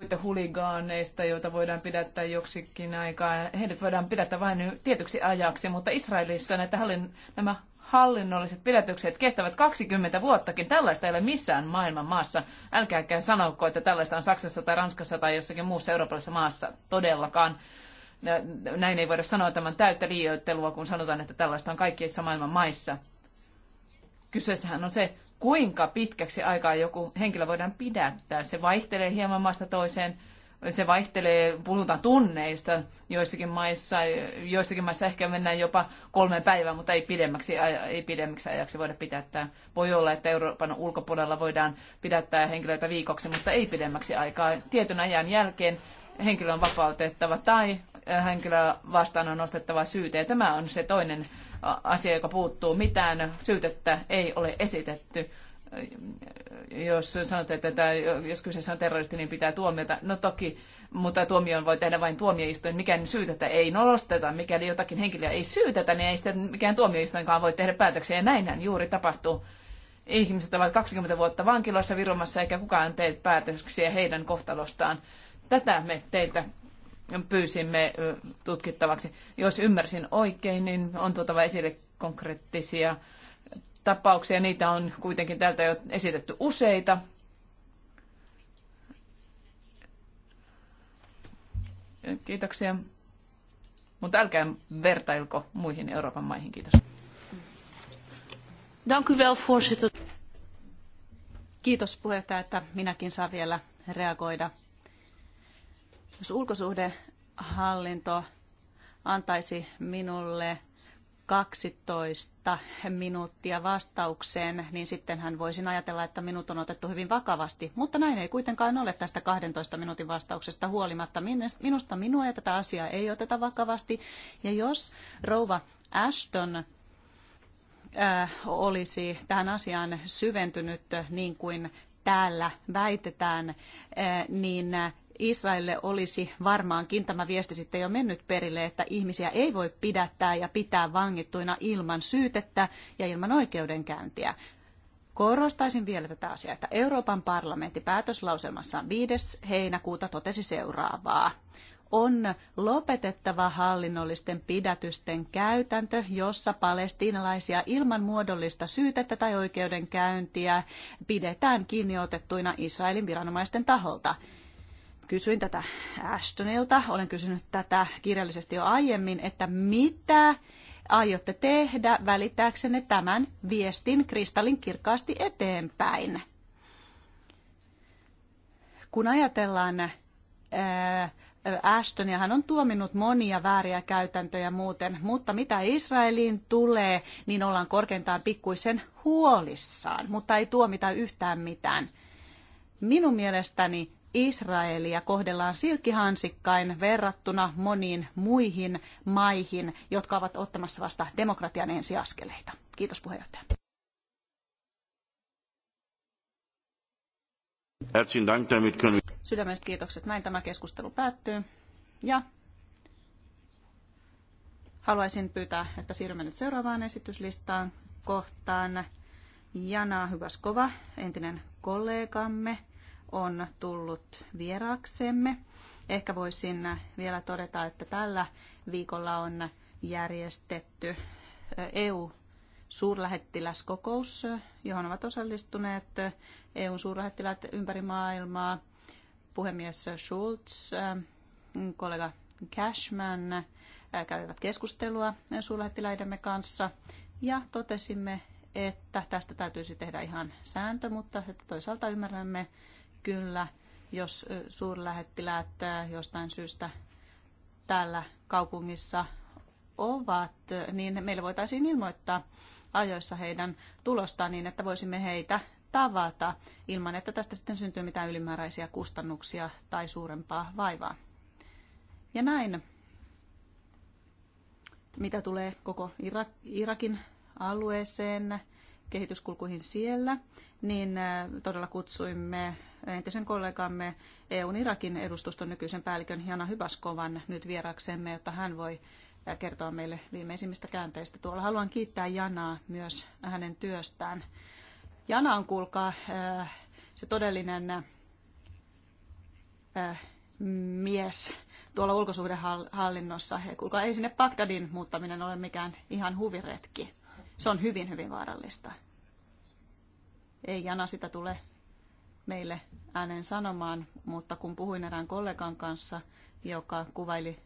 muita huligaaneista, joita voidaan pidättää joksikin aikaa. Heidät voidaan pidättää vain tietyksi ajaksi, mutta Israelissa näitä hallin, nämä hallinnolliset pidätykset kestävät 20 vuottakin. Tällaista ei ole missään maailman maassa. Älkääkään sanoko, että tällaista on Saksassa tai Ranskassa tai jossakin muussa eurooppalaisessa maassa. Todellakaan. Näin ei voida sanoa tämän täyttä liioittelua, kun sanotaan, että tällaista on kaikissa maailman maissa. Kyseessähän on se, kuinka pitkäksi aikaa joku henkilö voidaan pidättää. Se vaihtelee hieman maasta toiseen se vaihtelee, puhutaan tunneista joissakin maissa, joissakin maissa ehkä mennään jopa kolme päivää, mutta ei pidemmäksi, ei pidemmäksi ajaksi voida pidättää. Voi olla, että Euroopan ulkopuolella voidaan pidättää henkilöitä viikoksi, mutta ei pidemmäksi aikaa. Tietyn ajan jälkeen henkilö on vapautettava tai henkilö vastaan on nostettava syyte. Tämä on se toinen asia, joka puuttuu. Mitään syytettä ei ole esitetty jos sanotaan, että tämä, jos kyseessä on terroristi, niin pitää tuomiota. No toki, mutta tuomion voi tehdä vain tuomioistuin. Mikään syytetä ei nosteta. Mikäli jotakin henkilöä ei syytetä, niin ei sitä mikään tuomioistuinkaan voi tehdä päätöksiä. Ja näinhän juuri tapahtuu. Ihmiset ovat 20 vuotta vankilassa virumassa, eikä kukaan tee päätöksiä heidän kohtalostaan. Tätä me teiltä pyysimme tutkittavaksi. Jos ymmärsin oikein, niin on tuotava esille konkreettisia tapauksia. Niitä on kuitenkin täältä jo esitetty useita. Kiitoksia. Mutta älkää vertailko muihin Euroopan maihin. Kiitos. Dank u wel, voorzitter. Kiitos puheenjohtaja, että minäkin saan vielä reagoida. Jos ulkosuhdehallinto antaisi minulle 12 minuuttia vastaukseen, niin sitten hän voisin ajatella, että minut on otettu hyvin vakavasti. Mutta näin ei kuitenkaan ole tästä 12 minuutin vastauksesta huolimatta. Minusta minua ja tätä asiaa ei oteta vakavasti. Ja jos rouva Ashton äh, olisi tähän asiaan syventynyt äh, niin kuin täällä väitetään, äh, niin Israelille olisi varmaankin tämä viesti sitten jo mennyt perille, että ihmisiä ei voi pidättää ja pitää vangittuina ilman syytettä ja ilman oikeudenkäyntiä. Korostaisin vielä tätä asiaa, että Euroopan parlamentti päätöslauselmassaan 5. heinäkuuta totesi seuraavaa on lopetettava hallinnollisten pidätysten käytäntö, jossa palestiinalaisia ilman muodollista syytettä tai oikeudenkäyntiä pidetään kiinniotettuina Israelin viranomaisten taholta kysyin tätä Ashtonilta, olen kysynyt tätä kirjallisesti jo aiemmin, että mitä aiotte tehdä välittääksenne tämän viestin kristallin kirkkaasti eteenpäin? Kun ajatellaan Ashton ja hän on tuominnut monia vääriä käytäntöjä muuten, mutta mitä Israeliin tulee, niin ollaan korkeintaan pikkuisen huolissaan, mutta ei tuomita yhtään mitään. Minun mielestäni Israelia kohdellaan silkkihansikkain verrattuna moniin muihin maihin, jotka ovat ottamassa vasta demokratian ensiaskeleita. Kiitos puheenjohtaja. Sydämestä kiitokset. Näin tämä keskustelu päättyy. Ja haluaisin pyytää, että siirrymme nyt seuraavaan esityslistaan kohtaan. Jana Hyväskova, entinen kollegamme, on tullut vieraksemme. Ehkä voisin vielä todeta, että tällä viikolla on järjestetty EU eh, e suurlähettiläskokous, eh, johon ovat osallistuneet EUn eh, e suurlähettiläät ympäri maailmaa, puhemies Schulz, kollega Cashman kävivät keskustelua suurlähettiläidemme kanssa ja totesimme, että tästä täytyisi tehdä ihan sääntö, mutta että toisaalta ymmärrämme kyllä, jos suurlähettiläät jostain syystä täällä kaupungissa ovat, niin meille voitaisiin ilmoittaa ajoissa heidän tulostaan niin, että voisimme heitä tavata ilman, että tästä sitten syntyy mitään ylimääräisiä kustannuksia tai suurempaa vaivaa. Ja näin, mitä tulee koko Irak, Irakin alueeseen, kehityskulkuihin siellä, niin todella kutsuimme entisen kollegamme EUn Irakin edustuston nykyisen päällikön Jana Hybaskovan nyt vieraksemme, jotta hän voi äh, kertoa meille viimeisimmistä käänteistä tuolla. Haluan kiittää Janaa myös hänen työstään. Jana on, kuulkaa, äh, se todellinen äh, mies tuolla ulkosuhdehallinnossa. Kuulkaa, ei sinne Bagdadin muuttaminen ole mikään ihan huviretki. Se on hyvin, hyvin vaarallista. Ei Jana sitä tule meille äänen sanomaan, mutta kun puhuin erään kollegan kanssa, joka kuvaili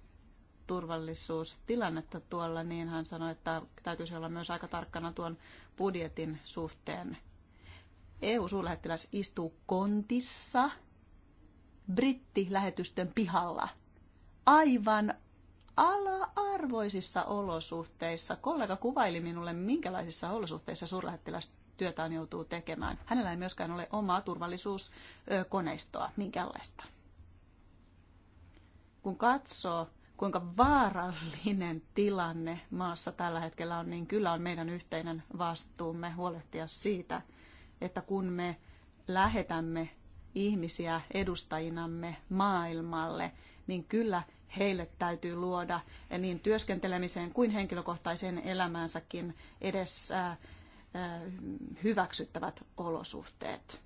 turvallisuustilannetta tuolla, niin hän sanoi, että täytyisi olla myös aika tarkkana tuon budjetin suhteen. EU-suurlähettiläs istuu kontissa brittilähetystön pihalla. Aivan ala-arvoisissa olosuhteissa. Kollega kuvaili minulle, minkälaisissa olosuhteissa suurlähettiläs työtään joutuu tekemään. Hänellä ei myöskään ole omaa turvallisuuskoneistoa minkäänlaista. Kun katsoo, kuinka vaarallinen tilanne maassa tällä hetkellä on, niin kyllä on meidän yhteinen vastuumme huolehtia siitä, että kun me lähetämme ihmisiä edustajinamme maailmalle, niin kyllä heille täytyy luoda niin työskentelemiseen kuin henkilökohtaiseen elämäänsäkin edes hyväksyttävät olosuhteet.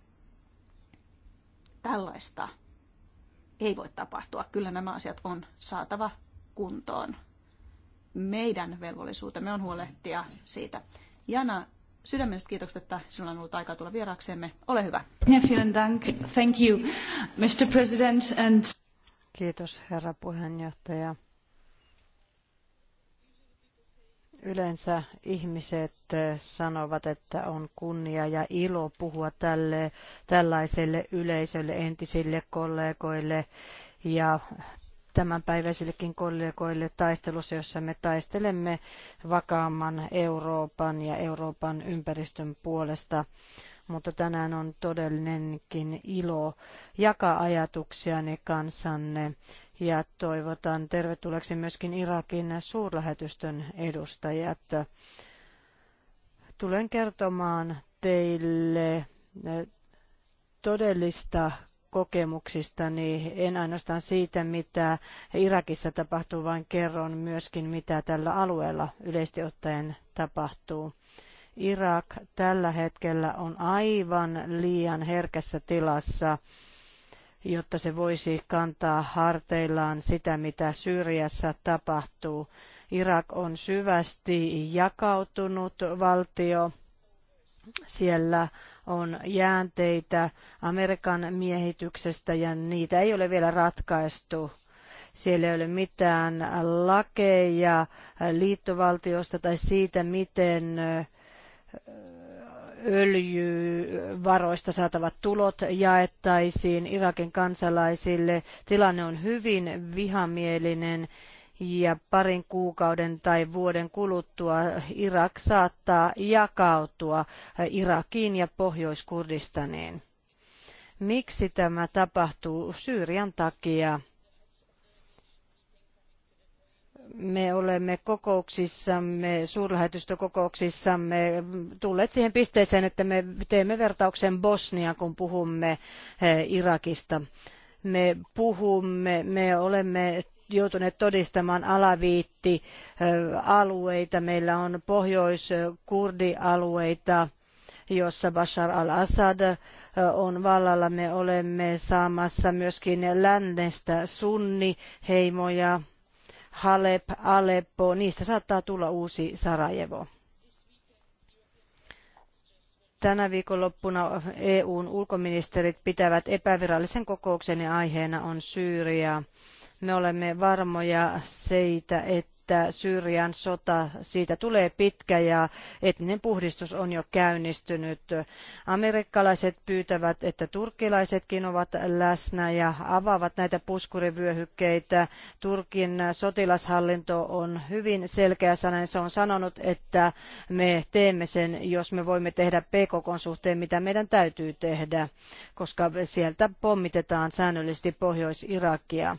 Tällaista ei voi tapahtua. Kyllä nämä asiat on saatava kuntoon. Meidän velvollisuutemme on huolehtia siitä. Jana, sydämelliset kiitokset, että sinulla on ollut aikaa tulla vieraksemme. Ole hyvä. Thank you, Mr. President. And... Kiitos, herra puheenjohtaja. Yleensä ihmiset eh, sanovat, että on kunnia ja ilo puhua tälle, tällaiselle yleisölle, entisille kollegoille ja tämänpäiväisillekin kollegoille taistelussa, jossa me taistelemme vakaamman Euroopan ja Euroopan ympäristön puolesta. Mutta tänään on todellinenkin ilo jakaa ajatuksiani kansanne ja toivotan tervetulleeksi myöskin Irakin suurlähetystön edustajat. Tulen kertomaan teille eh, todellista kokemuksistani, en ainoastaan siitä, mitä Irakissa tapahtuu, vaan kerron myöskin, mitä tällä alueella yleisesti ottaen tapahtuu. Irak tällä hetkellä on aivan liian herkässä tilassa jotta se voisi kantaa harteillaan sitä, mitä Syyriassa tapahtuu. Irak on syvästi jakautunut valtio. Siellä on jäänteitä Amerikan miehityksestä ja niitä ei ole vielä ratkaistu. Siellä ei ole mitään lakeja liittovaltiosta tai siitä, miten öljyvaroista saatavat tulot jaettaisiin Irakin kansalaisille. Tilanne on hyvin vihamielinen ja parin kuukauden tai vuoden kuluttua Irak saattaa jakautua Irakiin ja Pohjois-Kurdistaniin. Miksi tämä tapahtuu? Syyrian takia me olemme kokouksissamme, suurlähetystökokouksissamme tulleet siihen pisteeseen, että me teemme vertauksen Bosniaan, kun puhumme eh, Irakista. Me puhumme, me olemme joutuneet todistamaan alaviitti eh, alueita. Meillä on pohjois-kurdialueita, jossa Bashar al-Assad eh, on vallalla. Me olemme saamassa myöskin lännestä sunniheimoja. heimoja Halep, Aleppo, niistä saattaa tulla uusi Sarajevo. Tänä viikonloppuna EUn ulkoministerit pitävät epävirallisen kokouksen ja aiheena on Syyria. Me olemme varmoja siitä, että että Syyrian sota, siitä tulee pitkä ja etninen puhdistus on jo käynnistynyt. Amerikkalaiset pyytävät, että turkkilaisetkin ovat läsnä ja avaavat näitä puskurivyöhykkeitä. Turkin sotilashallinto on hyvin selkeä sana. Se on sanonut, että me teemme sen, jos me voimme tehdä PKK suhteen, mitä meidän täytyy tehdä, koska sieltä pommitetaan säännöllisesti Pohjois-Irakia.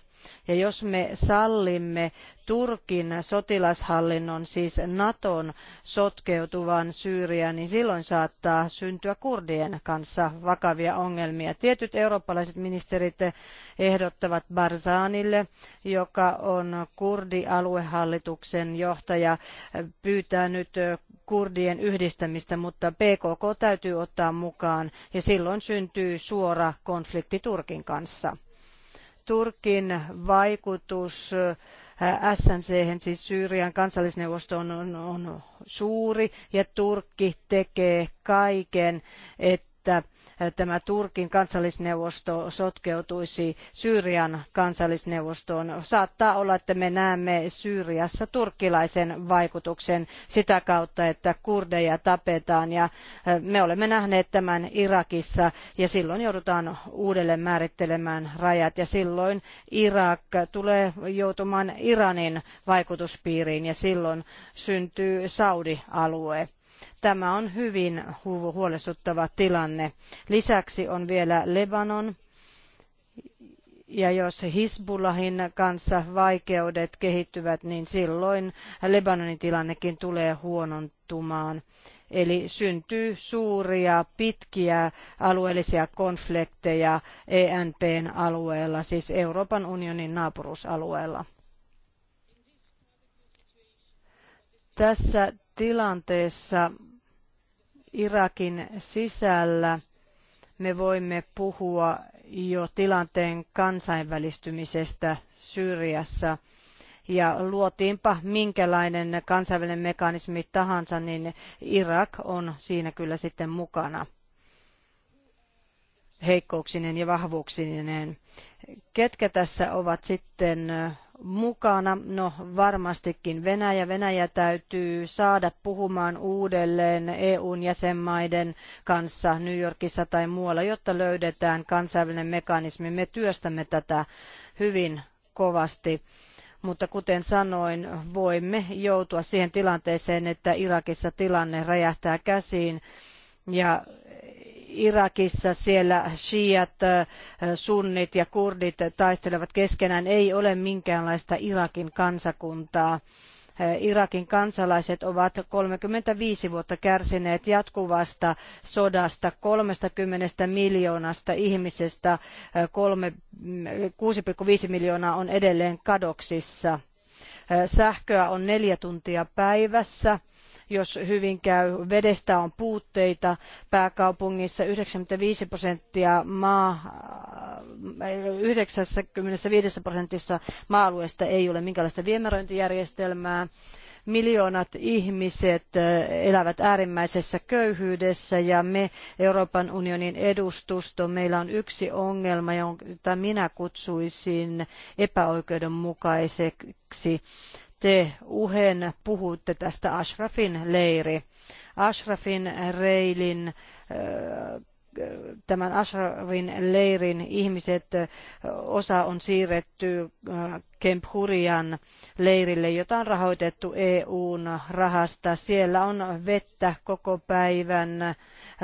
Ja jos me sallimme Turkin sotilashallinnon, siis Naton sotkeutuvan Syyriaan, niin silloin saattaa syntyä kurdien kanssa vakavia ongelmia. Tietyt eurooppalaiset ministerit ehdottavat Barzanille, joka on kurdialuehallituksen johtaja, pyytää nyt kurdien yhdistämistä, mutta PKK täytyy ottaa mukaan ja silloin syntyy suora konflikti Turkin kanssa. Turkin vaikutus äh, SNC, siis Syyrian on, on, on suuri ja Turkki tekee kaiken, että että tämä Turkin kansallisneuvosto sotkeutuisi Syyrian kansallisneuvostoon. Saattaa olla, että me näemme Syyriassa turkkilaisen vaikutuksen sitä kautta, että kurdeja tapetaan ja me olemme nähneet tämän Irakissa ja silloin joudutaan uudelleen määrittelemään rajat ja silloin Irak tulee joutumaan Iranin vaikutuspiiriin ja silloin syntyy Saudi-alue Tämä on hyvin huolestuttava tilanne. Lisäksi on vielä Lebanon, ja jos Hisbullahin kanssa vaikeudet kehittyvät, niin silloin Lebanonin tilannekin tulee huonontumaan. Eli syntyy suuria, pitkiä alueellisia konflikteja ENPn alueella, siis Euroopan unionin naapurusalueella. Tässä tilanteessa Irakin sisällä me voimme puhua jo tilanteen kansainvälistymisestä Syyriassa. Ja luotiinpa minkälainen kansainvälinen mekanismi tahansa, niin Irak on siinä kyllä sitten mukana heikkouksinen ja vahvuuksineen. Ketkä tässä ovat sitten mukana? No varmastikin Venäjä. Venäjä täytyy saada puhumaan uudelleen EUn jäsenmaiden kanssa New Yorkissa tai muualla, jotta löydetään kansainvälinen mekanismi. Me työstämme tätä hyvin kovasti mutta kuten sanoin, voimme joutua siihen tilanteeseen, että Irakissa tilanne räjähtää käsiin ja Irakissa siellä shiat, äh, sunnit ja kurdit taistelevat keskenään. Ei ole minkäänlaista Irakin kansakuntaa. Äh, Irakin kansalaiset ovat 35 vuotta kärsineet jatkuvasta sodasta 30 miljoonasta ihmisestä, 6,5 äh, miljoonaa on edelleen kadoksissa. Sähköä on neljä tuntia päivässä jos hyvin käy. Vedestä on puutteita pääkaupungissa 95 prosenttia maa, 95 äh, prosentissa maa-alueesta ei ole minkäänlaista viemäröintijärjestelmää miljoonat ihmiset äh, elävät äärimmäisessä köyhyydessä ja me Euroopan unionin edustusto, meillä on yksi ongelma, jota minä kutsuisin epäoikeudenmukaiseksi te uhen puhutte tästä Ashrafin leiri. Ashrafin reilin tämän Ashrafin leirin ihmiset, osa on siirretty Kemphurian leirille, jota on rahoitettu EUn rahasta. Siellä on vettä koko päivän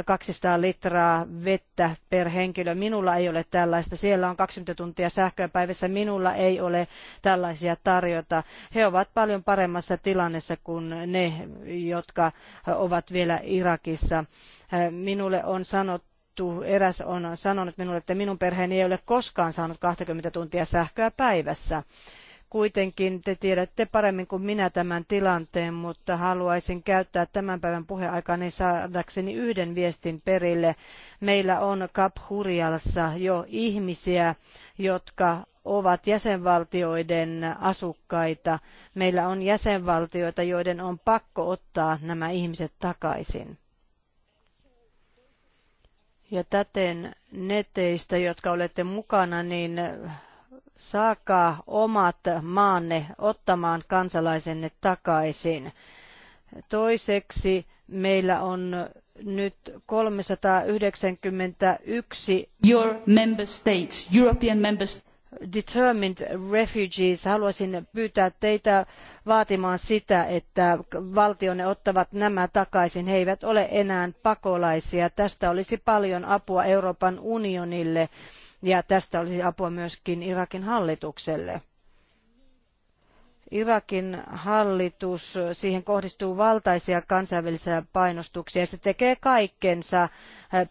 200 litraa vettä per henkilö. Minulla ei ole tällaista. Siellä on 20 tuntia sähköä päivässä. Minulla ei ole tällaisia tarjota. He ovat paljon paremmassa tilannessa kuin ne, jotka ovat vielä Irakissa. Minulle on sanottu, eräs on sanonut minulle, että minun perheeni ei ole koskaan saanut 20 tuntia sähköä päivässä. Kuitenkin te tiedätte paremmin kuin minä tämän tilanteen, mutta haluaisin käyttää tämän päivän puheaikani saadakseni yhden viestin perille. Meillä on Kap Hurjalassa jo ihmisiä, jotka ovat jäsenvaltioiden asukkaita. Meillä on jäsenvaltioita, joiden on pakko ottaa nämä ihmiset takaisin. Ja täten ne teistä, jotka olette mukana, niin saakaa omat maanne ottamaan kansalaisenne takaisin. Toiseksi meillä on nyt 391 Your member states, European member states. Determined refugees. Haluaisin pyytää teitä vaatimaan sitä, että valtionne ottavat nämä takaisin. He eivät ole enää pakolaisia. Tästä olisi paljon apua Euroopan unionille ja tästä olisi apua myöskin Irakin hallitukselle. Irakin hallitus, siihen kohdistuu valtaisia kansainvälisiä painostuksia ja se tekee kaikkensa äh,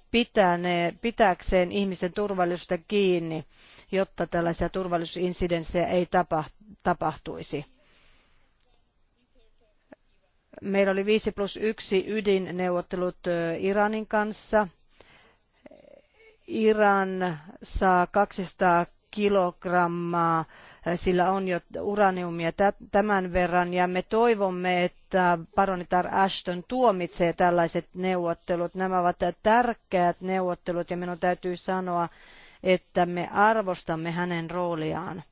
pitääkseen ihmisten turvallisuutta kiinni, jotta tällaisia turvallisuusinsidenssejä ei tapahtuisi. Meillä oli 5 plus 1 ydinneuvottelut äh, Iranin kanssa – Iran saa 200 kilogrammaa, äh, sillä on jo uraniumia tämän verran, ja me toivomme, että paronitar Ashton tuomitsee tällaiset neuvottelut. Nämä ovat tärkeät neuvottelut, ja minun täytyy sanoa, että me arvostamme hänen rooliaan.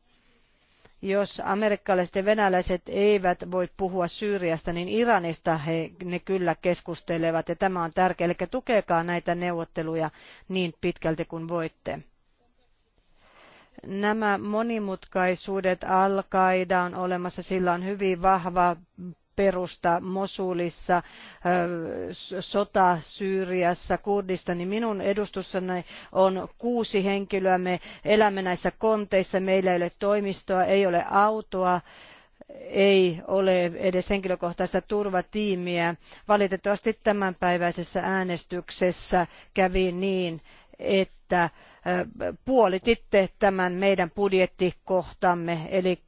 Jos amerikkalaiset ja venäläiset eivät voi puhua Syyriasta, niin Iranista he, ne kyllä keskustelevat ja tämä on tärkeää. Eli tukekaa näitä neuvotteluja niin pitkälti kuin voitte nämä monimutkaisuudet, Al-Qaida on olemassa, sillä on hyvin vahva perusta Mosulissa, sota Syyriassa, Kurdista, niin minun edustussani on kuusi henkilöä. Me elämme näissä konteissa, meillä ei ole toimistoa, ei ole autoa ei ole edes henkilökohtaista turvatiimiä. Valitettavasti tämänpäiväisessä äänestyksessä kävi niin, että äh, puolititte tämän meidän budjettikohtamme, eli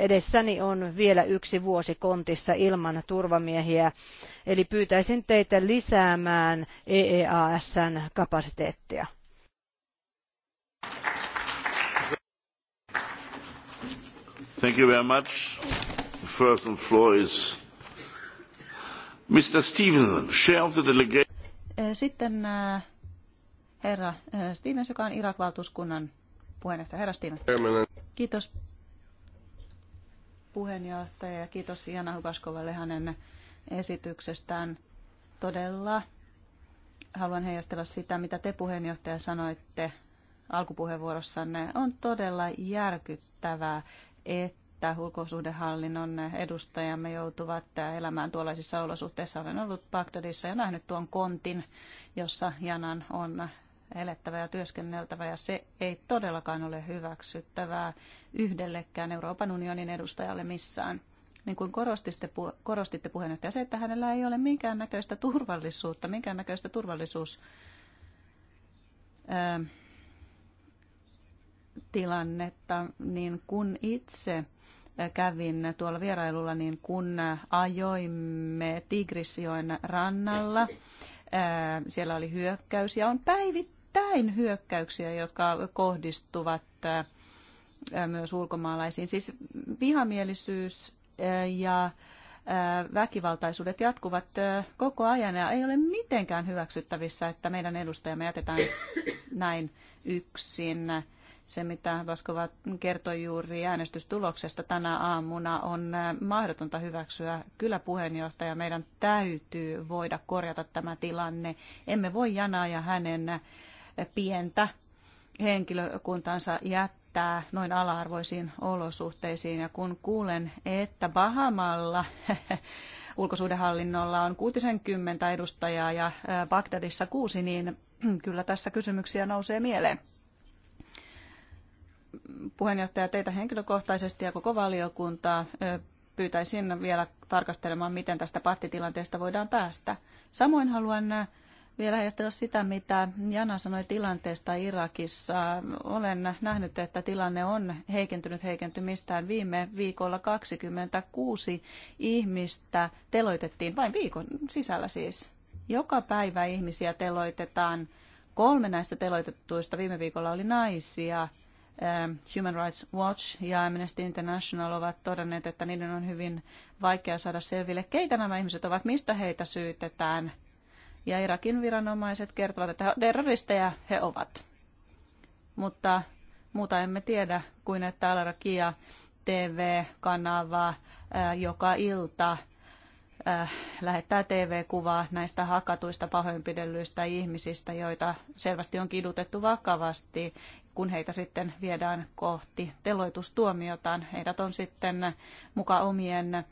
edessäni on vielä yksi vuosi kontissa ilman turvamiehiä, eli pyytäisin teitä lisäämään EEASn kapasiteettia. Thank you very much. First on floor is Mr. Stevenson, chair of the delegation. Sitten äh, herra eh, Stevens, joka on Irak-valtuuskunnan puheenjohtaja. Herra Stevens. Kiitos puheenjohtaja ja kiitos Jana Hubaskovalle hänen esityksestään. Todella haluan heijastella sitä, mitä te puheenjohtaja sanoitte alkupuheenvuorossanne. On todella järkyttävää, että ulkosuhdehallinnon edustajamme joutuvat elämään tuollaisissa olosuhteissa. Olen ollut Bagdadissa ja nähnyt tuon kontin, jossa Janan on elettävä ja työskenneltävä ja se ei todellakaan ole hyväksyttävää yhdellekään Euroopan unionin edustajalle missään. Niin kuin korostitte, korostitte puheenjohtaja, se, että hänellä ei ole minkäännäköistä turvallisuutta, minkäännäköistä turvallisuus ää, tilannetta, niin kun itse kävin tuolla vierailulla, niin kun ajoimme Tigrisjoen rannalla, siellä oli hyökkäys ja on päivittäin erittäin hyökkäyksiä, jotka kohdistuvat myös ulkomaalaisiin. Siis vihamielisyys ja väkivaltaisuudet jatkuvat koko ajan ja ei ole mitenkään hyväksyttävissä, että meidän edustajamme jätetään *coughs* näin yksin. Se, mitä Vaskova kertoi juuri äänestystuloksesta tänä aamuna, on mahdotonta hyväksyä. Kyllä puheenjohtaja, meidän täytyy voida korjata tämä tilanne. Emme voi Janaa ja hänen pientä henkilökuntansa jättää noin ala-arvoisiin olosuhteisiin. Ja kun kuulen, että Bahamalla *laughs* ulkosuhdehallinnolla on 60 edustajaa ja Bagdadissa kuusi, niin *clears throat* kyllä tässä kysymyksiä nousee mieleen. Puheenjohtaja, teitä henkilökohtaisesti ja koko valiokuntaa pyytäisin vielä tarkastelemaan, miten tästä pattitilanteesta voidaan päästä. Samoin haluan vielä heijastella sitä, mitä Jana sanoi tilanteesta Irakissa. Olen nähnyt, että tilanne on heikentynyt heikentymistään. Viime viikolla 26 ihmistä teloitettiin, vain viikon sisällä siis. Joka päivä ihmisiä teloitetaan. Kolme näistä teloitettuista viime viikolla oli naisia. Ähm, Human Rights Watch ja Amnesty International ovat todenneet, että niiden on hyvin vaikea saada selville, keitä nämä ihmiset ovat, mistä heitä syytetään – ja Irakin viranomaiset kertovat, että terroristeja he ovat. Mutta muuta emme tiedä kuin, että Al-Rakia TV-kanava joka ilta lähettää TV-kuvaa näistä hakatuista pahoinpidellyistä ihmisistä, joita selvästi on kidutettu vakavasti, kun heitä sitten viedään kohti teloitustuomiotaan. Heidät on sitten muka omien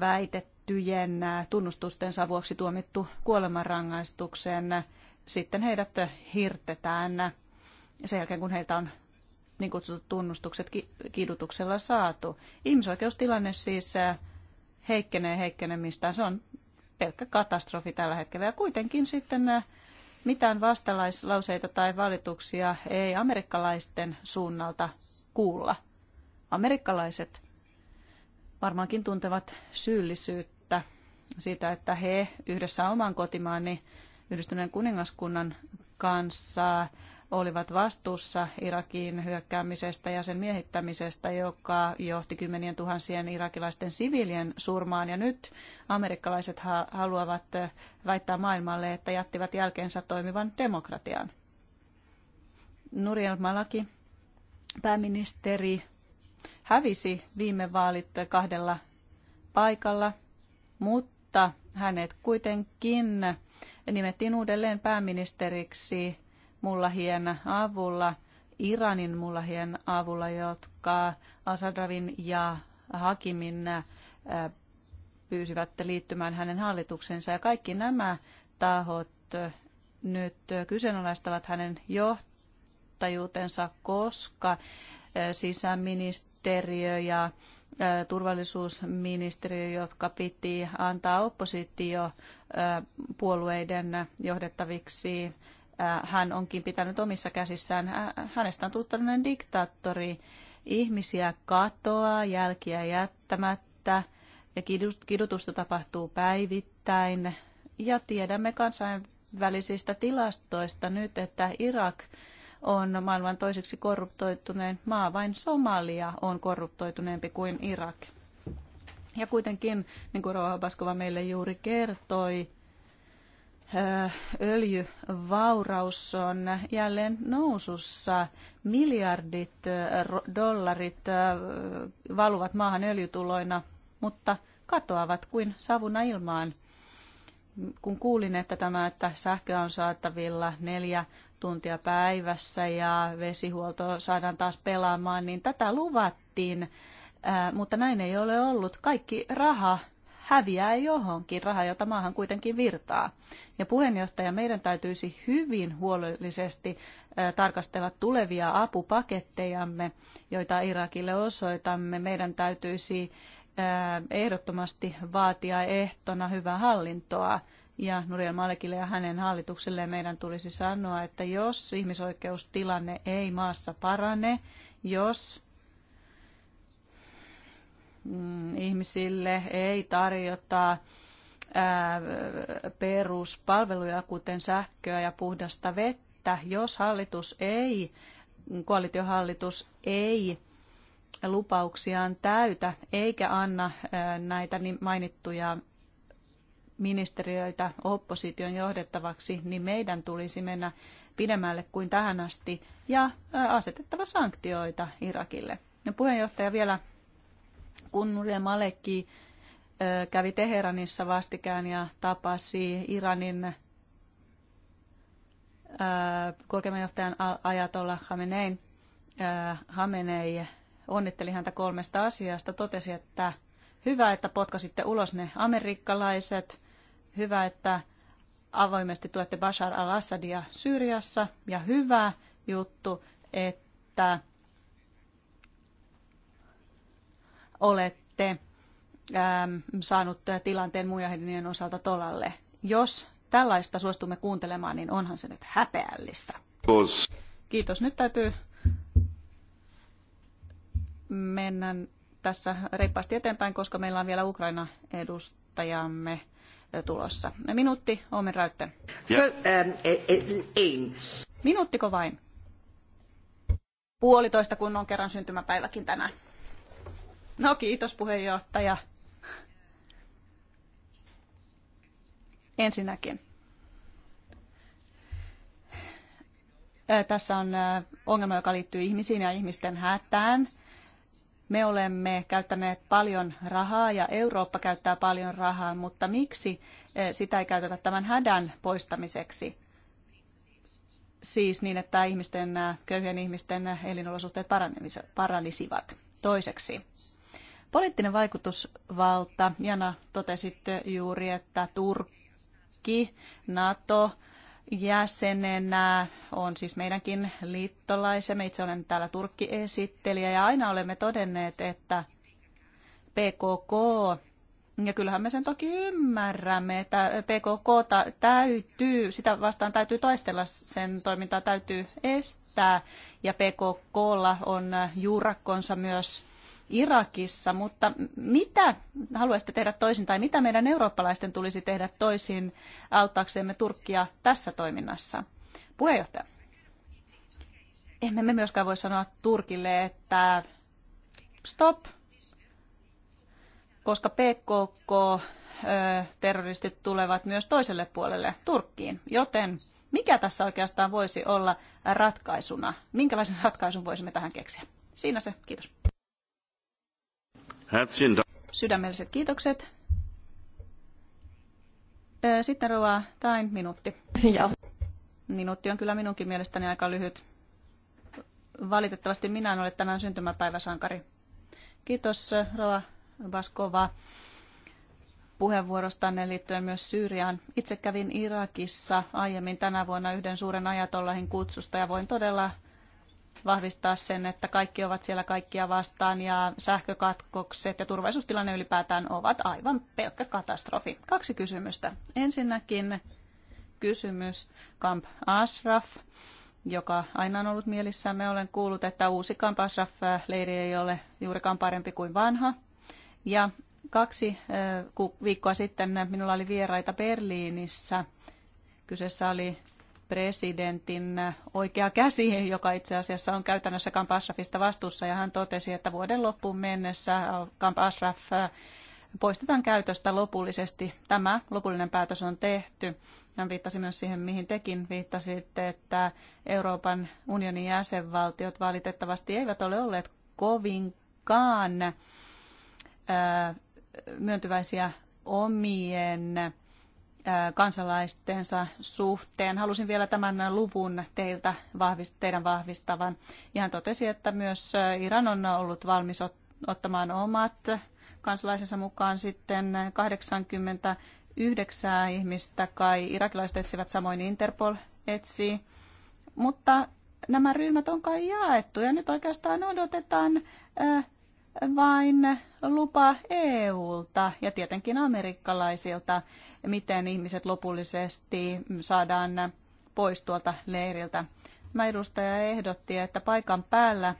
väitettä syytettyjen tunnustustensa vuoksi tuomittu kuolemanrangaistukseen. Sitten heidät hirtetään sen jälkeen, kun heiltä on niin kutsutut tunnustukset kidutuksella saatu. Ihmisoikeustilanne siis heikkenee heikkenemistään. Se on pelkkä katastrofi tällä hetkellä. Ja kuitenkin sitten mitään vastalaislauseita tai valituksia ei amerikkalaisten suunnalta kuulla. Amerikkalaiset varmaankin tuntevat syyllisyyttä siitä, että he yhdessä oman kotimaani yhdistyneen kuningaskunnan kanssa olivat vastuussa Irakin hyökkäämisestä ja sen miehittämisestä, joka johti kymmenien tuhansien irakilaisten siviilien surmaan. Ja nyt amerikkalaiset haluavat väittää maailmalle, että jättivät jälkeensä toimivan demokratian. Nuriel malaki pääministeri, hävisi viime vaalit kahdella paikalla, mutta mutta hänet kuitenkin nimettiin uudelleen pääministeriksi mullahien avulla, Iranin mullahien avulla, jotka Asadravin ja Hakimin äh, pyysivät liittymään hänen hallituksensa. Ja kaikki nämä tahot nyt kyseenalaistavat hänen johtajuutensa, koska äh, sisäministeriö ja turvallisuusministeri, jotka piti antaa oppositio puolueiden johdettaviksi. Hän onkin pitänyt omissa käsissään. Hänestä on tullut tällainen diktaattori. Ihmisiä katoaa, jälkiä jättämättä ja kidutusta tapahtuu päivittäin. Ja tiedämme kansainvälisistä tilastoista nyt, että Irak – on maailman toiseksi korruptoituneen maa. Vain Somalia on korruptoituneempi kuin Irak. Ja kuitenkin, niin kuin Rauha Baskova meille juuri kertoi, eh, öljyvauraus on jälleen nousussa. Miljardit eh, dollarit eh, valuvat maahan öljytuloina, mutta katoavat kuin savuna ilmaan. Kun kuulin, että tämä, että sähköä on saatavilla neljä tuntia päivässä ja vesihuolto saadaan taas pelaamaan, niin tätä luvattiin, mutta näin ei ole ollut. Kaikki raha häviää johonkin, raha, jota maahan kuitenkin virtaa. Ja puheenjohtaja, meidän täytyisi hyvin huolellisesti tarkastella tulevia apupakettejamme, joita Irakille osoitamme. Meidän täytyisi ehdottomasti vaatia ehtona hyvää hallintoa ja Nuriel Malekille ja hänen hallitukselleen meidän tulisi sanoa, että jos ihmisoikeustilanne ei maassa parane, jos mm, ihmisille ei tarjota peruspalveluja, kuten sähköä ja puhdasta vettä, jos hallitus ei, koalitiohallitus ei lupauksiaan täytä eikä anna näitä mainittuja ministeriöitä opposition johdettavaksi, niin meidän tulisi mennä pidemmälle kuin tähän asti ja asetettava sanktioita Irakille. Ja puheenjohtaja vielä Kunnuri Malekki kävi Teheranissa vastikään ja tapasi Iranin korkeimmanjohtajan ajatolla Hamenein. Hamenei onnitteli häntä kolmesta asiasta, totesi, että hyvä, että potkasitte ulos ne amerikkalaiset, hyvä, että avoimesti tuette Bashar al-Assadia Syyriassa ja hyvä juttu, että olette ähm, saanut tilanteen mujahedinien osalta tolalle. Jos tällaista suostumme kuuntelemaan, niin onhan se nyt häpeällistä. Kiitos. Kiitos. Nyt täytyy mennä tässä reippaasti eteenpäin, koska meillä on vielä Ukraina-edustajamme tulossa. Minuutti, Omen Räytten. Um, e, e, Minuuttiko vain? Puolitoista, kun on kerran syntymäpäiväkin tänään. No kiitos puheenjohtaja. Ensinnäkin. Tässä on ongelma, joka liittyy ihmisiin ja ihmisten hätään – me olemme käyttäneet paljon rahaa ja Eurooppa käyttää paljon rahaa, mutta miksi eh, sitä ei käytetä tämän hädän poistamiseksi? Siis niin, että ihmisten, eh, köyhien ihmisten eh, elinolosuhteet paranisivat. Toiseksi, poliittinen vaikutusvalta. Jana, totesitte juuri, että Turkki, NATO, jäsenenä on siis meidänkin liittolaisemme. Itse olen täällä Turkki-esittelijä ja aina olemme todenneet, että PKK, ja kyllähän me sen toki ymmärrämme, että PKK täytyy, sitä vastaan täytyy taistella, sen toimintaa täytyy estää ja PKKlla on juurakkonsa myös Irakissa, mutta mitä haluaisitte tehdä toisin tai mitä meidän eurooppalaisten tulisi tehdä toisin auttaaksemme Turkkia tässä toiminnassa? Puheenjohtaja, emme me myöskään voi sanoa Turkille, että stop, koska PKK terroristit tulevat myös toiselle puolelle Turkkiin, joten mikä tässä oikeastaan voisi olla ratkaisuna? Minkälaisen ratkaisun voisimme tähän keksiä? Siinä se, kiitos. Sydämelliset kiitokset. Sitten Roa Tain minuutti. Minuutti on kyllä minunkin mielestäni aika lyhyt. Valitettavasti minä en ole tänään syntymäpäiväsankari. Kiitos Roa Baskova puheenvuorostanne liittyen myös Syyriaan. Itse kävin Irakissa aiemmin tänä vuonna yhden suuren ajatollahin kutsusta ja voin todella vahvistaa sen, että kaikki ovat siellä kaikkia vastaan ja sähkökatkokset ja turvallisuustilanne ylipäätään ovat aivan pelkkä katastrofi. Kaksi kysymystä. Ensinnäkin kysymys Camp Ashraf, joka aina on ollut mielissämme. Olen kuullut, että uusi Camp Ashraf-leiri ei ole juurikaan parempi kuin vanha. Ja kaksi viikkoa sitten minulla oli vieraita Berliinissä. Kyseessä oli presidentin oikea käsi, joka itse asiassa on käytännössä Camp Ashrafista vastuussa, ja hän totesi, että vuoden loppuun mennessä Camp Ashraf poistetaan käytöstä lopullisesti. Tämä lopullinen päätös on tehty. Hän viittasi myös siihen, mihin tekin viittasitte, että Euroopan unionin jäsenvaltiot valitettavasti eivät ole olleet kovinkaan myöntyväisiä omien kansalaistensa suhteen. Halusin vielä tämän luvun teiltä teidän vahvistavan. Ja hän totesi, että myös Iran on ollut valmis ottamaan omat kansalaisensa mukaan sitten 89 ihmistä, kai irakilaiset etsivät samoin Interpol etsii. Mutta nämä ryhmät on kai jaettu ja nyt oikeastaan odotetaan vain lupa EUlta ja tietenkin amerikkalaisilta, miten ihmiset lopullisesti saadaan pois tuolta leiriltä. Mä edustaja ehdotti, että paikan päällä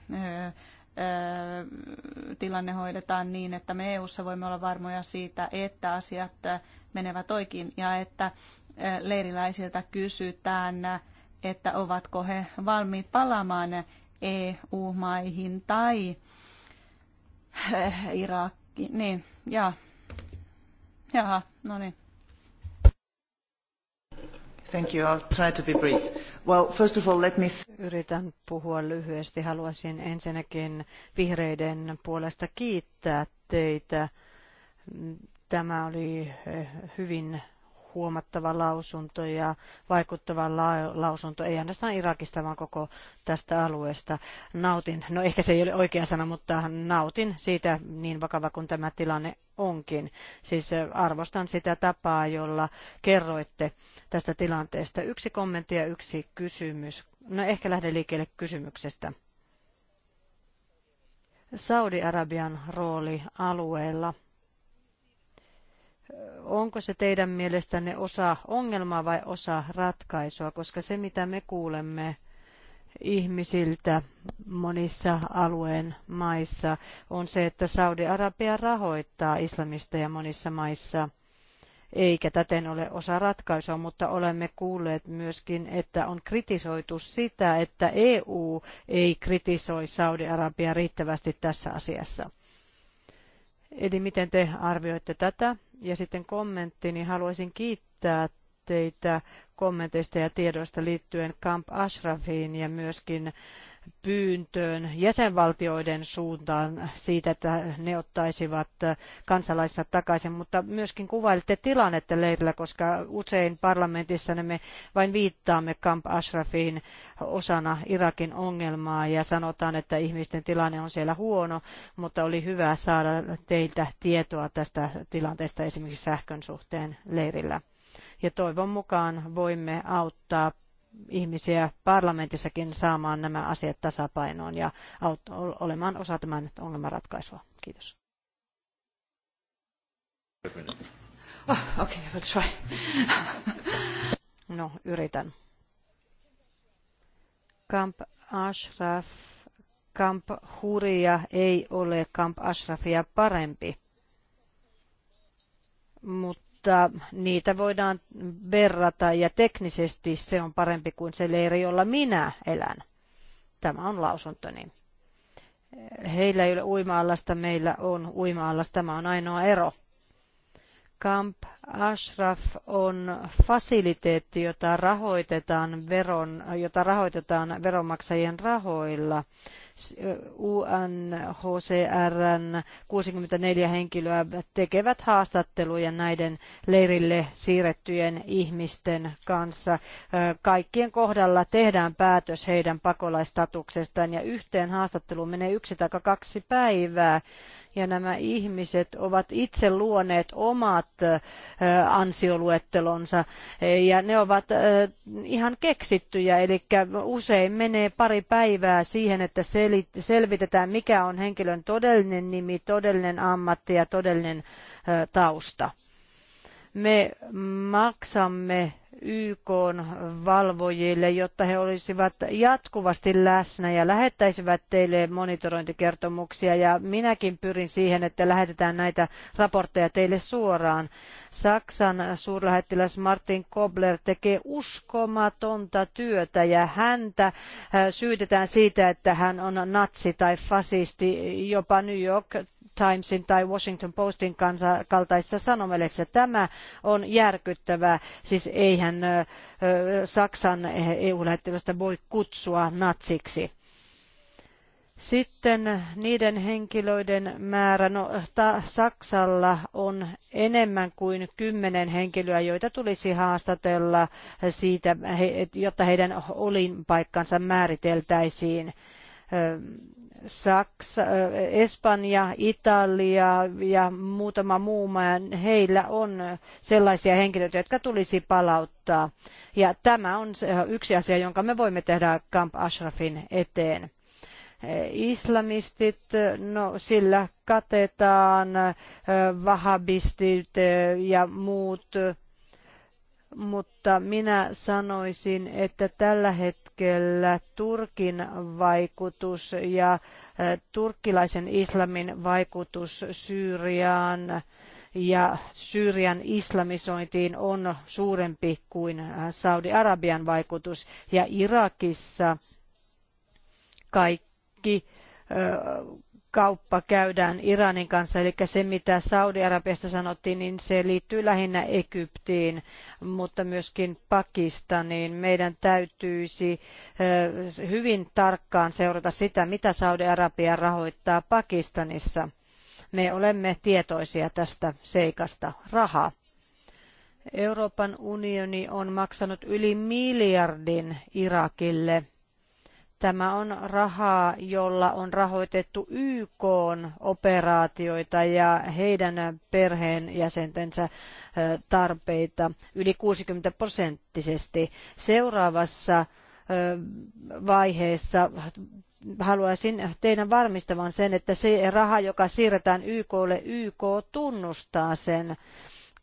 tilanne hoidetaan niin, että me EU:ssa voimme olla varmoja siitä, että asiat menevät oikein ja että leiriläisiltä kysytään, että ovatko he valmiit palaamaan EU-maihin tai Äh, Irakki, niin, ja. Jaha, no niin. Thank you. I'll try to be brief. Well, first of all, let me... Yritän puhua lyhyesti. Haluaisin ensinnäkin vihreiden puolesta kiittää teitä. Tämä oli eh, hyvin huomattava lausunto ja vaikuttava la- lausunto, ei ainoastaan Irakista, vaan koko tästä alueesta. Nautin, no ehkä se ei ole oikea sana, mutta nautin siitä niin vakava kuin tämä tilanne onkin. Siis eh, arvostan sitä tapaa, jolla kerroitte tästä tilanteesta. Yksi kommentti ja yksi kysymys. No ehkä lähden liikkeelle kysymyksestä. Saudi-Arabian rooli alueella onko se teidän mielestänne osa ongelmaa vai osa ratkaisua, koska se mitä me kuulemme ihmisiltä monissa alueen maissa on se, että Saudi-Arabia rahoittaa islamisteja monissa maissa eikä täten ole osa ratkaisua, mutta olemme kuulleet myöskin, että on kritisoitu sitä, että EU ei kritisoi Saudi-Arabia riittävästi tässä asiassa. Eli miten te arvioitte tätä? Ja sitten kommentti, niin haluaisin kiittää teitä kommenteista ja tiedoista liittyen Camp Ashrafiin ja myöskin pyyntöön jäsenvaltioiden suuntaan siitä, että ne ottaisivat kansalaisensa takaisin, mutta myöskin kuvailitte tilannetta leirillä, koska usein parlamentissa me vain viittaamme Camp Ashrafiin osana Irakin ongelmaa ja sanotaan, että ihmisten tilanne on siellä huono, mutta oli hyvä saada teiltä tietoa tästä tilanteesta esimerkiksi sähkön suhteen leirillä. Ja toivon mukaan voimme auttaa ihmisiä parlamentissakin saamaan nämä asiat tasapainoon ja olemaan osa tämän ongelmanratkaisua. ratkaisua. Kiitos. Oh, okay, I try. no, yritän. Camp Ashraf, Camp Huria ei ole Camp Ashrafia parempi, mutta mutta niitä voidaan verrata ja teknisesti se on parempi kuin se leiri, jolla minä elän. Tämä on lausuntoni. Heillä ei ole uima-allasta, meillä on uima Tämä on ainoa ero. Camp Ashraf on fasiliteetti, jota rahoitetaan, veron, jota rahoitetaan veronmaksajien rahoilla. UNHCRn 64 henkilöä tekevät haastatteluja näiden leirille siirrettyjen ihmisten kanssa. Kaikkien kohdalla tehdään päätös heidän pakolaistatuksestaan ja yhteen haastatteluun menee yksi tai kaksi päivää ja nämä ihmiset ovat itse luoneet omat ansioluettelonsa ja ne ovat ihan keksittyjä, eli usein menee pari päivää siihen, että selvitetään mikä on henkilön todellinen nimi, todellinen ammatti ja todellinen tausta. Me maksamme YK valvojille, jotta he olisivat jatkuvasti läsnä ja lähettäisivät teille monitorointikertomuksia. Ja minäkin pyrin siihen, että lähetetään näitä raportteja teille suoraan. Saksan suurlähettiläs Martin Kobler tekee uskomatonta työtä ja häntä äh, syytetään siitä, että hän on natsi tai fasisti. Jopa New York Timesin tai Washington Postin kansa, kaltaisissa sanomalehdissä. Tämä on järkyttävää. Siis eihän Saksan EU-lähettilästä voi kutsua natsiksi. Sitten niiden henkilöiden määrä, no ta, Saksalla on enemmän kuin kymmenen henkilöä, joita tulisi haastatella siitä, he, jotta heidän olinpaikkansa määriteltäisiin. Ö, Saksa, Espanja, Italia ja muutama muu maa, heillä on sellaisia henkilöitä, jotka tulisi palauttaa. Ja tämä on yksi asia, jonka me voimme tehdä Camp Ashrafin eteen islamistit, no sillä katetaan vahabistit ja muut mutta minä sanoisin, että tällä hetkellä Turkin vaikutus ja äh, turkkilaisen islamin vaikutus Syyriaan ja Syyrian islamisointiin on suurempi kuin äh, Saudi-Arabian vaikutus. Ja Irakissa kaikki äh, kauppa käydään Iranin kanssa, eli se mitä Saudi-Arabiasta sanottiin, niin se liittyy lähinnä Egyptiin, mutta myöskin Pakistaniin. Meidän täytyisi hyvin tarkkaan seurata sitä, mitä Saudi-Arabia rahoittaa Pakistanissa. Me olemme tietoisia tästä seikasta. Raha. Euroopan unioni on maksanut yli miljardin Irakille Tämä on rahaa, jolla on rahoitettu YK operaatioita ja heidän perheenjäsentensä tarpeita yli 60 prosenttisesti. Seuraavassa vaiheessa haluaisin teidän varmistavan sen, että se raha, joka siirretään YKlle, YK tunnustaa sen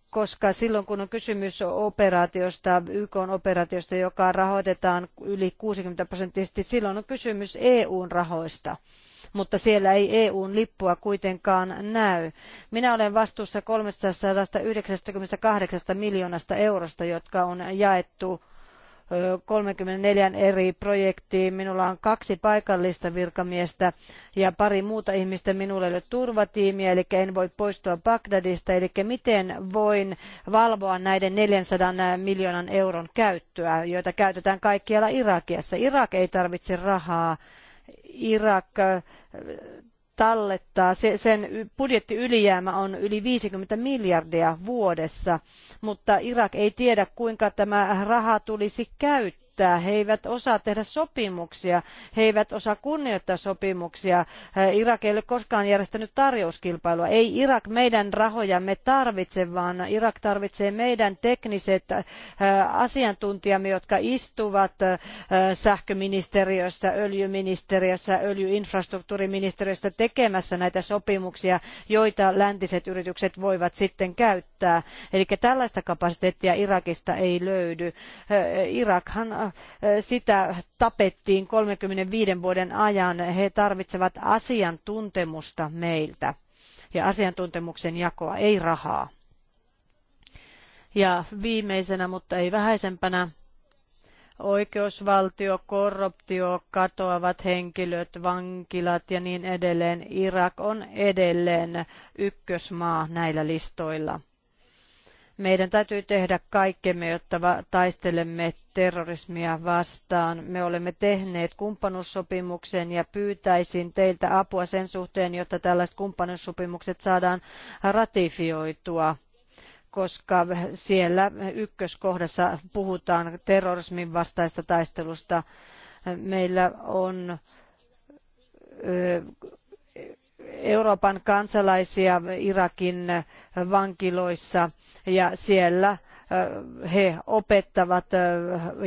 koska silloin kun on kysymys operaatiosta, YK on operaatiosta, joka rahoitetaan yli 60 prosenttisesti, silloin on kysymys EUn rahoista mutta siellä ei EUn lippua kuitenkaan näy. Minä olen vastuussa 398 miljoonasta eurosta, jotka on jaettu 34 eri projektiin. Minulla on kaksi paikallista virkamiestä ja pari muuta ihmistä minulle ole turvatiimiä, eli en voi poistua Bagdadista. Eli miten voin valvoa näiden 400 miljoonan euron käyttöä, joita käytetään kaikkialla Irakiassa. Irak ei tarvitse rahaa. Irak tallettaa. Se, sen budjettiylijäämä on yli 50 miljardia vuodessa, mutta Irak ei tiedä, kuinka tämä raha tulisi käyttää päättää. He eivät osaa tehdä sopimuksia, he eivät osaa kunnioittaa sopimuksia. Irak ei ole koskaan järjestänyt tarjouskilpailua. Ei Irak meidän rahojamme tarvitse, vaan Irak tarvitsee meidän tekniset asiantuntijamme, jotka istuvat sähköministeriössä, öljyministeriössä, öljyinfrastruktuuriministeriössä tekemässä näitä sopimuksia, joita läntiset yritykset voivat sitten käyttää. Eli tällaista kapasiteettia Irakista ei löydy. Irakhan sitä tapettiin 35 vuoden ajan. He tarvitsevat asiantuntemusta meiltä ja asiantuntemuksen jakoa, ei rahaa. Ja viimeisenä, mutta ei vähäisempänä, oikeusvaltio, korruptio, katoavat henkilöt, vankilat ja niin edelleen. Irak on edelleen ykkösmaa näillä listoilla. Meidän täytyy tehdä kaikkemme, jotta taistelemme terrorismia vastaan. Me olemme tehneet kumppanuussopimuksen ja pyytäisin teiltä apua sen suhteen, jotta tällaiset kumppanuussopimukset saadaan ratifioitua koska siellä ykköskohdassa puhutaan terrorismin vastaista taistelusta. Meillä on Euroopan kansalaisia Irakin vankiloissa ja siellä he opettavat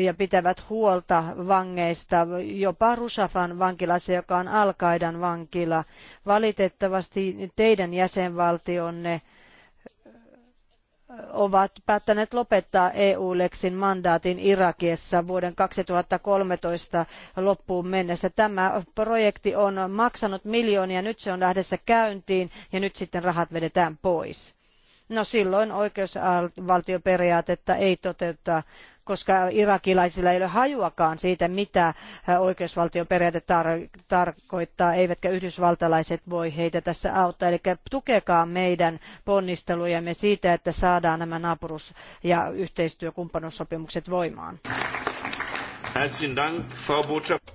ja pitävät huolta vangeista, jopa Rusafan vankilassa, joka on Al-Qaidan vankila. Valitettavasti teidän jäsenvaltionne ovat päättäneet lopettaa EU-leksin mandaatin Irakiessa vuoden 2013 loppuun mennessä. Tämä projekti on maksanut miljoonia, nyt se on lähdössä käyntiin ja nyt sitten rahat vedetään pois. No silloin oikeusvaltioperiaatetta ei toteuteta koska irakilaisilla ei ole hajuakaan siitä, mitä oikeusvaltioperiaate tar- tarkoittaa, eivätkä yhdysvaltalaiset voi heitä tässä auttaa. Eli tukekaa meidän ponnistelujamme siitä, että saadaan nämä naapurus- ja yhteistyökumppanuussopimukset voimaan.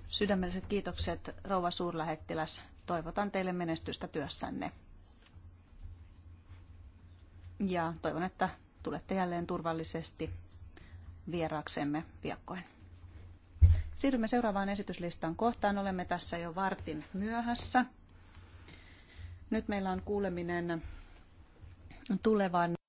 Sydämelliset kiitokset, rouva suurlähettiläs. Toivotan teille menestystä työssänne. Ja toivon, että tulette jälleen turvallisesti vieraaksemme piakkoin. Siirrymme seuraavaan esityslistan kohtaan. Olemme tässä jo vartin myöhässä. Nyt meillä on kuuleminen tulevan